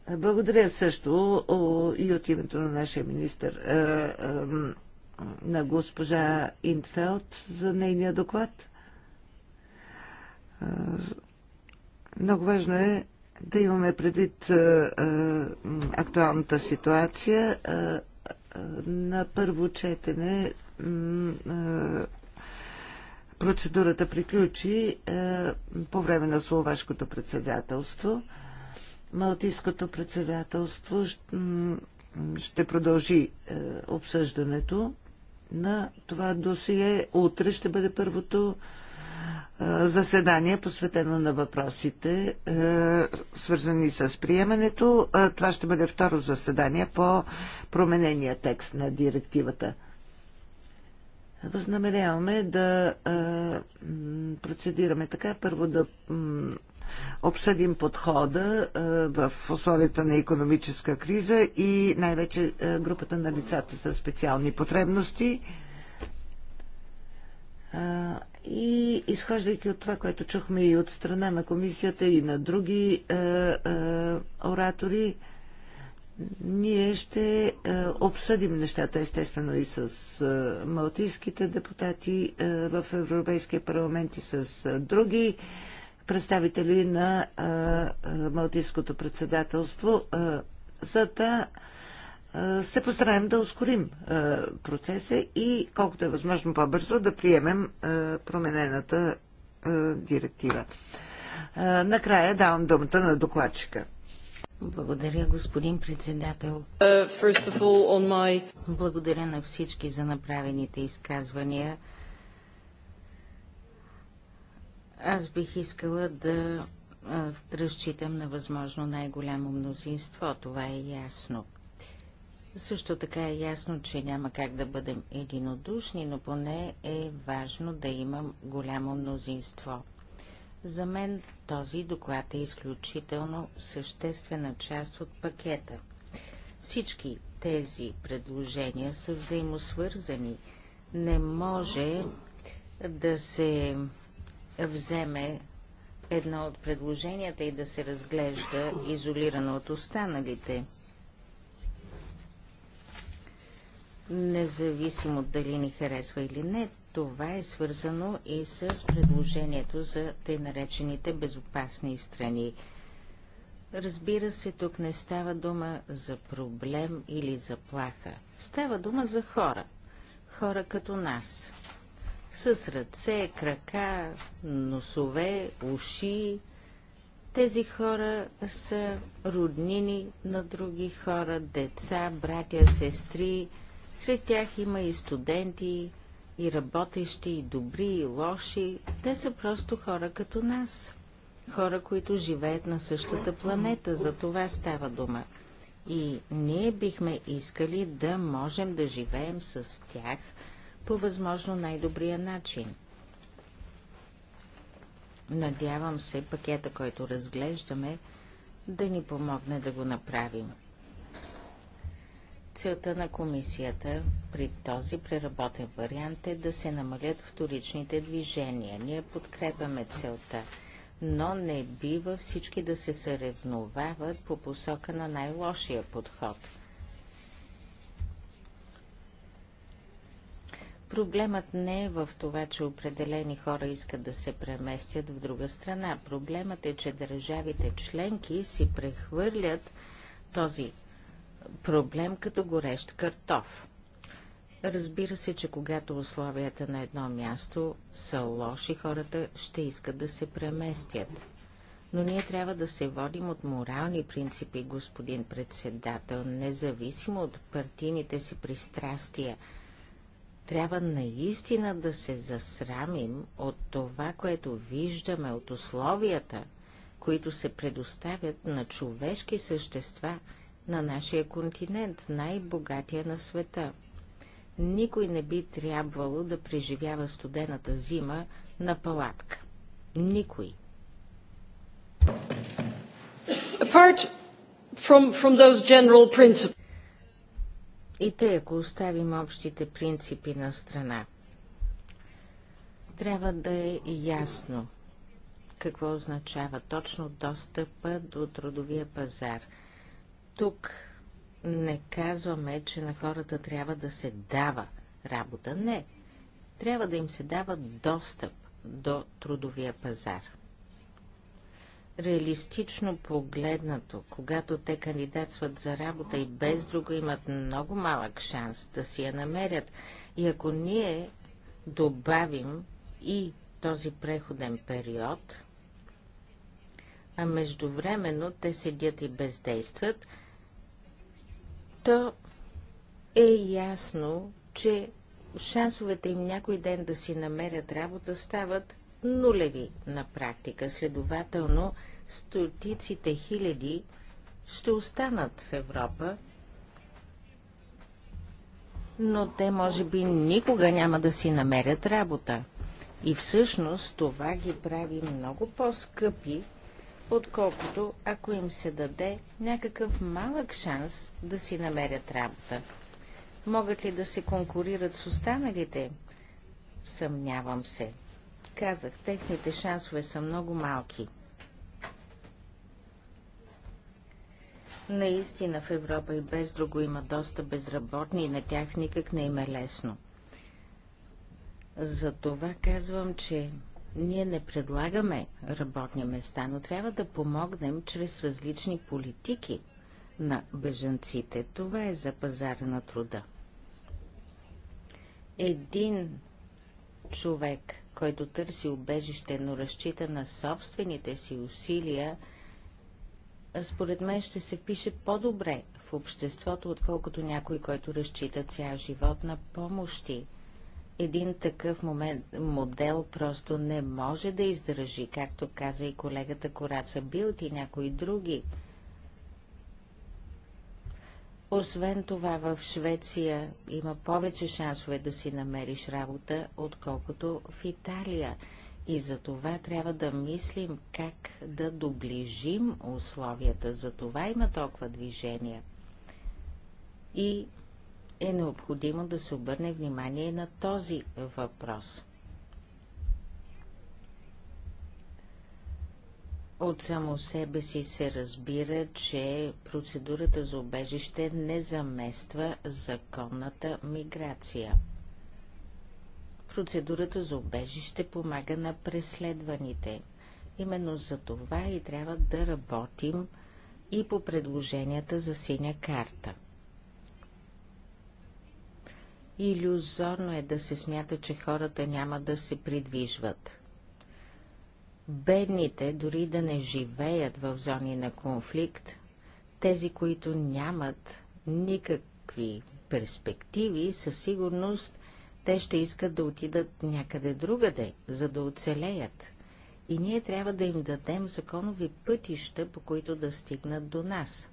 Благодаря също и от името на нашия министр на госпожа Инфелд за нейния доклад. Много важно е да имаме предвид актуалната ситуация на първо четене процедурата приключи по време на словашкото председателство. Малтийското председателство ще продължи е, обсъждането на това досие. Утре ще бъде първото заседание, посветено на въпросите, свързани с приемането. Това ще бъде второ заседание по променения текст на директивата. Възнамеряваме да процедираме така. Първо да обсъдим подхода в условията на економическа криза и най-вече групата на лицата с специални потребности и изхождайки от това, което чухме и от страна на комисията и на други е, е, оратори, ние ще е, обсъдим нещата, естествено, и с е, малтийските депутати е, в Европейския парламент и с е, други представители на е, е, Малтийското председателство, е, за да се постараем да ускорим процеса и колкото е възможно по-бързо да приемем променената директива. Накрая давам думата на докладчика. Благодаря, господин председател.
Uh,
Благодаря на всички за направените изказвания. Аз бих искала да разчитам на възможно най-голямо мнозинство, това е ясно. Също така е ясно, че няма как да бъдем единодушни, но поне е важно да имам голямо мнозинство. За мен този доклад е изключително съществена част от пакета. Всички тези предложения са взаимосвързани. Не може да се вземе едно от предложенията и да се разглежда изолирано от останалите – Независимо дали ни харесва или не, това е свързано и с предложението за тъй наречените безопасни страни. Разбира се, тук не става дума за проблем или заплаха. Става дума за хора. Хора като нас. С ръце, крака, носове, уши. Тези хора са роднини на други хора, деца, братя, сестри, сред тях има и студенти, и работещи, и добри, и лоши. Те са просто хора като нас. Хора, които живеят на същата планета, за това става дума. И ние бихме искали да можем да живеем с тях по възможно най-добрия начин. Надявам се пакета, който разглеждаме, да ни помогне да го направим. Целта на комисията при този преработен вариант е да се намалят вторичните движения. Ние подкрепяме целта, но не бива всички да се съревновават по посока на най-лошия подход. Проблемът не е в това, че определени хора искат да се преместят в друга страна. Проблемът е, че държавите членки си прехвърлят този проблем като горещ картоф. Разбира се, че когато условията на едно място са лоши, хората ще искат да се преместят. Но ние трябва да се водим от морални принципи, господин председател, независимо от партийните си пристрастия. Трябва наистина да се засрамим от това, което виждаме, от условията, които се предоставят на човешки същества – на нашия континент, най-богатия на света. Никой не би трябвало да преживява студената зима на палатка. Никой. Apart from, from those general principles. И тъй, ако оставим общите принципи на страна, трябва да е ясно какво означава точно достъпа до трудовия пазар – тук не казваме, че на хората трябва да се дава работа. Не. Трябва да им се дава достъп до трудовия пазар. Реалистично погледнато, когато те кандидатстват за работа и без друго имат много малък шанс да си я намерят, и ако ние добавим и този преходен период, а междувременно те седят и бездействат, то е ясно, че шансовете им някой ден да си намерят работа стават нулеви на практика. Следователно, стотиците хиляди ще останат в Европа, но те може би никога няма да си намерят работа. И всъщност това ги прави много по-скъпи отколкото ако им се даде някакъв малък шанс да си намерят работа. Могат ли да се конкурират с останалите? Съмнявам се. Казах, техните шансове са много малки. Наистина в Европа и без друго има доста безработни и на тях никак не им е лесно. Затова казвам, че ние не предлагаме работни места, но трябва да помогнем чрез различни политики на бежанците. Това е за пазара на труда. Един човек, който търси убежище, но разчита на собствените си усилия, според мен ще се пише по-добре в обществото, отколкото някой, който разчита цял живот на помощи – един такъв момент, модел просто не може да издържи, както каза и колегата Кораца Билт и някои други. Освен това, в Швеция има повече шансове да си намериш работа, отколкото в Италия. И за това трябва да мислим как да доближим условията. За това има толкова движения. И е необходимо да се обърне внимание на този въпрос. От само себе си се разбира, че процедурата за убежище не замества законната миграция. Процедурата за убежище помага на преследваните. Именно за това и трябва да работим и по предложенията за синя карта. Иллюзорно е да се смята, че хората няма да се придвижват. Бедните, дори да не живеят в зони на конфликт, тези, които нямат никакви перспективи, със сигурност те ще искат да отидат някъде другаде, за да оцелеят. И ние трябва да им дадем законови пътища, по които да стигнат до нас –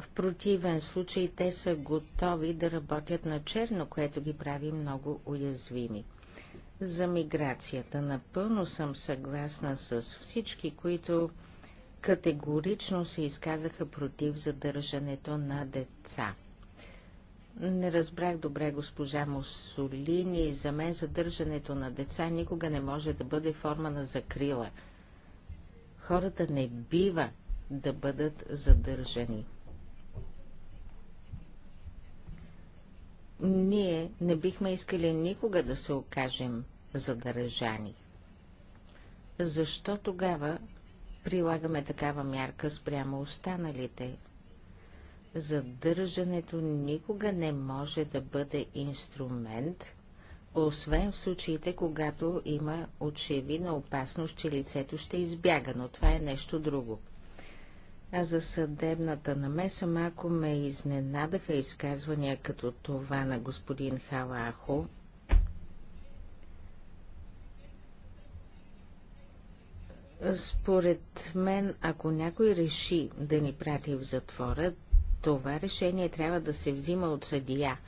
В противен случай те са готови да работят на черно, което ги прави много уязвими. За миграцията напълно съм съгласна с всички, които категорично се изказаха против задържането на деца. Не разбрах добре госпожа Мусолини. За мен задържането на деца никога не може да бъде форма на закрила. Хората не бива да бъдат задържани. ние не бихме искали никога да се окажем задържани. Защо тогава прилагаме такава мярка спрямо останалите? Задържането никога не може да бъде инструмент, освен в случаите, когато има очевидна опасност, че лицето ще избяга, но това е нещо друго. А за съдебната намеса малко ме изненадаха изказвания като това на господин Халахо. Според мен, ако някой реши да ни прати в затвора, това решение трябва да се взима от съдия,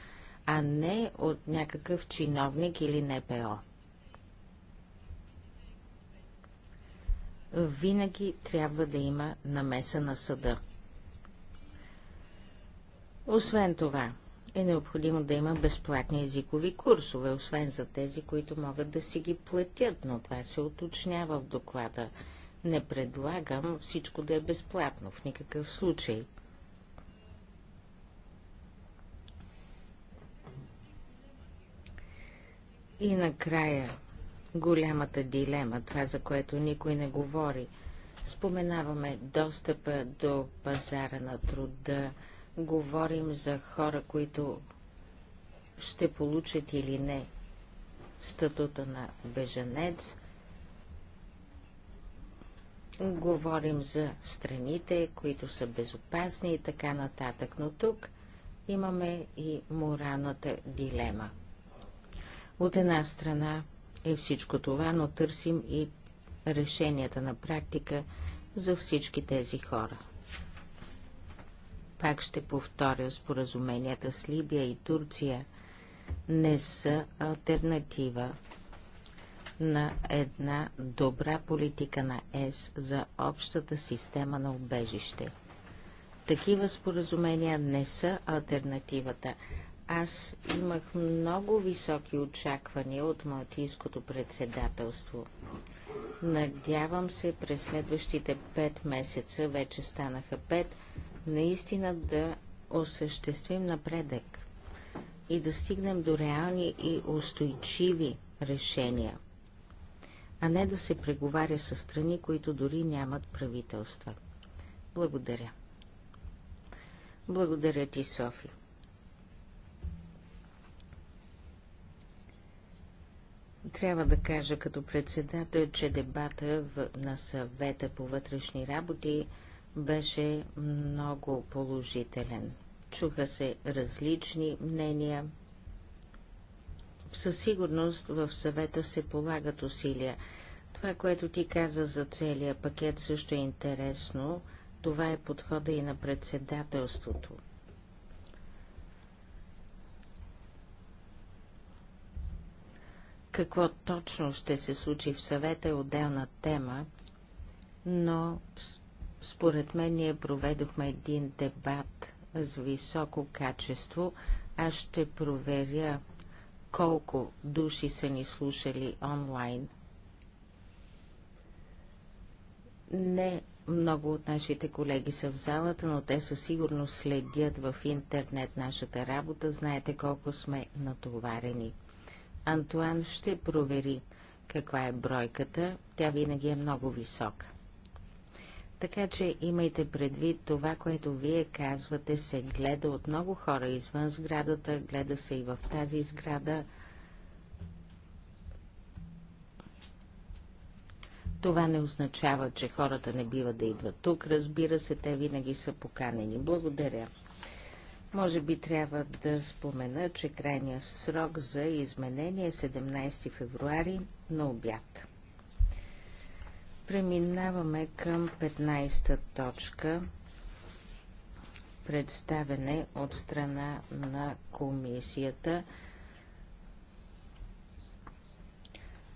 а не от някакъв чиновник или НПО. винаги трябва да има намеса на съда. Освен това, е необходимо да има безплатни езикови курсове, освен за тези, които могат да си ги платят, но това се уточнява в доклада. Не предлагам всичко да е безплатно, в никакъв случай. И накрая, голямата дилема, това за което никой не говори. Споменаваме достъпа до пазара на труда, говорим за хора, които ще получат или не статута на беженец, говорим за страните, които са безопасни и така нататък, но тук имаме и моралната дилема. От една страна е всичко това, но търсим и решенията на практика за всички тези хора. Пак ще повторя, споразуменията с Либия и Турция не са альтернатива на една добра политика на ЕС за общата система на убежище. Такива споразумения не са альтернативата, аз имах много високи очаквания от Малтийското председателство. Надявам се през следващите пет месеца, вече станаха пет, наистина да осъществим напредък и да стигнем до реални и устойчиви решения, а не да се преговаря с страни, които дори нямат правителства. Благодаря. Благодаря ти, София. Трябва да кажа като председател, че дебата на съвета по вътрешни работи беше много положителен. Чуха се различни мнения. Със сигурност в съвета се полагат усилия. Това, което ти каза за целия пакет също е интересно. Това е подхода и на председателството. Какво точно ще се случи в съвета е отделна тема, но според мен ние проведохме един дебат с високо качество. Аз ще проверя колко души са ни слушали онлайн. Не много от нашите колеги са в залата, но те със сигурност следят в интернет нашата работа. Знаете колко сме натоварени. Антуан ще провери каква е бройката. Тя винаги е много висока. Така че имайте предвид това, което вие казвате, се гледа от много хора извън сградата, гледа се и в тази сграда. Това не означава, че хората не бива да идват тук. Разбира се, те винаги са поканени. Благодаря. Може би трябва да спомена, че крайният срок за изменение е 17 февруари на обяд. Преминаваме към 15-та точка представене от страна на комисията –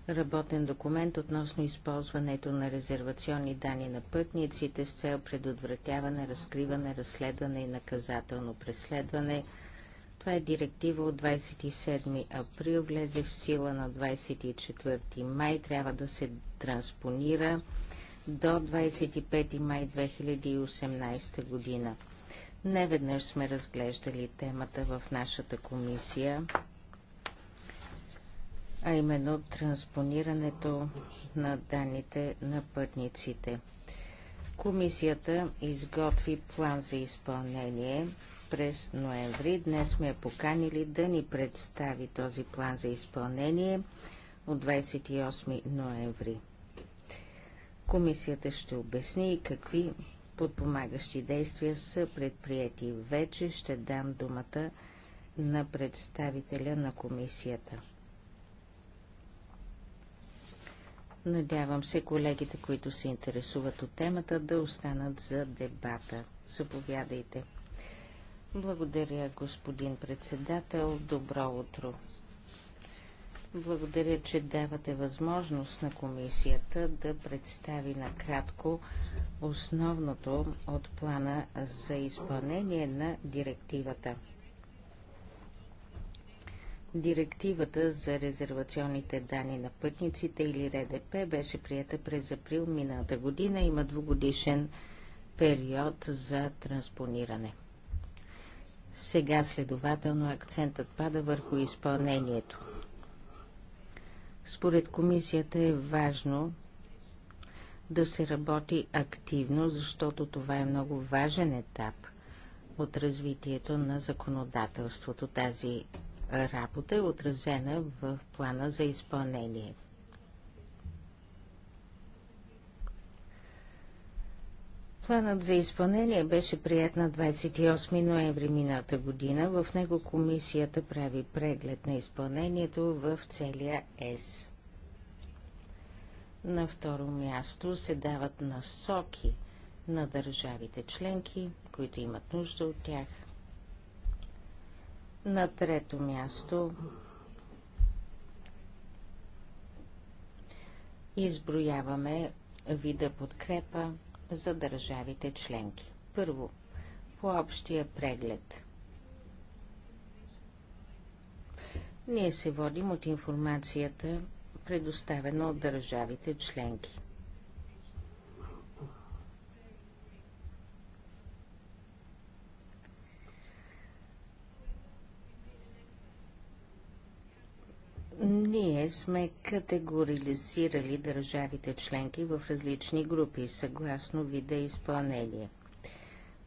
работен документ относно използването на резервационни данни на пътниците с цел предотвратяване, разкриване, разследване и наказателно преследване. Това е директива от 27 април, влезе в сила на 24 май, трябва да се транспонира до 25 май 2018 година. Неведнъж сме разглеждали темата в нашата комисия а именно транспонирането на данните на пътниците. Комисията изготви план за изпълнение през ноември. Днес сме поканили да ни представи този план за изпълнение от 28 ноември. Комисията ще обясни какви подпомагащи действия са предприяти. Вече ще дам думата на представителя на комисията. Надявам се колегите, които се интересуват от темата, да останат за дебата. Заповядайте. Благодаря, господин председател. Добро утро. Благодаря, че давате възможност на комисията да представи накратко основното от плана за изпълнение на директивата – Директивата за резервационните данни на пътниците или РДП беше прията през април миналата година. Има двугодишен период за транспониране. Сега следователно акцентът пада върху изпълнението. Според комисията е важно да се работи активно, защото това е много важен етап от развитието на законодателството. Тази работа е отразена в плана за изпълнение. Планът за изпълнение беше прият на 28 ноември мината година. В него комисията прави преглед на изпълнението в целия ЕС. На второ място се дават насоки на държавите членки, които имат нужда от тях – на трето място изброяваме вида подкрепа за държавите членки. Първо, по общия преглед. Ние се водим от информацията, предоставена от държавите членки.
Ние
сме категоризирали държавите членки в различни групи, съгласно вида изпълнение.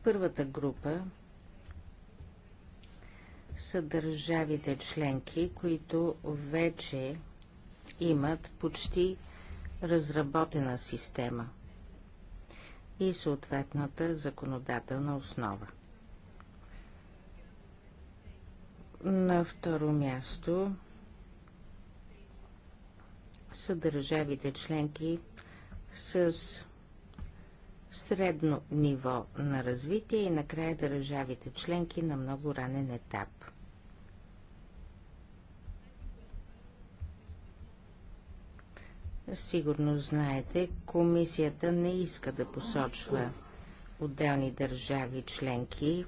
Първата група са държавите членки, които вече имат почти разработена система и съответната законодателна основа. На второ място са държавите членки с средно ниво на развитие и накрая държавите членки на много ранен етап. Сигурно знаете, комисията не иска да посочва отделни държави членки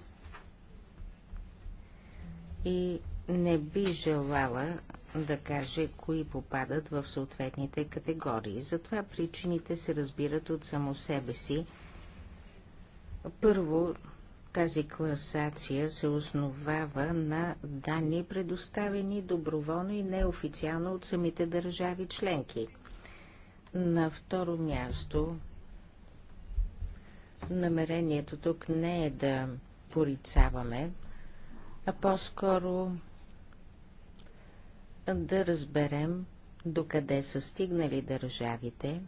и не би желала да каже кои попадат в съответните категории. Затова причините се разбират от само себе си. Първо, тази класация се основава на данни, предоставени доброволно и неофициално от самите държави членки. На второ място, намерението тук не е да порицаваме, а по-скоро да разберем докъде са стигнали държавите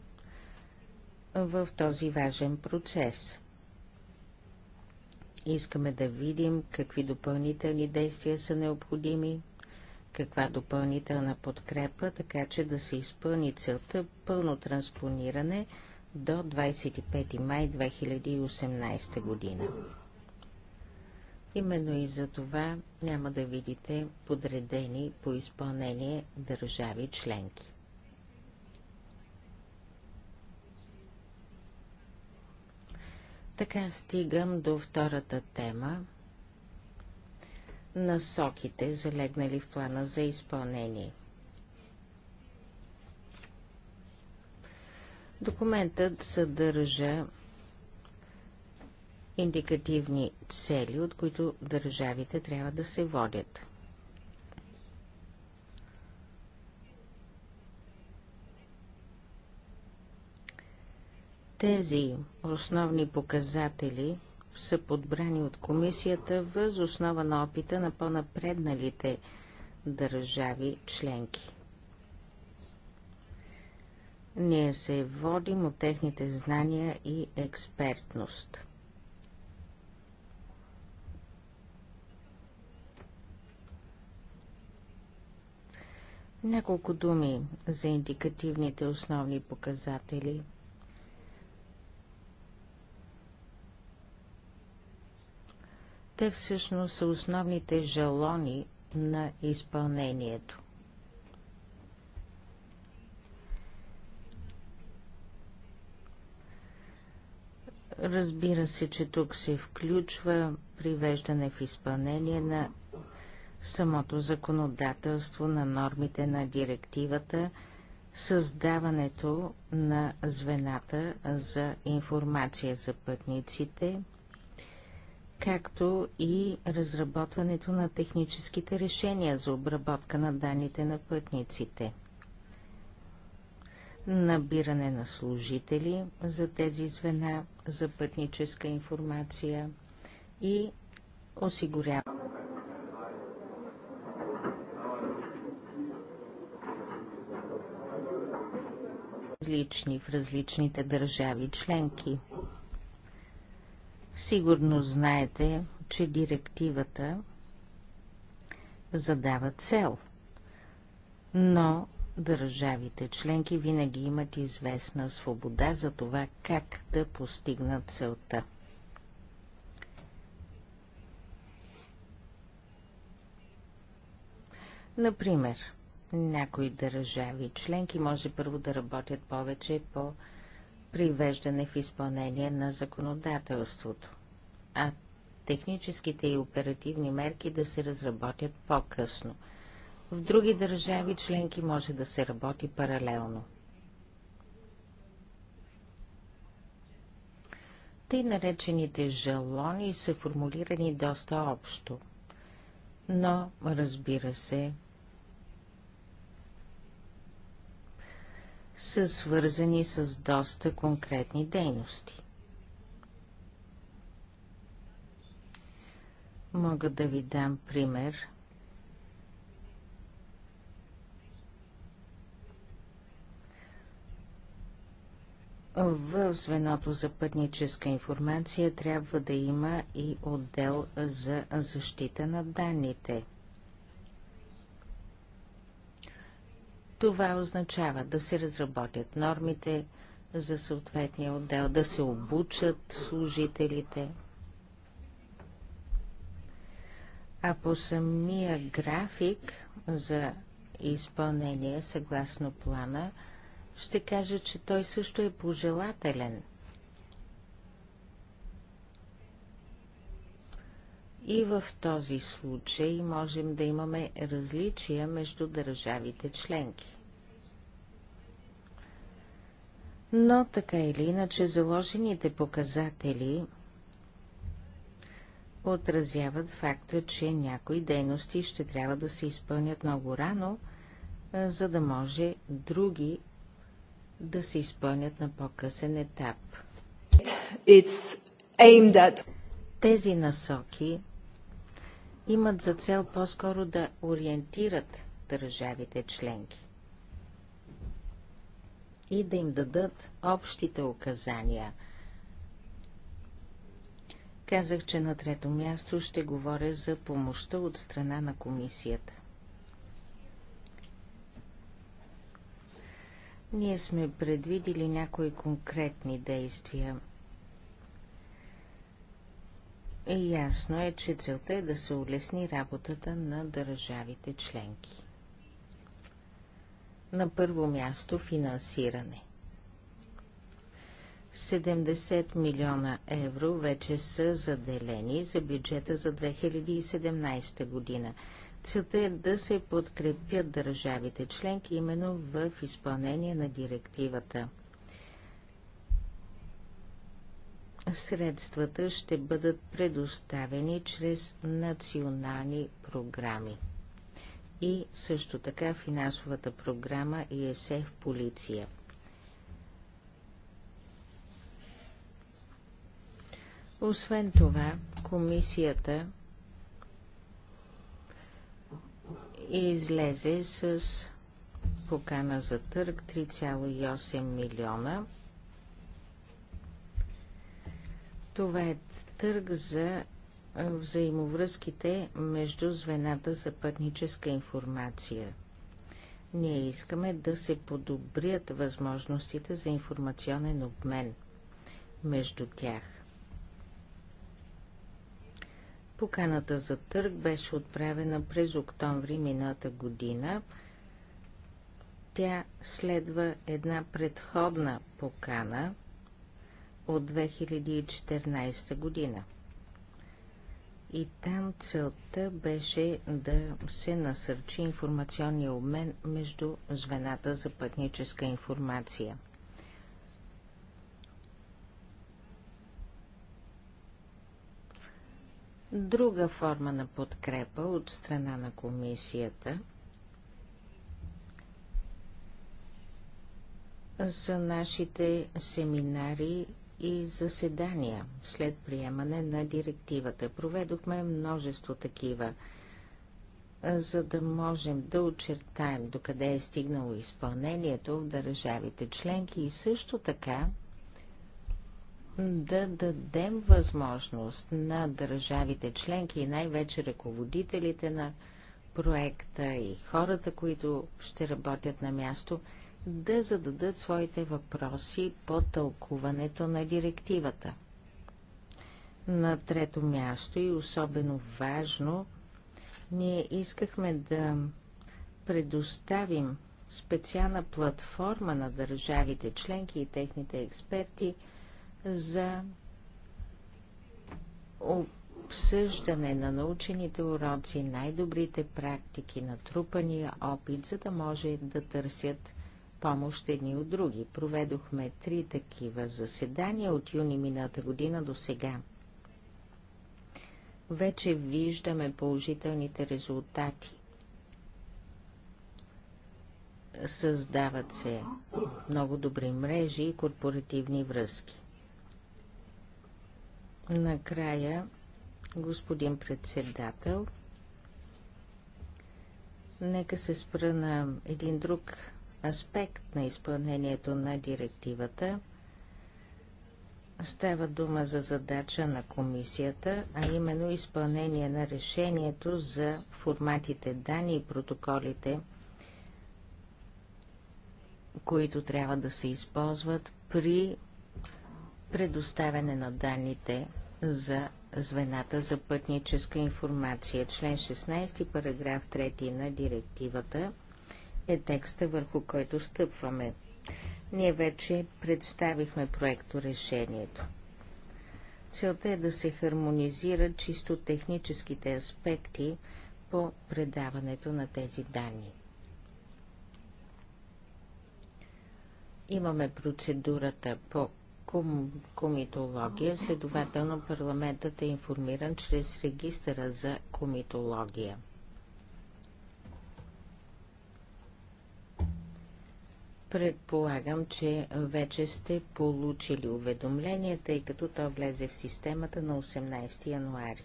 в този важен процес. Искаме да видим какви допълнителни действия са необходими, каква допълнителна подкрепа, така че да се изпълни целта пълно транспониране до 25 май 2018 година. Именно и за това няма да видите подредени по изпълнение държави членки. Така стигам до втората тема – насоките, залегнали в плана за изпълнение. Документът съдържа индикативни цели, от които държавите трябва да се водят. Тези основни показатели са подбрани от комисията въз основа на опита на по-напредналите държави членки. Ние се водим от техните знания и експертност. Няколко думи за индикативните основни показатели. Те всъщност са основните жалони на изпълнението. Разбира се, че тук се включва привеждане в изпълнение на самото законодателство на нормите на директивата, създаването на звената за информация за пътниците, както и разработването на техническите решения за обработка на данните на пътниците, набиране на служители за тези звена за пътническа информация и осигуряване. различни в различните държави членки. Сигурно знаете, че директивата задава цел, но държавите членки винаги имат известна свобода за това как да постигнат целта. Например, някои държави членки може първо да работят повече по привеждане в изпълнение на законодателството, а техническите и оперативни мерки да се разработят по-късно. В други държави членки може да се работи паралелно. Тъй наречените жалони са формулирани доста общо, но, разбира се, са свързани с доста конкретни дейности. Мога да ви дам пример. В звеното за пътническа информация трябва да има и отдел за защита на данните – Това означава да се разработят нормите за съответния отдел, да се обучат служителите. А по самия график за изпълнение съгласно плана, ще кажа, че той също е пожелателен. И в този случай можем да имаме различия между държавите членки. но така или иначе заложените показатели отразяват факта, че някои дейности ще трябва да се изпълнят много рано, за да може други да се изпълнят на по-късен етап. At... Тези насоки имат за цел по-скоро да ориентират държавите членки и да им дадат общите указания. Казах, че на трето място ще говоря за помощта от страна на комисията. Ние сме предвидили някои конкретни действия. И ясно е, че целта е да се улесни работата на държавите членки. На първо място финансиране. 70 милиона евро вече са заделени за бюджета за 2017 година. Целта е да се подкрепят държавите членки именно в изпълнение на директивата. Средствата ще бъдат предоставени чрез национални програми и също така финансовата програма ИСФ Полиция. Освен това, комисията излезе с покана за търг 3,8 милиона. Това е търг за взаимовръзките между звената за пътническа информация. Ние искаме да се подобрят възможностите за информационен обмен между тях. Поканата за търг беше отправена през октомври миналата година. Тя следва една предходна покана от 2014 година и там целта беше да се насърчи информационния обмен между звената за пътническа информация. Друга форма на подкрепа от страна на комисията за нашите семинари и заседания след приемане на директивата. Проведохме множество такива, за да можем да очертаем докъде е стигнало изпълнението в държавите членки и също така да дадем възможност на държавите членки и най-вече ръководителите на проекта и хората, които ще работят на място – да зададат своите въпроси по тълкуването на директивата. На трето място и особено важно, ние искахме да предоставим специална платформа на държавите членки и техните експерти за обсъждане на научените уроци, най-добрите практики, натрупания опит, за да може да търсят помощ едни от други. Проведохме три такива заседания от юни миналата година до сега. Вече виждаме положителните резултати. Създават се много добри мрежи и корпоративни връзки. Накрая, господин председател, нека се спра на един друг аспект на изпълнението на директивата. Става дума за задача на комисията, а именно изпълнение на решението за форматите данни и протоколите, които трябва да се използват при предоставяне на данните за звената за пътническа информация. Член 16, параграф 3 на директивата е текста, върху който стъпваме. Ние вече представихме проекто решението. Целта е да се хармонизират чисто техническите аспекти по предаването на тези данни. Имаме процедурата по ком... комитология, следователно парламентът е информиран чрез регистъра за комитология – Предполагам, че вече сте получили уведомление, тъй като то влезе в системата на 18 януари.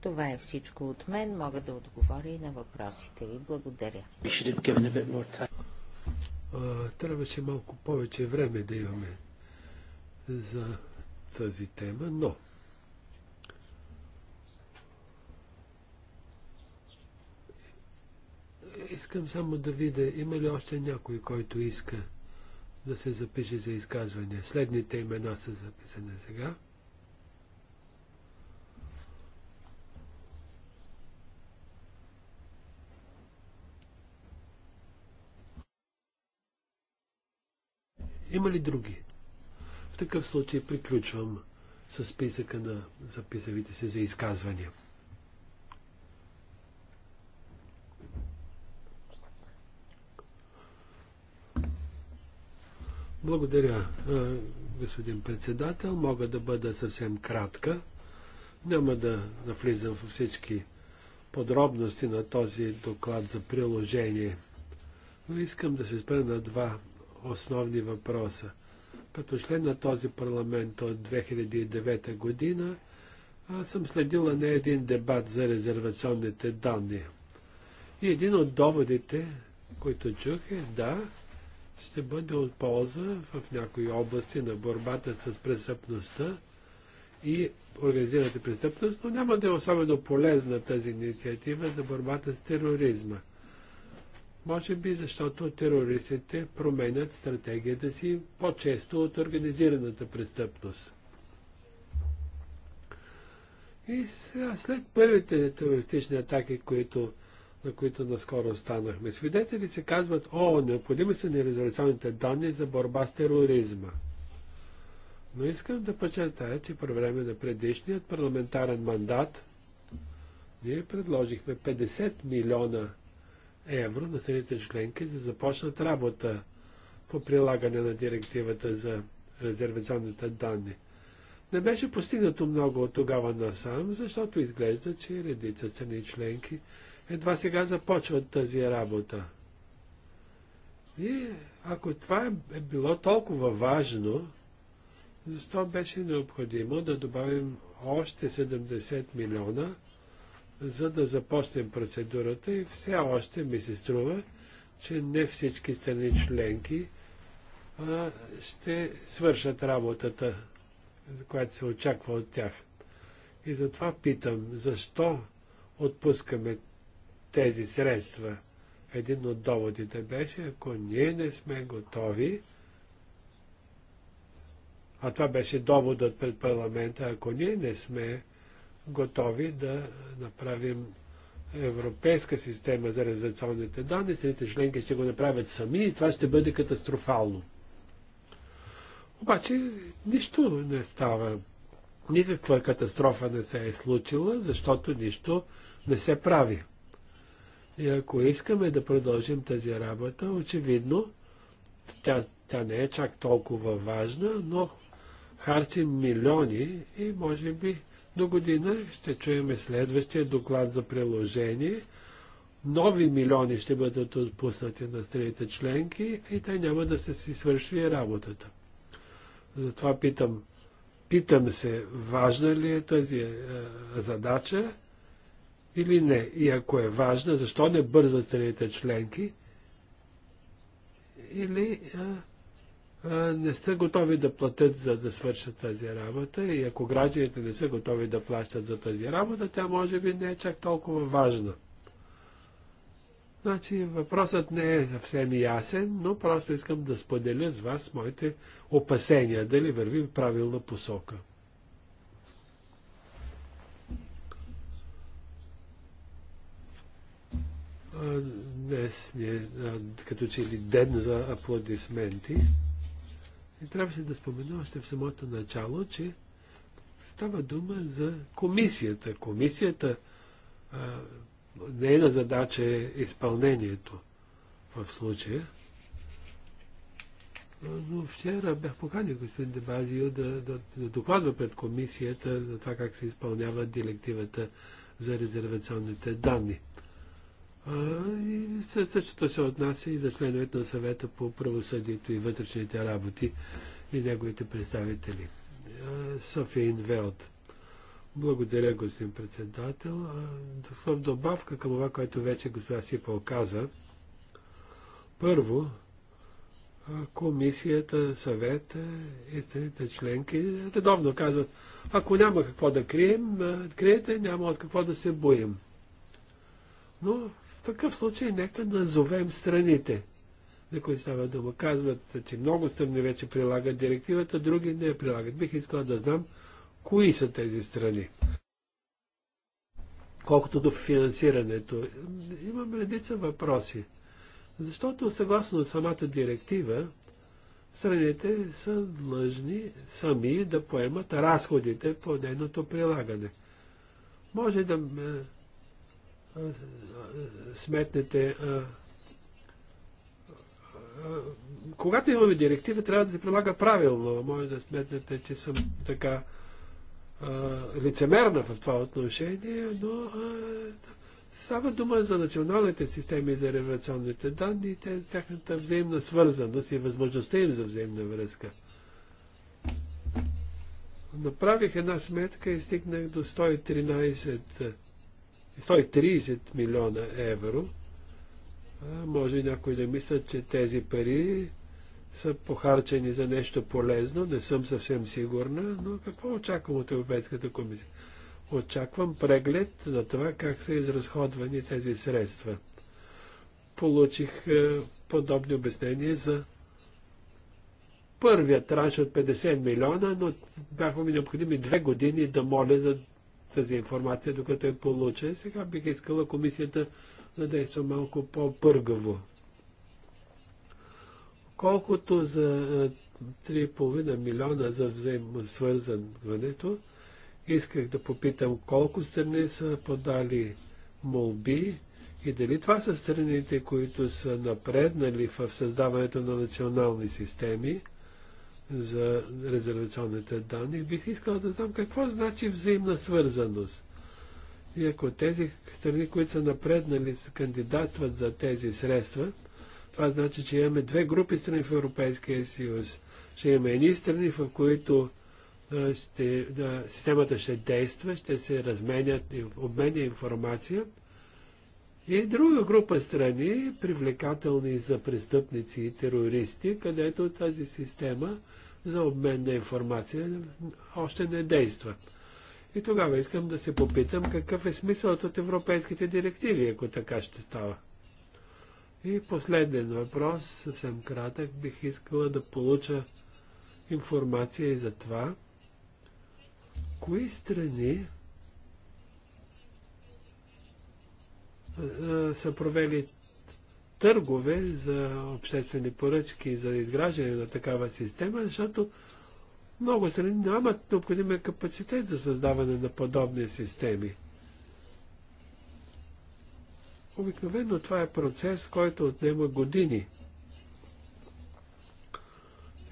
Това е всичко от мен. Мога да отговоря и на въпросите ви. Благодаря.
Трябваше малко повече време да имаме за тази тема, но Искам само да видя, има ли още някой, който иска да се запише за изказване. Следните имена са записани сега. Има ли други? В такъв случай приключвам с списъка на записалите се за изказвания. Благодаря, господин председател. Мога да бъда съвсем кратка. Няма да навлизам във всички подробности на този доклад за приложение. Но искам да се спра на два основни въпроса. Като член на този парламент от 2009 година, аз съм следила не един дебат за резервационните данни. И един от доводите, които чух е, да, ще бъде от полза в някои области на борбата с престъпността и организираната престъпност, но няма да е особено полезна тази инициатива за борбата с тероризма. Може би защото терористите променят стратегията си по-често от организираната престъпност. И сега, след първите терористични атаки, които на които наскоро станахме. Свидетели се казват, о, необходими са ни данни за борба с тероризма. Но искам да подчертая, че по време на предишният парламентарен мандат ние предложихме 50 милиона евро на страните членки за започнат работа по прилагане на директивата за резервационните данни. Не беше постигнато много от тогава насам, защото изглежда, че редица страни членки едва сега започват тази работа. И ако това е, е било толкова важно, защо беше необходимо да добавим още 70 милиона, за да започнем процедурата и все още ми се струва, че не всички страни членки а, ще свършат работата, която се очаква от тях. И затова питам, защо отпускаме тези средства. Един от доводите беше, ако ние не сме готови, а това беше доводът пред парламента, ако ние не сме готови да направим европейска система за резервационните данни, страните членки ще го направят сами и това ще бъде катастрофално. Обаче нищо не става. Никаква катастрофа не се е случила, защото нищо не се прави. И ако искаме да продължим тази работа, очевидно, тя, тя не е чак толкова важна, но харчим милиони и може би до година ще чуем следващия доклад за приложение. Нови милиони ще бъдат отпуснати на страните членки и те няма да се си свърши работата. Затова питам, питам се, важна ли е тази е, задача или не? И ако е важна, защо не бързат страните членки? Или а, а, не са готови да платят за да свършат тази работа и ако гражданите не са готови да плащат за тази работа, тя може би не е чак толкова важна. Значи въпросът не е съвсем ясен, но просто искам да споделя с вас моите опасения, дали вървим в правилна посока. днес ние като че ли ден за аплодисменти. И трябваше да спомена още в самото начало, че става дума за комисията. Комисията, нейна е задача е изпълнението в случая. Но вчера бях поканил господин Дебазио да, да, да докладва пред комисията за това как се изпълнява директивата за резервационните данни. И същото се отнася и за членовете на съвета по правосъдието и вътрешните работи и неговите представители. София Инвелт. Благодаря, господин председател. В добавка към това, което вече госпожа Сипал каза, първо, комисията, съвет е, и страните членки редовно казват, ако няма какво да крием, криете, няма от какво да се боим. Но в такъв случай нека назовем страните, за които става дума. Казват, че много страни вече прилагат директивата, други не я прилагат. Бих искал да знам кои са тези страни. Колкото до финансирането, имам редица въпроси. Защото съгласно самата директива, страните са длъжни сами да поемат разходите по нейното прилагане. Може да сметнете. Когато имаме директива, трябва да се прилага правилно. Може да сметнете, че съм така лицемерна в това отношение, но става дума за националните системи за революционните данни и тяхната взаимна свързаност и възможността им за взаимна връзка. Направих една сметка и стигнах до 113 130 милиона евро. А, може някой да мисля, че тези пари са похарчени за нещо полезно, не съм съвсем сигурна, но какво очаквам от Европейската комисия? Очаквам преглед на това как са изразходвани тези средства. Получих е, подобни обяснения за първия транш от 50 милиона, но бяха ми необходими две години да моля за тази информация, докато е получен. Сега бих искала комисията да действа малко по-пъргаво. Колкото за 3,5 милиона за взаимосвързването, исках да попитам колко страни са подали молби и дали това са страните, които са напреднали в създаването на национални системи за резервационните данни, бих искал да знам какво значи взаимна свързаност. И ако тези страни, които са напреднали, са кандидатват за тези средства, това значи, че имаме две групи страни в Европейския съюз. Ще имаме едни страни, в които ще, да, системата ще действа, ще се разменят, обменя информация, и друга група страни, привлекателни за престъпници и терористи, където тази система за обмен на информация още не действа. И тогава искам да се попитам какъв е смисълът от европейските директиви, ако така ще става. И последен въпрос, съвсем кратък, бих искала да получа информация и за това, кои страни Е, са провели търгове за обществени поръчки за изграждане на такава система, защото много страни нямат необходимия капацитет за създаване на подобни системи. Обикновено това е процес, който отнема години.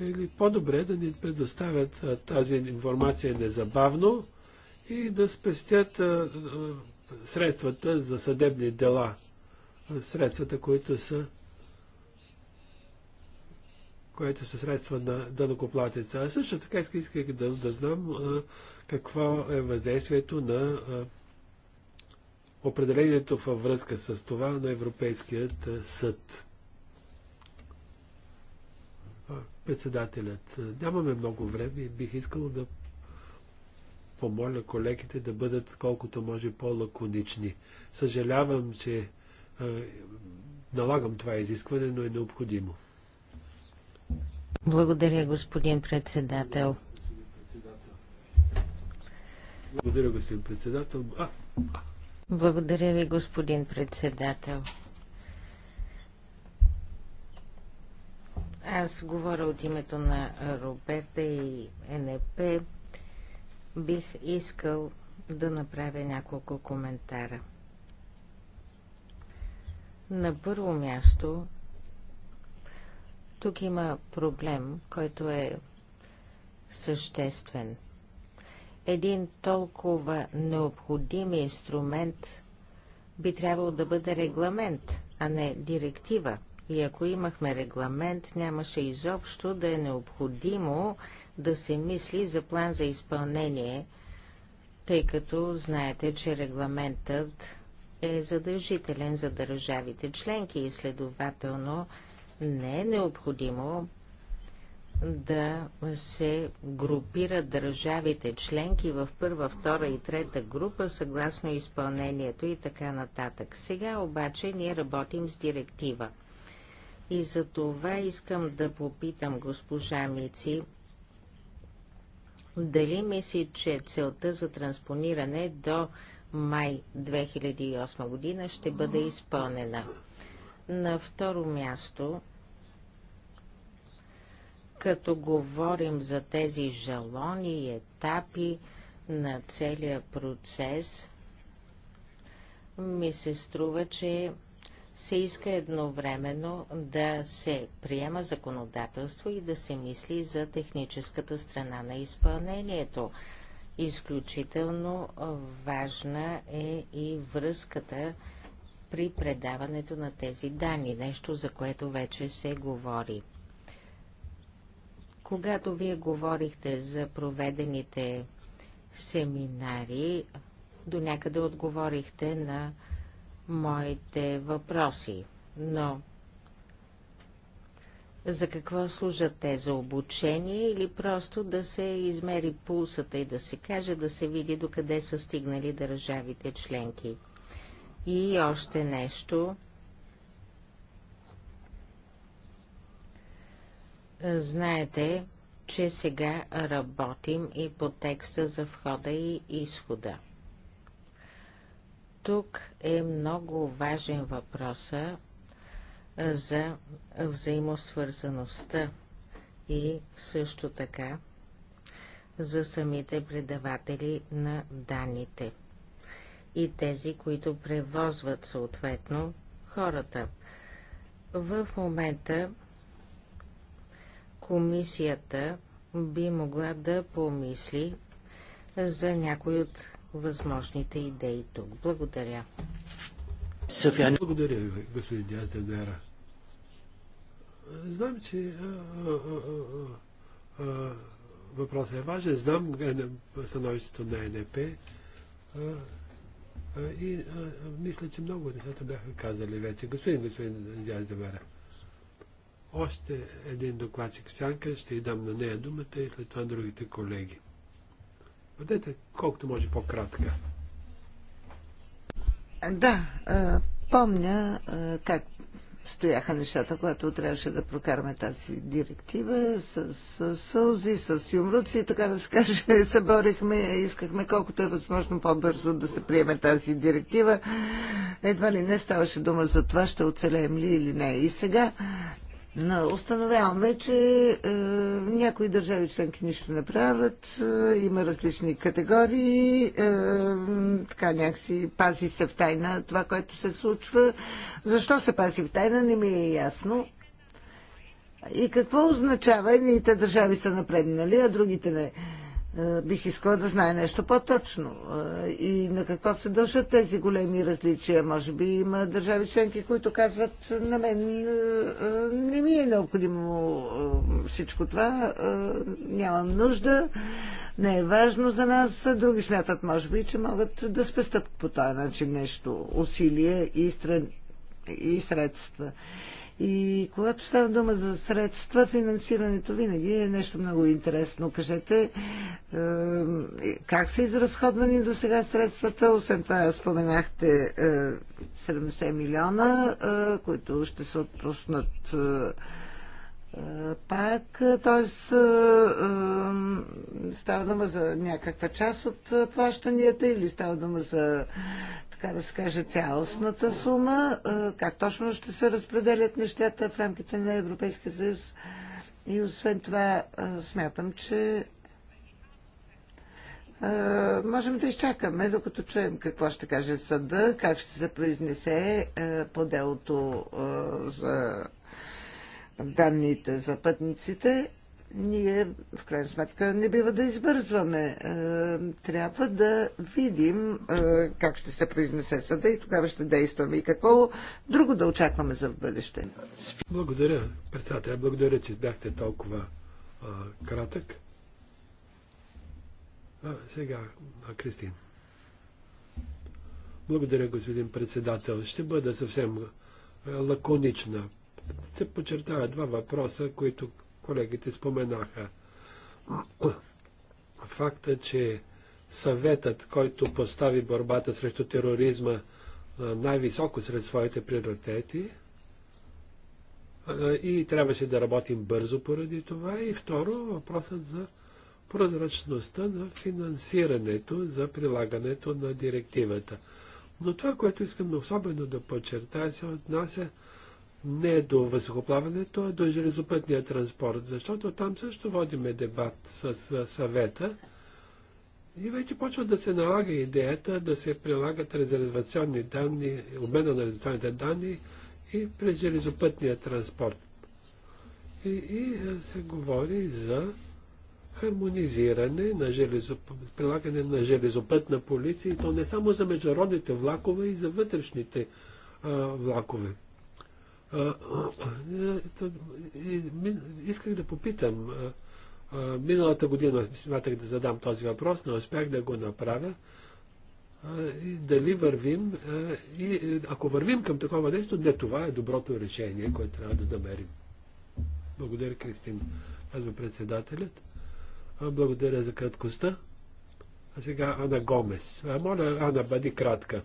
Или по-добре да ни предоставят тази информация незабавно и да спестят средствата за съдебни дела, средствата, които са което са средства на дънокоплатеца. А също така исках, да, да знам а, какво е въздействието на а, определението във връзка с това на Европейският съд. Председателят. Нямаме много време и бих искал да помоля колегите да бъдат колкото може по-лаконични. Съжалявам, че е, налагам това изискване, но е необходимо.
Благодаря, господин председател.
Благодаря, господин председател. А, а.
Благодаря ви, господин председател. Аз говоря от името на Роберта и НП бих искал да направя няколко коментара. На първо място, тук има проблем, който е съществен. Един толкова необходим инструмент би трябвало да бъде регламент, а не директива. И ако имахме регламент, нямаше изобщо да е необходимо да се мисли за план за изпълнение, тъй като знаете, че регламентът е задължителен за държавите членки и следователно не е необходимо да се групират държавите членки в първа, втора и трета група съгласно изпълнението и така нататък. Сега обаче ние работим с директива. И за това искам да попитам госпожа Мици, дали мисли, че целта за транспониране до май 2008 година ще бъде изпълнена? На второ място, като говорим за тези жалони и етапи на целия процес, ми се струва, че се иска едновременно да се приема законодателство и да се мисли за техническата страна на изпълнението. Изключително важна е и връзката при предаването на тези данни, нещо за което вече се говори. Когато вие говорихте за проведените семинари, до някъде отговорихте на моите въпроси, но за какво служат те? За обучение или просто да се измери пулсата и да се каже, да се види докъде са стигнали държавите членки? И още нещо. Знаете, че сега работим и по текста за входа и изхода. Тук е много важен въпроса за взаимосвързаността и също така за самите предаватели на данните и тези, които превозват съответно хората. В момента комисията би могла да помисли за някои от възможните идеи тук. Благодаря.
Софиан. Благодаря ви, господин Дятедера. Знам, че въпросът е важен. Знам е, становището на НП и мисля, че много от нещата бяха казали вече. Господин, господин Дятедера, още един докладчик сянка, ще й дам на нея думата и след това другите колеги. Бъдете колкото може по-кратка.
Да, помня как стояха нещата, когато трябваше да прокараме тази директива с, с сълзи, с юмруци, така да се каже, [LAUGHS] се борихме, искахме колкото е възможно по-бързо да се приеме тази директива. Едва ли не ставаше дума за това, ще оцелеем ли или не. И сега Установяваме, че е, някои държави членки нищо не правят, е, има различни категории, е, така някакси пази се в тайна това, което се случва. Защо се пази в тайна, не ми е ясно. И какво означава, едните държави са напреднали, а другите не. Е, е, бих искала да знае нещо по-точно е, и на какво се дължат тези големи различия. Може би има държави членки, които казват на мен е, не ми е необходимо всичко това, нямам нужда, не е важно за нас. Други смятат, може би, че могат да спестят по този начин нещо, усилие и, стрен... и средства. И когато става дума за средства, финансирането винаги е нещо много интересно. Кажете е, как са изразходвани до сега средствата. Освен това споменахте 70 е, милиона, е, които ще се отпуснат пак, т.е. става дума за някаква част от плащанията или става дума за така да се каже, цялостната сума, е, как точно ще се разпределят нещата в рамките на Европейския съюз. И освен това, е, смятам, че е, можем да изчакаме, докато чуем какво ще каже съда, как ще се произнесе по делото за данните за пътниците ние в крайна сметка не бива да избързваме. Е, трябва да видим е, как ще се произнесе съда и тогава ще действаме и какво друго да очакваме за в бъдеще.
Благодаря, председател. Благодаря, че бяхте толкова а, кратък. А, сега, а, Кристин. Благодаря, господин председател. Ще бъда съвсем лаконична. Се подчертава два въпроса, които колегите споменаха. [CLEARS THROAT] Факта, че съветът, който постави борбата срещу тероризма най-високо сред своите приоритети, и трябваше да работим бързо поради това. И второ, въпросът за прозрачността на финансирането за прилагането на директивата. Но това, което искам особено да подчертая, се отнася не е до високоплаването, а до железопътния транспорт, защото там също водиме дебат с, с съвета и вече почва да се налага идеята да се прилагат резервационни данни, обмена на резервационните данни и през железопътния транспорт. И, и се говори за хармонизиране на железоп... прилагане на железопътна полиция, и то не само за международните влакове, и за вътрешните а, влакове. Е, е, исках да попитам. Миналата година смятах да задам този въпрос, но успях да го направя. И дали вървим, и е, ако вървим към такова нещо, не това е доброто решение, което трябва да намерим. Благодаря, Кристин, казва председателят. Благодаря за краткостта. А сега Ана Гомес. Моля, Ана, бъди кратка.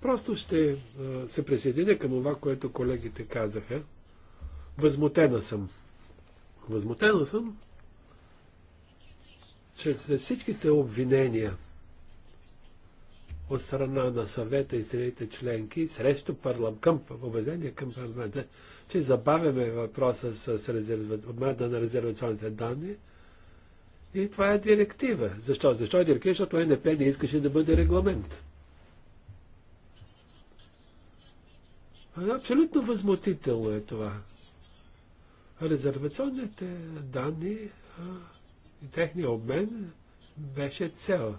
Просто ще се присъединя към това, което колегите казаха. Възмутена съм. Възмутена съм, че след всичките обвинения от страна на съвета и трите членки срещу парлам, към, обвинения към парламента, че забавяме въпроса с резерв... обмена на резервационните данни, и това е директива. Защо? Защо е директива? Защото НП не искаше да бъде регламент. Абсолютно възмутително е това. Резервационните данни а, и техния обмен беше цел.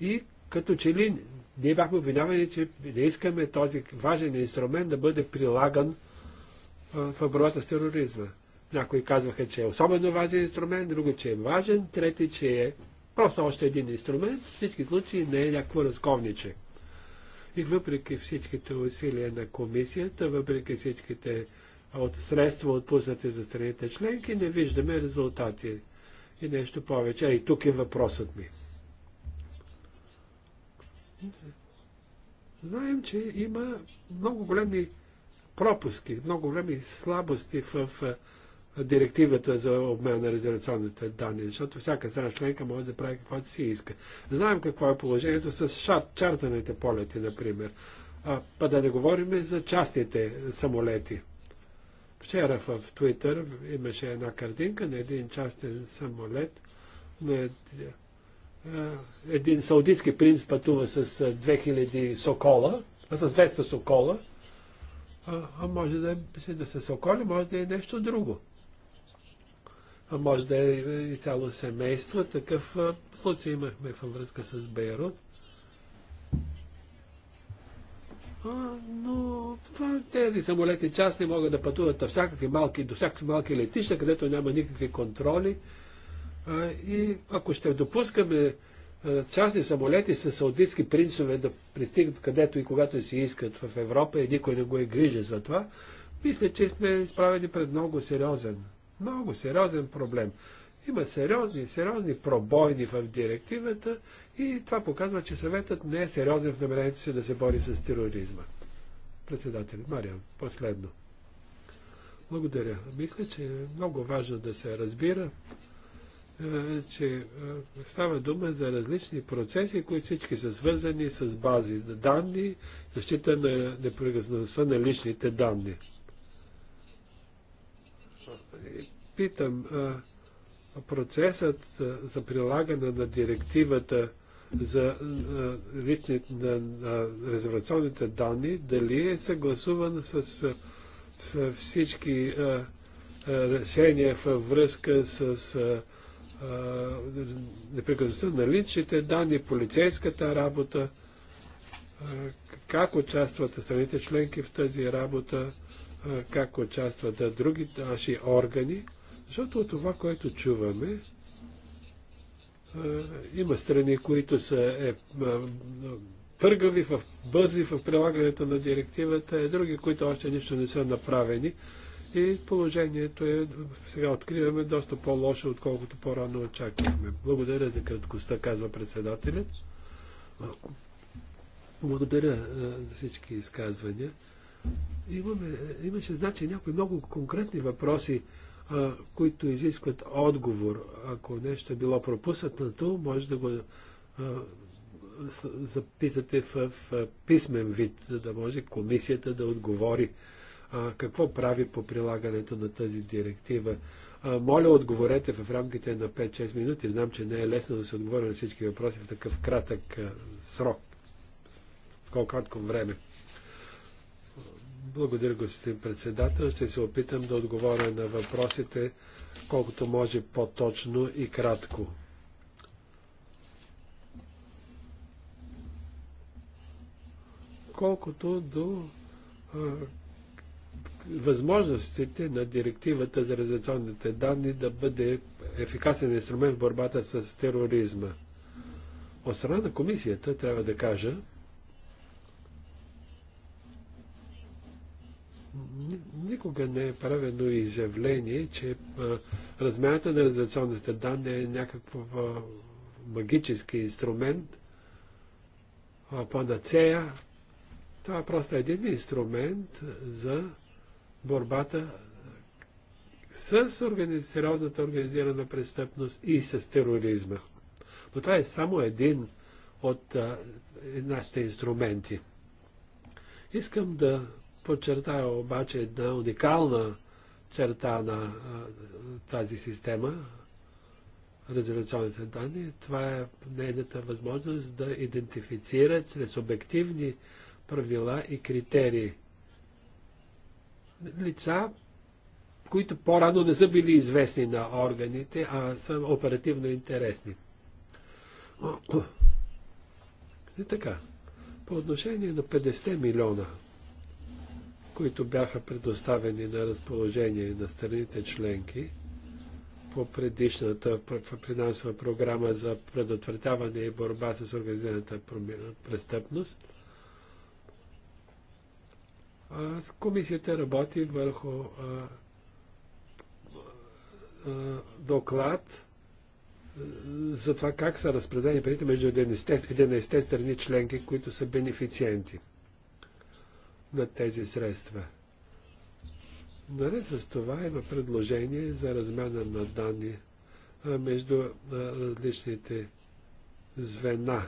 и като че ли ние бяхме обвинявани, че не искаме този важен инструмент да бъде прилаган в борбата с тероризма. Някои казваха, че е особено важен инструмент, други, че е важен, трети, че е Просто още един инструмент, в всички случаи не е някакво разковниче. И въпреки всичките усилия на комисията, въпреки всичките от средства отпуснати за страните членки, не виждаме резултати и нещо повече. А и тук е въпросът ми. Знаем, че има много големи пропуски, много големи слабости в директивата за обмен на резервационните данни, защото всяка страна членка може да прави каквото си иска. Знаем какво е положението с чартаните полети, например. А, па да не говорим за частните самолети. Вчера в Твитър имаше една картинка на един частен самолет. На е, един саудитски принц пътува с 2000 сокола, а с 200 сокола. А, а може да, е, да са соколи, може да е нещо друго може да е и цяло семейство. Такъв случай имахме във връзка с Бейрут.
Но това,
тези самолети частни могат да пътуват до всякакви малки, до всякакви малки летища, където няма никакви контроли. И ако ще допускаме частни самолети с саудитски принцове да пристигнат където и когато си искат в Европа и никой не го е грижа за това, мисля, че сме изправени пред много сериозен много сериозен проблем. Има сериозни, сериозни пробойни в директивата и това показва, че съветът не е сериозен в намерението си да се бори с тероризма. Председател, Мария, последно. Благодаря. Мисля, че е много важно да се разбира, е, че е, става дума за различни процеси, които всички са свързани с бази данни, защита на непрекъснатостта на личните данни питам, процесът за прилагане на директивата за лични, на, на резервационните данни, дали е съгласуван с всички решения във връзка с непрекъснатостта на личните данни, полицейската работа, как участват страните членки в тази работа, как участват други наши органи, защото от това, което чуваме, има страни, които са е, пъргави, в, бързи в прилагането на директивата, и е, други, които още нищо не са направени. И положението е, сега откриваме, доста по-лошо, отколкото по-рано очаквахме. Благодаря за краткостта, казва председателят. Благодаря за всички изказвания. Имаме, имаше, значи, някои много конкретни въпроси, а, които изискват отговор. Ако нещо е било пропуснато, може да го а, запитате в, в писмен вид, за да може комисията да отговори а, какво прави по прилагането на тази директива. А, моля, отговорете в рамките на 5-6 минути. Знам, че не е лесно да се отговори на всички въпроси в такъв кратък а, срок, в колко кратко време. Благодаря, господин председател. Ще се опитам да отговоря на въпросите колкото може по-точно и кратко. Колкото до а, възможностите на директивата за резервационните данни да бъде ефикасен инструмент в борбата с тероризма. От страна на комисията трябва да кажа, никога не е правено изявление, че размяната на резервационните данни е някакъв магически инструмент, панацея. Това е просто един инструмент за борбата с органи... сериозната организирана престъпност и с тероризма. Но това е само един от а, нашите инструменти. Искам да подчертая обаче една уникална черта на а, тази система, резервационните данни. Това е нейната възможност да идентифицира чрез обективни правила и критерии лица, които по-рано не са били известни на органите, а са оперативно интересни. И така, по отношение на 50 милиона които бяха предоставени на разположение на страните членки по предишната финансова програма за предотвратяване и борба с организираната престъпност. Комисията работи върху доклад за това как са разпределени парите между 11 страни членки, които са бенефициенти на тези средства. Наред нали, с това има предложение за размяна на данни между различните звена.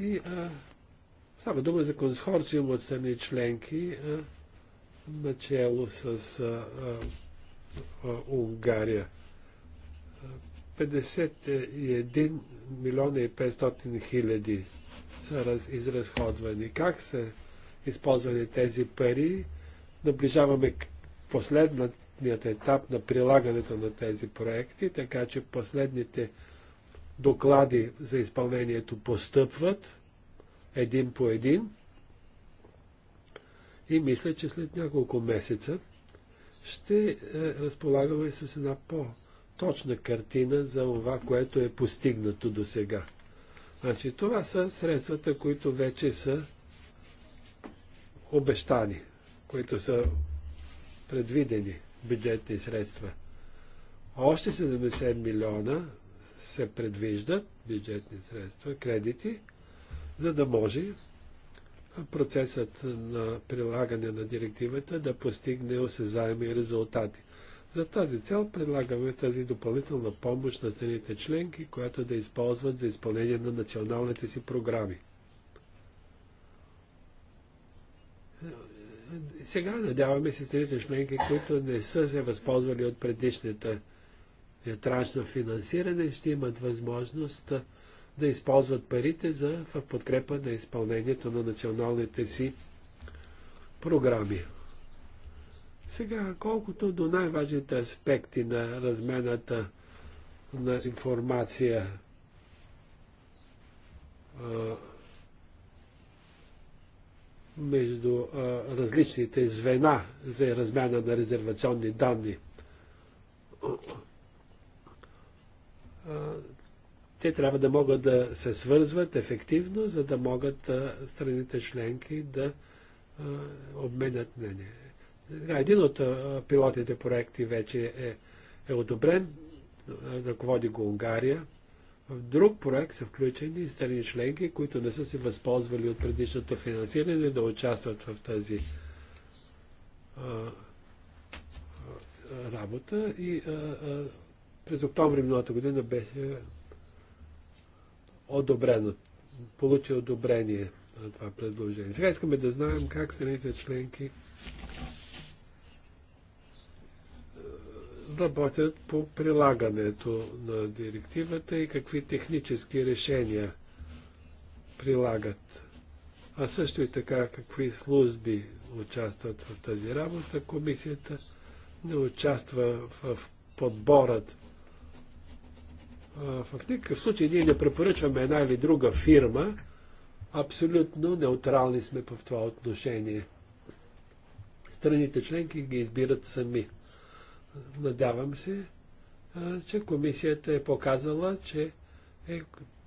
И става дума за консорциум от страни членки, начало с Унгария. 51 милиона и 500 хиляди са раз, изразходвани, как са използвани тези пари. Наближаваме последният етап на прилагането на тези проекти, така че последните доклади за изпълнението постъпват един по един. И мисля, че след няколко месеца ще е, разполагаме с една по-точна картина за това, което е постигнато до сега. Значи, това са средствата, които вече са обещани, които са предвидени бюджетни средства. Още 70 милиона се предвиждат бюджетни средства, кредити, за да може процесът на прилагане на директивата да постигне осезаеми резултати. За тази цел предлагаме тази допълнителна помощ на страните членки, която да използват за изпълнение на националните си програми. Сега надяваме се страните членки, които не са се възползвали от предишната е, транш на финансиране, ще имат възможност да използват парите за, в подкрепа на изпълнението на националните си програми. Сега, колкото до най-важните аспекти на размената на информация, между а, различните звена за размяна на резервационни данни. А, те трябва да могат да се свързват ефективно, за да могат а, страните членки да обменят мнение. Един от пилотните проекти вече е, е одобрен, ръководи го Унгария. В друг проект са включени страни членки, които не са се възползвали от предишното финансиране да участват в тази а, а, работа и а, през октомври миналата година беше одобрено, получи одобрение на това предложение. Сега искаме да знаем как страните членки работят по прилагането на директивата и какви технически решения прилагат. А също и така какви служби участват в тази работа. Комисията не участва в подборът. В никакъв случай ние не препоръчваме една или друга фирма. Абсолютно неутрални сме в това отношение. Страните членки ги избират сами. Надявам се, че комисията е показала, че е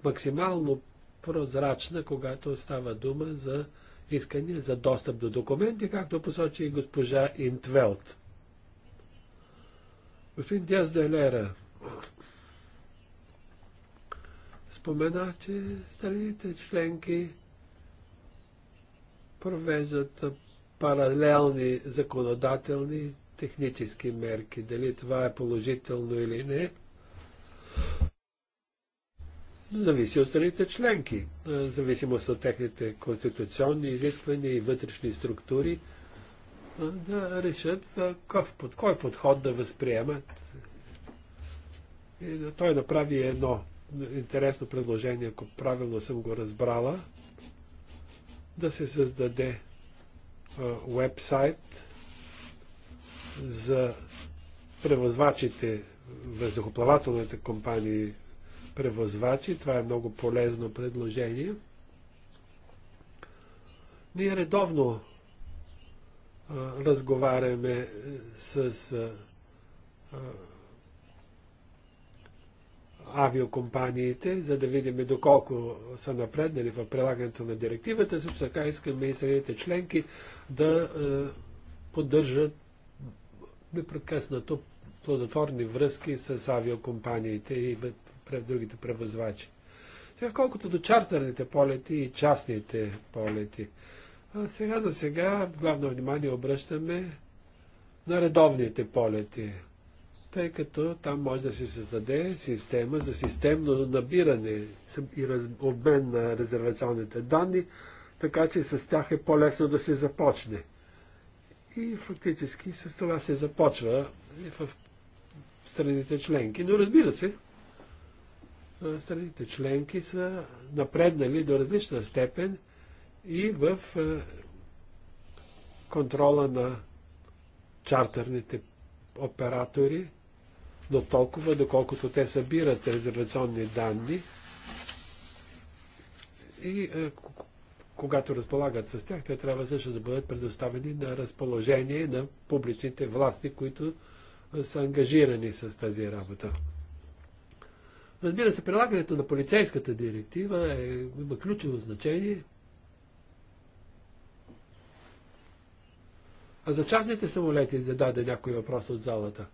максимално прозрачна, когато става дума за искания за достъп до документи, както посочи и госпожа Интвелт. Господин Диас Делера спомена, че страните членки провеждат паралелни законодателни технически мерки. Дали това е положително или не, зависи от страните членки. Зависимост от техните конституционни изисквания и вътрешни структури да решат какъв, под кой подход да възприемат. И той направи едно интересно предложение, ако правилно съм го разбрала, да се създаде uh, за превозвачите, въздухоплавателните компании превозвачи. Това е много полезно предложение. Ние редовно а, разговаряме с а, а, авиокомпаниите, за да видим доколко са напреднали в прилагането на директивата. Също така искаме и страните членки да поддържат непрекъснато плодотворни връзки с авиокомпаниите и другите превозвачи. Сега колкото до чартерните полети и частните полети. А сега за сега главно внимание обръщаме на редовните полети, тъй като там може да се създаде система за системно набиране и обмен на резервационните данни, така че с тях е по-лесно да се започне. И фактически с това се започва в страните членки. Но разбира се, страните членки са напреднали до различна степен и в контрола на чартерните оператори, но толкова, доколкото те събират резервационни данни и когато разполагат с тях, те трябва също да бъдат предоставени на разположение на публичните власти, които са ангажирани с тази работа. Разбира се, прилагането на полицейската директива е, има ключово значение. А за частните самолети зададе някой въпрос от залата.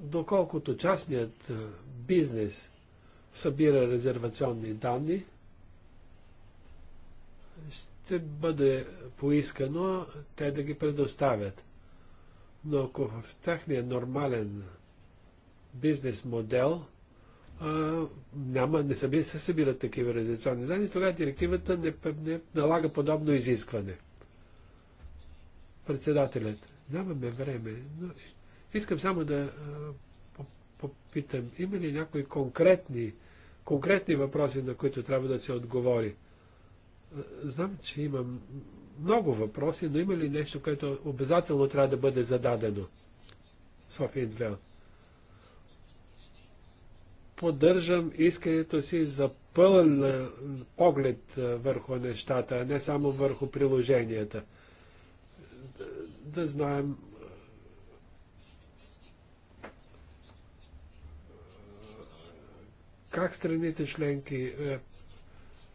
Доколкото частният бизнес събира резервационни данни, ще бъде поискано те да ги предоставят. Но ако в техния нормален бизнес модел а, няма, не съби, се събират такива радиационни данни, тогава директивата не, не налага подобно изискване. Председателят, нямаме време, но искам само да а, попитам, има ли някои конкретни, конкретни въпроси, на които трябва да се отговори? Знам, че имам много въпроси, но има ли нещо, което обязателно трябва да бъде зададено? София Двел. Поддържам искането си за пълен поглед върху нещата, а не само върху приложенията. Да знаем как страните членки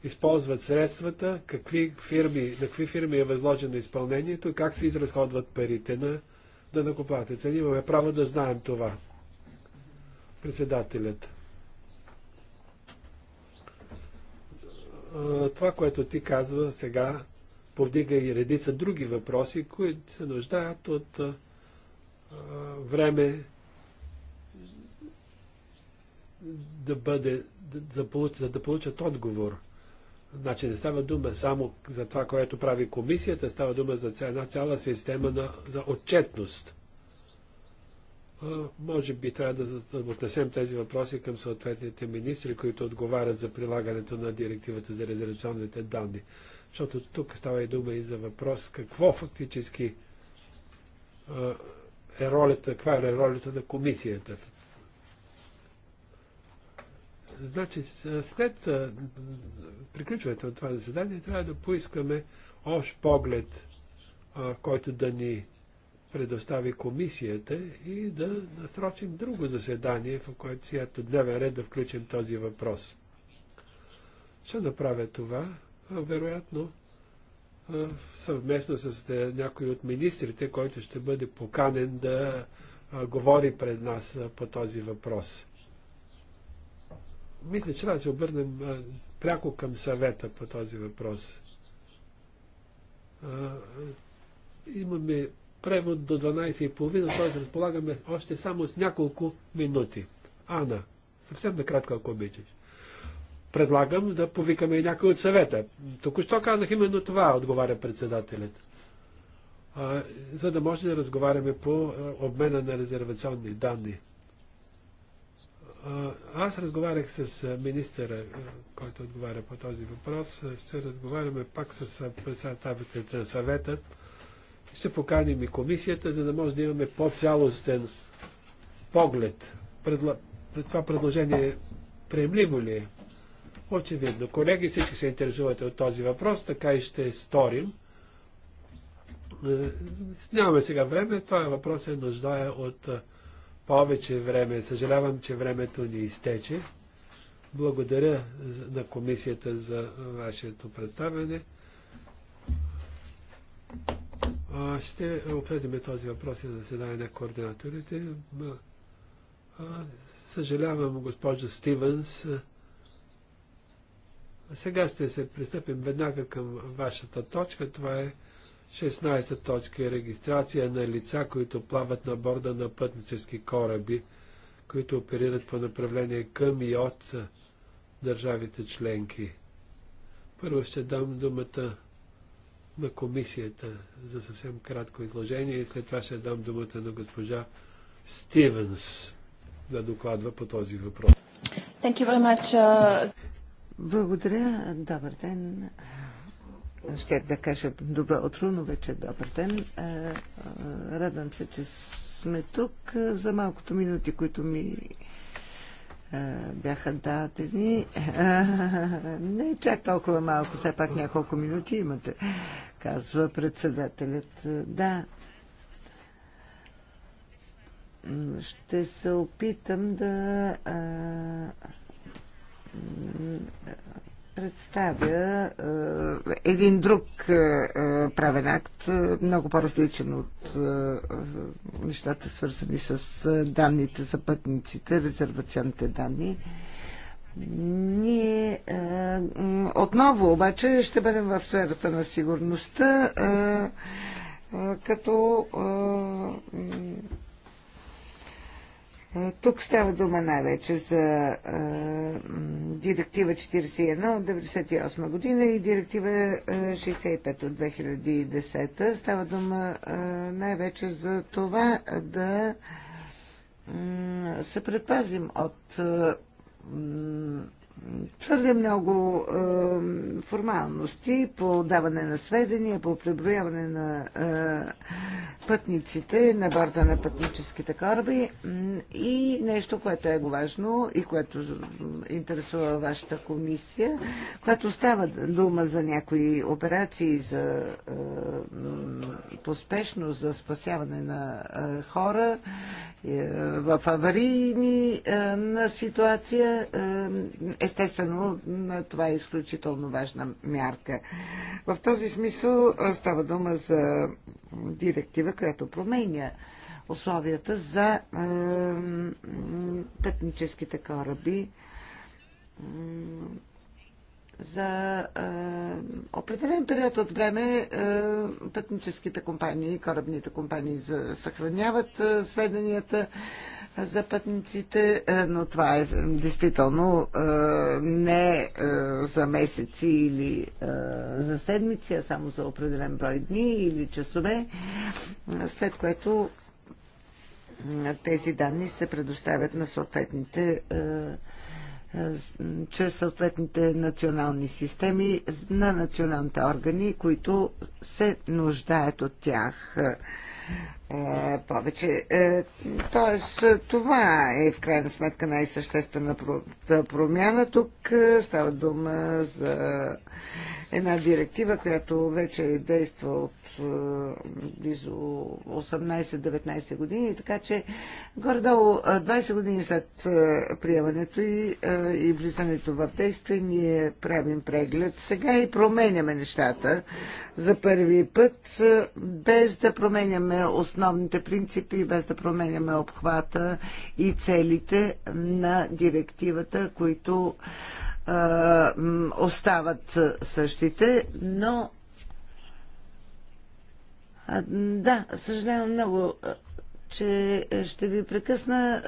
използват средствата, какви фирми, на какви фирми е възложено изпълнението и как се изразходват парите на данъкоплатеца. Ние имаме право да знаем това. Председателят. Това, което ти казва сега, повдига и редица други въпроси, които се нуждаят от а, време да бъде, да, да, получат, да получат отговор. Значи не става дума само за това, което прави комисията, става дума за една цяла система на, за отчетност. Може би трябва да отнесем тези въпроси към съответните министри, които отговарят за прилагането на директивата за резервационните данни. Защото тук става и дума и за въпрос какво фактически е ролята, каква е ролята на комисията Значи, след приключването на това заседание, трябва да поискаме още поглед, който да ни предостави комисията и да насрочим друго заседание, в което си ето дневен ред да включим този въпрос. Ще направя това, вероятно, съвместно с е, някой от министрите, който ще бъде поканен да говори пред нас по този въпрос мисля, че трябва да се обърнем а, пряко към съвета по този въпрос. А, имаме превод до 12.30, т.е. разполагаме още само с няколко минути. Ана, съвсем накратко, ако обичаш. Предлагам да повикаме и някой от съвета. Току-що казах именно това, отговаря председателят. за да може да разговаряме по обмена на резервационни данни. Аз разговарях с министъра, който отговаря по този въпрос. Ще разговаряме пак с представителите на съвета. Ще поканим и комисията, за да може да имаме по-цялостен поглед. Предла... Това предложение приемливо ли е? Очевидно. Колеги, всички се интересувате от този въпрос, така и ще сторим. Е, нямаме сега време. Това въпрос се нуждае от повече време. Съжалявам, че времето ни изтече. Благодаря на комисията за вашето представяне. Ще обсъдим този въпрос и заседание на координаторите. Съжалявам, госпожо Стивенс. Сега ще се пристъпим веднага към вашата точка. Това е 16 точка е регистрация на лица, които плават на борда на пътнически кораби, които оперират по направление към и от държавите членки. Първо ще дам думата на комисията за съвсем кратко изложение и след това ще дам думата на госпожа Стивенс да докладва по този въпрос.
Thank you very much. Uh,
Благодаря. Добър ден. Щях да кажа добро утро, но вече е добър ден. Е, е, радвам се, че сме тук за малкото минути, които ми бяха дадени. Не чак толкова малко, все пак няколко минути имате, казва председателят. Да. Ще се опитам да представя е, един друг е, е правен акт, е, много по-различен от е, е нещата, свързани с данните за пътниците, резервационните данни. Ние е, отново обаче ще бъдем в сферата на сигурността, е, е, като. Е, е, тук става дума най-вече за а, е, директива 41 от 1998 година и директива 65 е, от 2010. Става дума най-вече за това да се предпазим от твърде много е, формалности по даване на сведения, по преброяване на е, пътниците на борта на пътническите кораби и нещо, което е важно и което интересува вашата комисия, когато става дума за някои операции за е, поспешно за спасяване на е, хора е, в аварийни е, на ситуация е, е Естествено, това е изключително важна мярка. В този смисъл става дума за директива, която променя условията за е, пътническите кораби за е, определен период от време е, пътническите компании, корабните компании за, съхраняват е, сведенията за пътниците, е, но това е действително е, не е, за месеци или за седмици, а само за определен брой дни или часове, след което тези данни се предоставят на съответните чрез съответните национални системи на националните органи, които се нуждаят от тях. Е, повече. Е, тоест, това е в крайна сметка най съществена промяна. Тук е, става дума за една директива, която вече е действа от близо 18-19 години, така че горе-долу 20 години след приемането и, и влизането в действие ние правим преглед. Сега и променяме нещата за първи път, без да променяме основ основните принципи, без да променяме обхвата и целите на директивата, които е, остават същите, но а, да, съжалявам много, че ще ви прекъсна.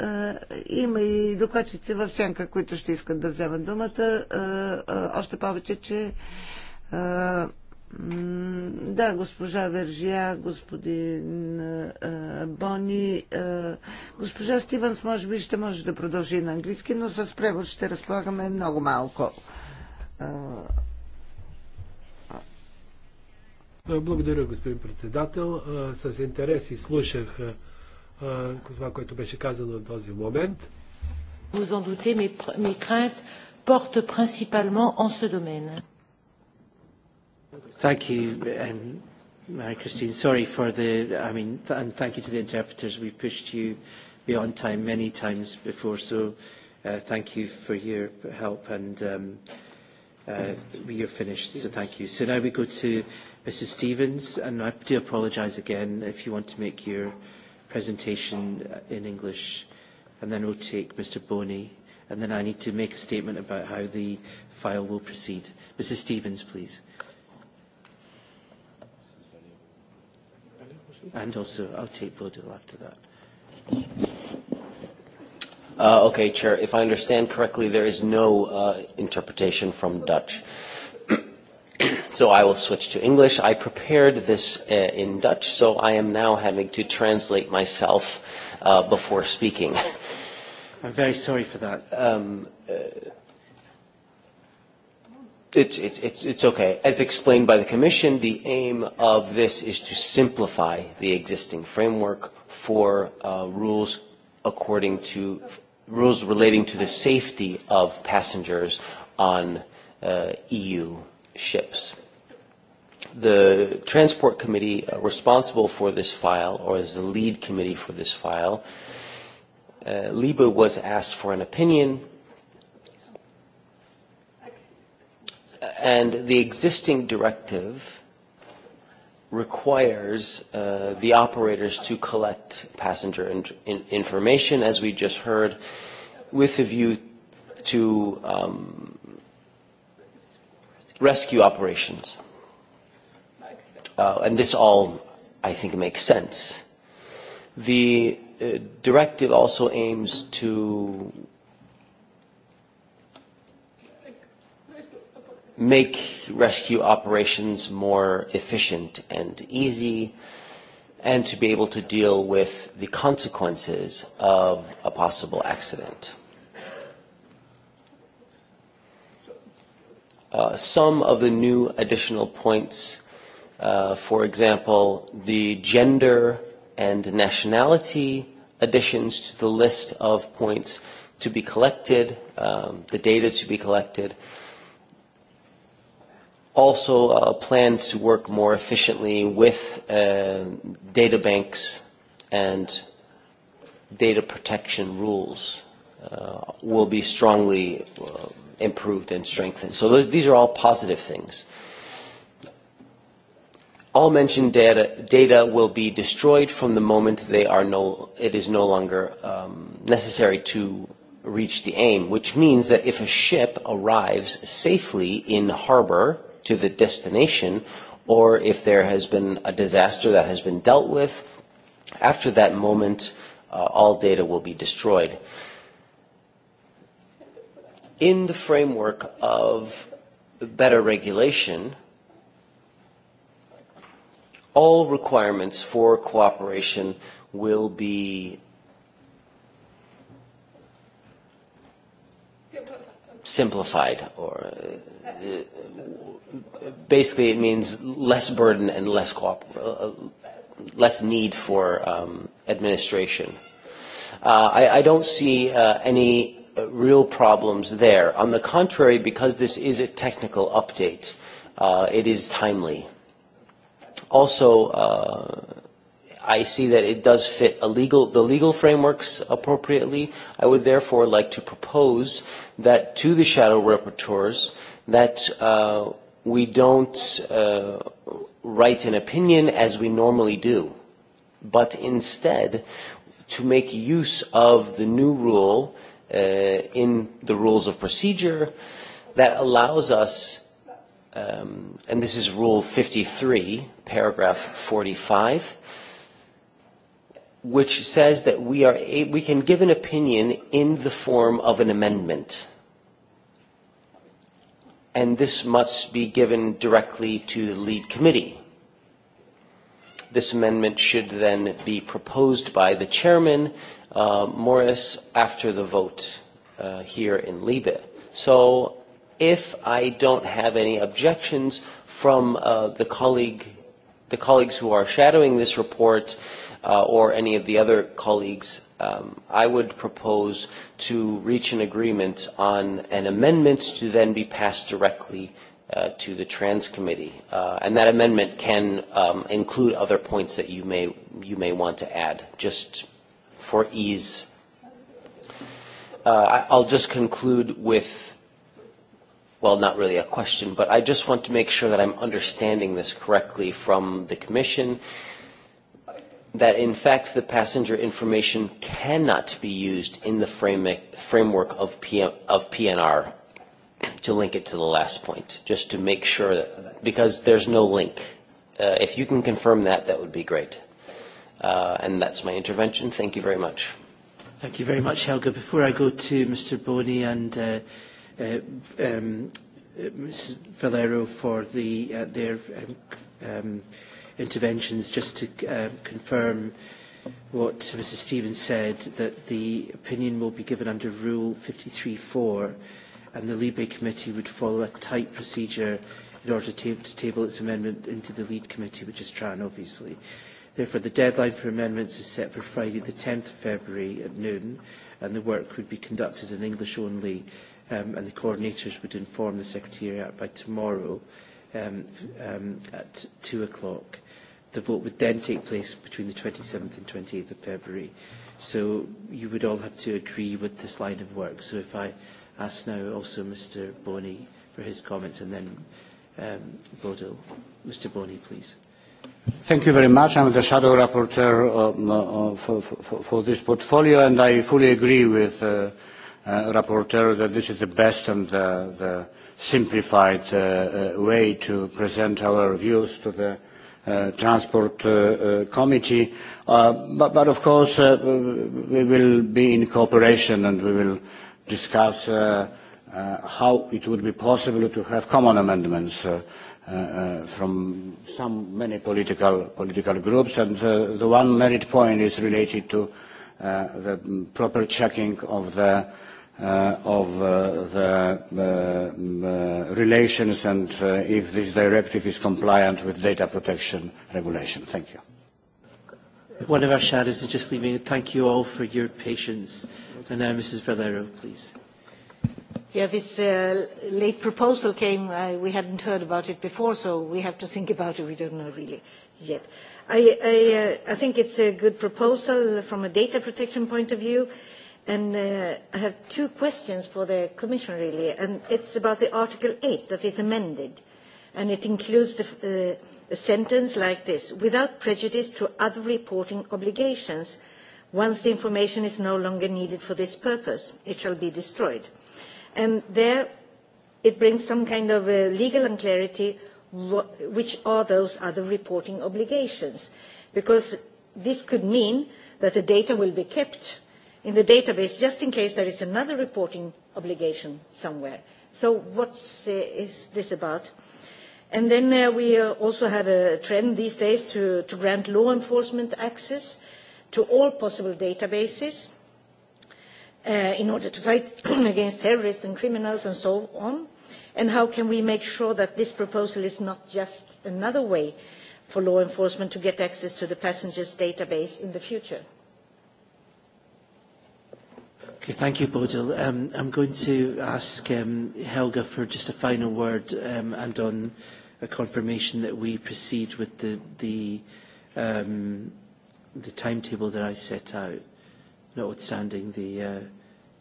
Има и докачици в сянка, които ще искат да вземат думата. Още повече, че да, госпожа Вержия, господин Бони, госпожа Стивенс може би ще може да продължи на английски, но с превод ще разполагаме много малко.
Благодаря, господин председател. С интерес и слушах това, което беше казано в този момент.
Vous en doutez, mes, mes craintes portent principalement en ce domaine.
Thank you, um, Mary Christine. Sorry for the, I mean, th and thank you to the interpreters. We pushed you beyond time many times before, so uh, thank you for your help and um, uh, you're finished, so thank you. So now we go to Mrs. Stevens, and I do apologise again if you want to make your presentation in English, and then we'll take Mr. Boney, and then I need to make a statement about how the file will proceed. Mrs. Stevens, please. and also I'll take Bodo after that.
Uh, okay, Chair. If I understand correctly, there is no uh, interpretation from Dutch. so I will switch to English. I prepared this uh, in Dutch, so I am now having to translate myself uh, before speaking. I'm very sorry for that. Um, uh, It's, it's, it's, it's okay. As explained by the Commission, the aim of this is to simplify the existing framework for uh, rules according to rules relating to the safety of passengers on uh, EU ships. The Transport Committee uh, responsible for this file, or as the lead committee for this file, uh, LIBA was asked for an opinion And the existing directive requires uh, the operators to collect passenger in, in, information, as we just heard, with a view to um, rescue operations. Uh, and this all, I think, makes sense. The uh, directive also aims to make rescue operations more efficient and easy, and to be able to deal with the consequences of a possible accident. Uh, some of the new additional points, uh, for example, the gender and nationality additions to the list of points to be collected, um, the data to be collected, uh, also uh, plan to work more efficiently with uh, data banks and data protection rules uh, will be strongly uh, improved and strengthened. So those, these are all positive things. All mentioned data, data will be destroyed from the moment they are no, it is no longer um, necessary to reach the aim, which means that if a ship arrives safely in harbor to the destination, or if there has been a disaster that has been dealt with, after that moment, uh, all data will be destroyed. In the framework of better regulation, all requirements for cooperation will be simplified or basically it means less burden and less coop, uh, less need for um, administration. Uh, I, I don't see uh, any real problems there. On the contrary, because this is a technical update, uh, it is timely. Also, uh, I see that it does fit a legal, the legal frameworks appropriately. I would therefore like to propose that to the shadow rapporteurs that uh, we don't uh, write an opinion as we normally do, but instead to make use of the new rule uh, in the rules of procedure that allows us, um, and this is Rule 53, paragraph 45, which says that we, are a- we can give an opinion in the form of an amendment and this must be given directly to the lead committee. This amendment should then be proposed by the chairman, uh, Morris, after the vote uh, here in Libe. So if I don't have any objections from uh, the colleague, the colleagues who are shadowing this report, uh, or any of the other colleagues um, I would propose to reach an agreement on an amendment to then be passed directly uh, to the trans committee, uh, and that amendment can um, include other points that you may you may want to add, just for ease. Uh, I'll just conclude with, well, not really a question, but I just want to make sure that I'm understanding this correctly from the commission. Uh, that in fact the passenger information cannot be used in the framework of, PM, of PNR to link it to the last point, just to make sure that, because there's no link. Uh, if you can confirm that, that would be great. Uh, and that's my intervention. Thank you very much.
Thank you very much, Helga. Before I go to Mr. Boney and uh, uh, um, Ms. Valero for the, uh, their um, um, interventions just to um, confirm what Mrs Stevens said, that the opinion will be given under Rule 53.4 and the Libe Committee would follow a tight procedure in order to, to table its amendment into the lead committee, which is TRAN, obviously. Therefore, the deadline for amendments is set for Friday, the 10th of February at noon, and the work would be conducted in English only, um, and the coordinators would inform the Secretariat by tomorrow um, um, at 2 o'clock. The vote would then take place between the 27th and 28th of February. So you would all have to agree with this line of work. So if I ask now also Mr Boney for his comments and then um, Bodil. Mr Boney, please.
Thank you very much. I'm the shadow rapporteur um, uh, for, for, for this portfolio and I fully agree with the uh, uh, rapporteur that this is the best and the, the
simplified uh, uh, way to present our views to the Transport Committee. But of course, we will
be in cooperation, and we will discuss how it would be possible to have common amendments from some many political
political groups. And the one merit point is related to the proper checking of the of the relations and if this directive is compliant with data protection
regulation. Thank you. One of our shadows is just leaving. Thank you all for your patience. And now Mrs. Valero, please.
Yeah, this uh, late proposal came. Uh, we hadn't heard about it before, so we have to think about it. We don't know really yet. I, I, uh, I think it's a good proposal from a data protection point of view. Uh, And I have two questions for the Commission, really. And it's about the Article 8 that is amended. And it includes the, a sentence like this, without prejudice to other reporting obligations, once the information is no longer needed for this purpose, it shall be destroyed. And there it brings some kind of uh, legal unclarity, which are those other reporting obligations? Because this could mean that the data will be kept in the database just in case there is another reporting obligation somewhere. So what is this about? And then uh, we uh, also have a trend these days to, to grant law enforcement access to all possible databases uh, in order to fight against terrorists and criminals and so on. And how can we make sure that this proposal is not just another way for law enforcement to get access to the passengers database in the future?
Okay, thank you, Bodil. Um, I'm going to ask um, Helga for just a final word um, and on a confirmation that we proceed with the, the, um, the timetable that I set out, notwithstanding the uh,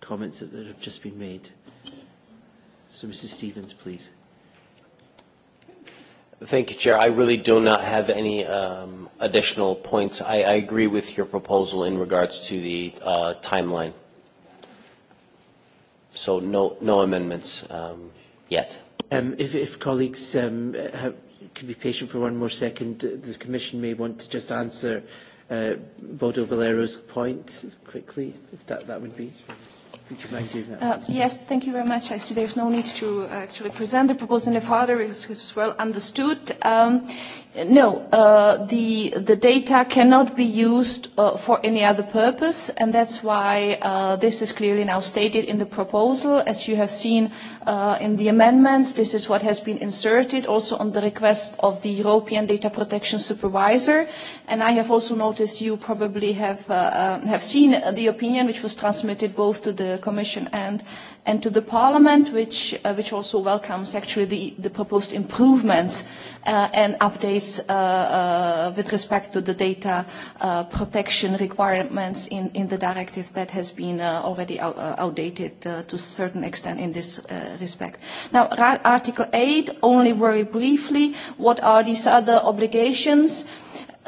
comments that, that have just been made. So, Mrs. Stevens, please.
Thank you, Chair. I really do not have any um, additional points. I, I agree with your proposal in regards to the uh, timeline. So no, no amendments um, yet.
Um, if, if colleagues um, have, could be patient for one more second, the Commission may want to just answer uh, Bodo Valero's point quickly, if that, that would be. Uh,
yes, thank you very much. I see there's no need to actually present the proposal any further because it's well understood. Um, No, uh, the, the data cannot be used uh, for any other purpose, and that's why uh, this is clearly now stated in the proposal. As you have seen uh, in the amendments, this is what has been inserted, also on the request of the European Data Protection Supervisor. And I have also noticed you probably have, uh, uh, have seen the opinion which was transmitted both to the Commission and, and to the Parliament, which, uh, which also welcomes actually the, the proposed improvements uh, and updates is uh, uh, with respect to the data uh, protection requirements in, in the directive that has been uh, already out, uh, outdated uh, to a certain extent in this uh, respect. Now, Article 8, only very briefly, what are these other obligations? Uh,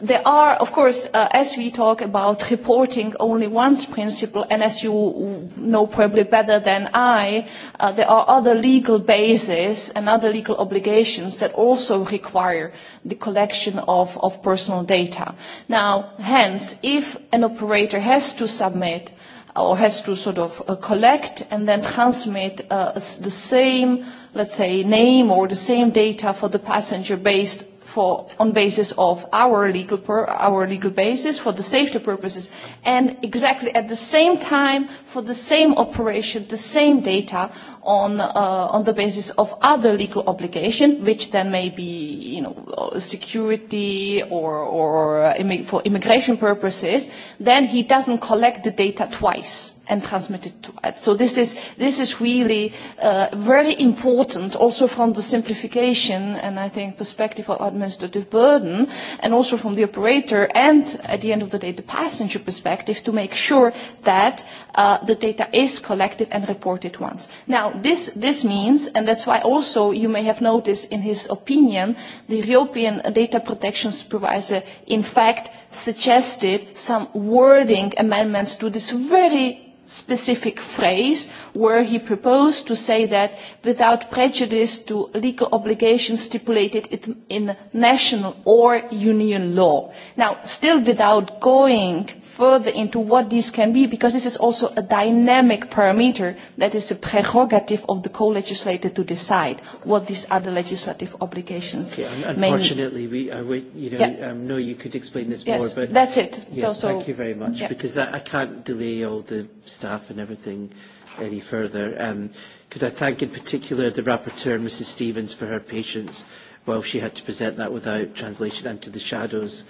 there are, of course, uh, as we talk about reporting only one's principle, and as you know probably better than I, uh, there are other legal bases and other legal obligations that also require the collection of, of personal data. Now, hence, if an operator has to submit or has to sort of uh, collect and then transmit uh, the same, let's say, name or the same data for the passenger based for, on basis of our legal, per, our legal basis for the safety purposes and exactly at the same time for the same operation, the same data on, uh, on the basis of other legal obligation, which then may be, you know, security or, or for immigration purposes, then he doesn't collect the data twice and transmitted to it. So this is, this is really uh, very important also from the simplification and I think perspective of administrative burden and also from the operator and at the end of the day the passenger perspective to make sure that uh, the data is collected and reported once. Now this, this means, and that's why also you may have noticed in his opinion, the European Data Protection Supervisor in fact suggested some wording amendments to this very specific phrase where he proposed to say that without prejudice to legal obligations stipulated in national or union law. Now, still without going further into what this can be, because this is also a dynamic parameter that is a prerogative of the co-legislator to decide what these other legislative obligations okay, may Unfortunately,
we, I wait, you know, yeah. um, no, you could explain this yes, more, but that's it. Yeah, also, thank you very much, yeah. because I, I can't delay all the staff and everything any further. Um, could I thank in particular the rapporteur, Mrs. Stevens, for her patience while she had to present that without translation and to the shadows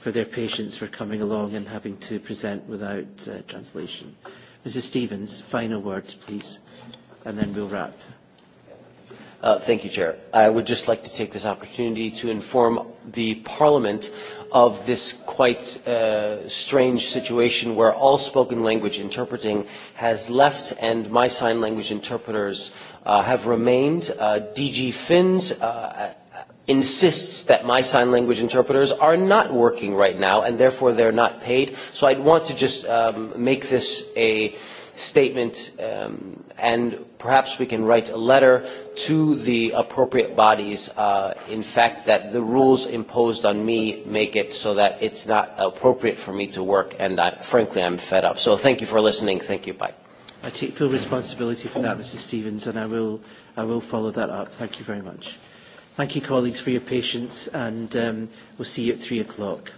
for their patience for coming along and having to present without uh, translation.
Mrs. Stevens, final word, please, and then we'll wrap. Uh, thank you, Chair. I would just like to take this opportunity to inform the Parliament of this quite uh, strange situation where all spoken language interpreting has left and my sign language interpreters uh, have remained. Uh, DG Finns uh, insists that my sign language interpreters are not working right now and therefore they're not paid. So I'd want to just um, make this a statement um, and perhaps we can write a letter to the appropriate bodies uh, in fact that the rules imposed on me make it so that it's not appropriate for me to work and I, frankly I'm fed up. So thank you for listening. Thank you. Bye.
I take full responsibility for that, Mrs. Stevens, and I will, I will follow that up. Thank you very much. Thank you, colleagues, for your patience, and um, we'll see you at three o'clock.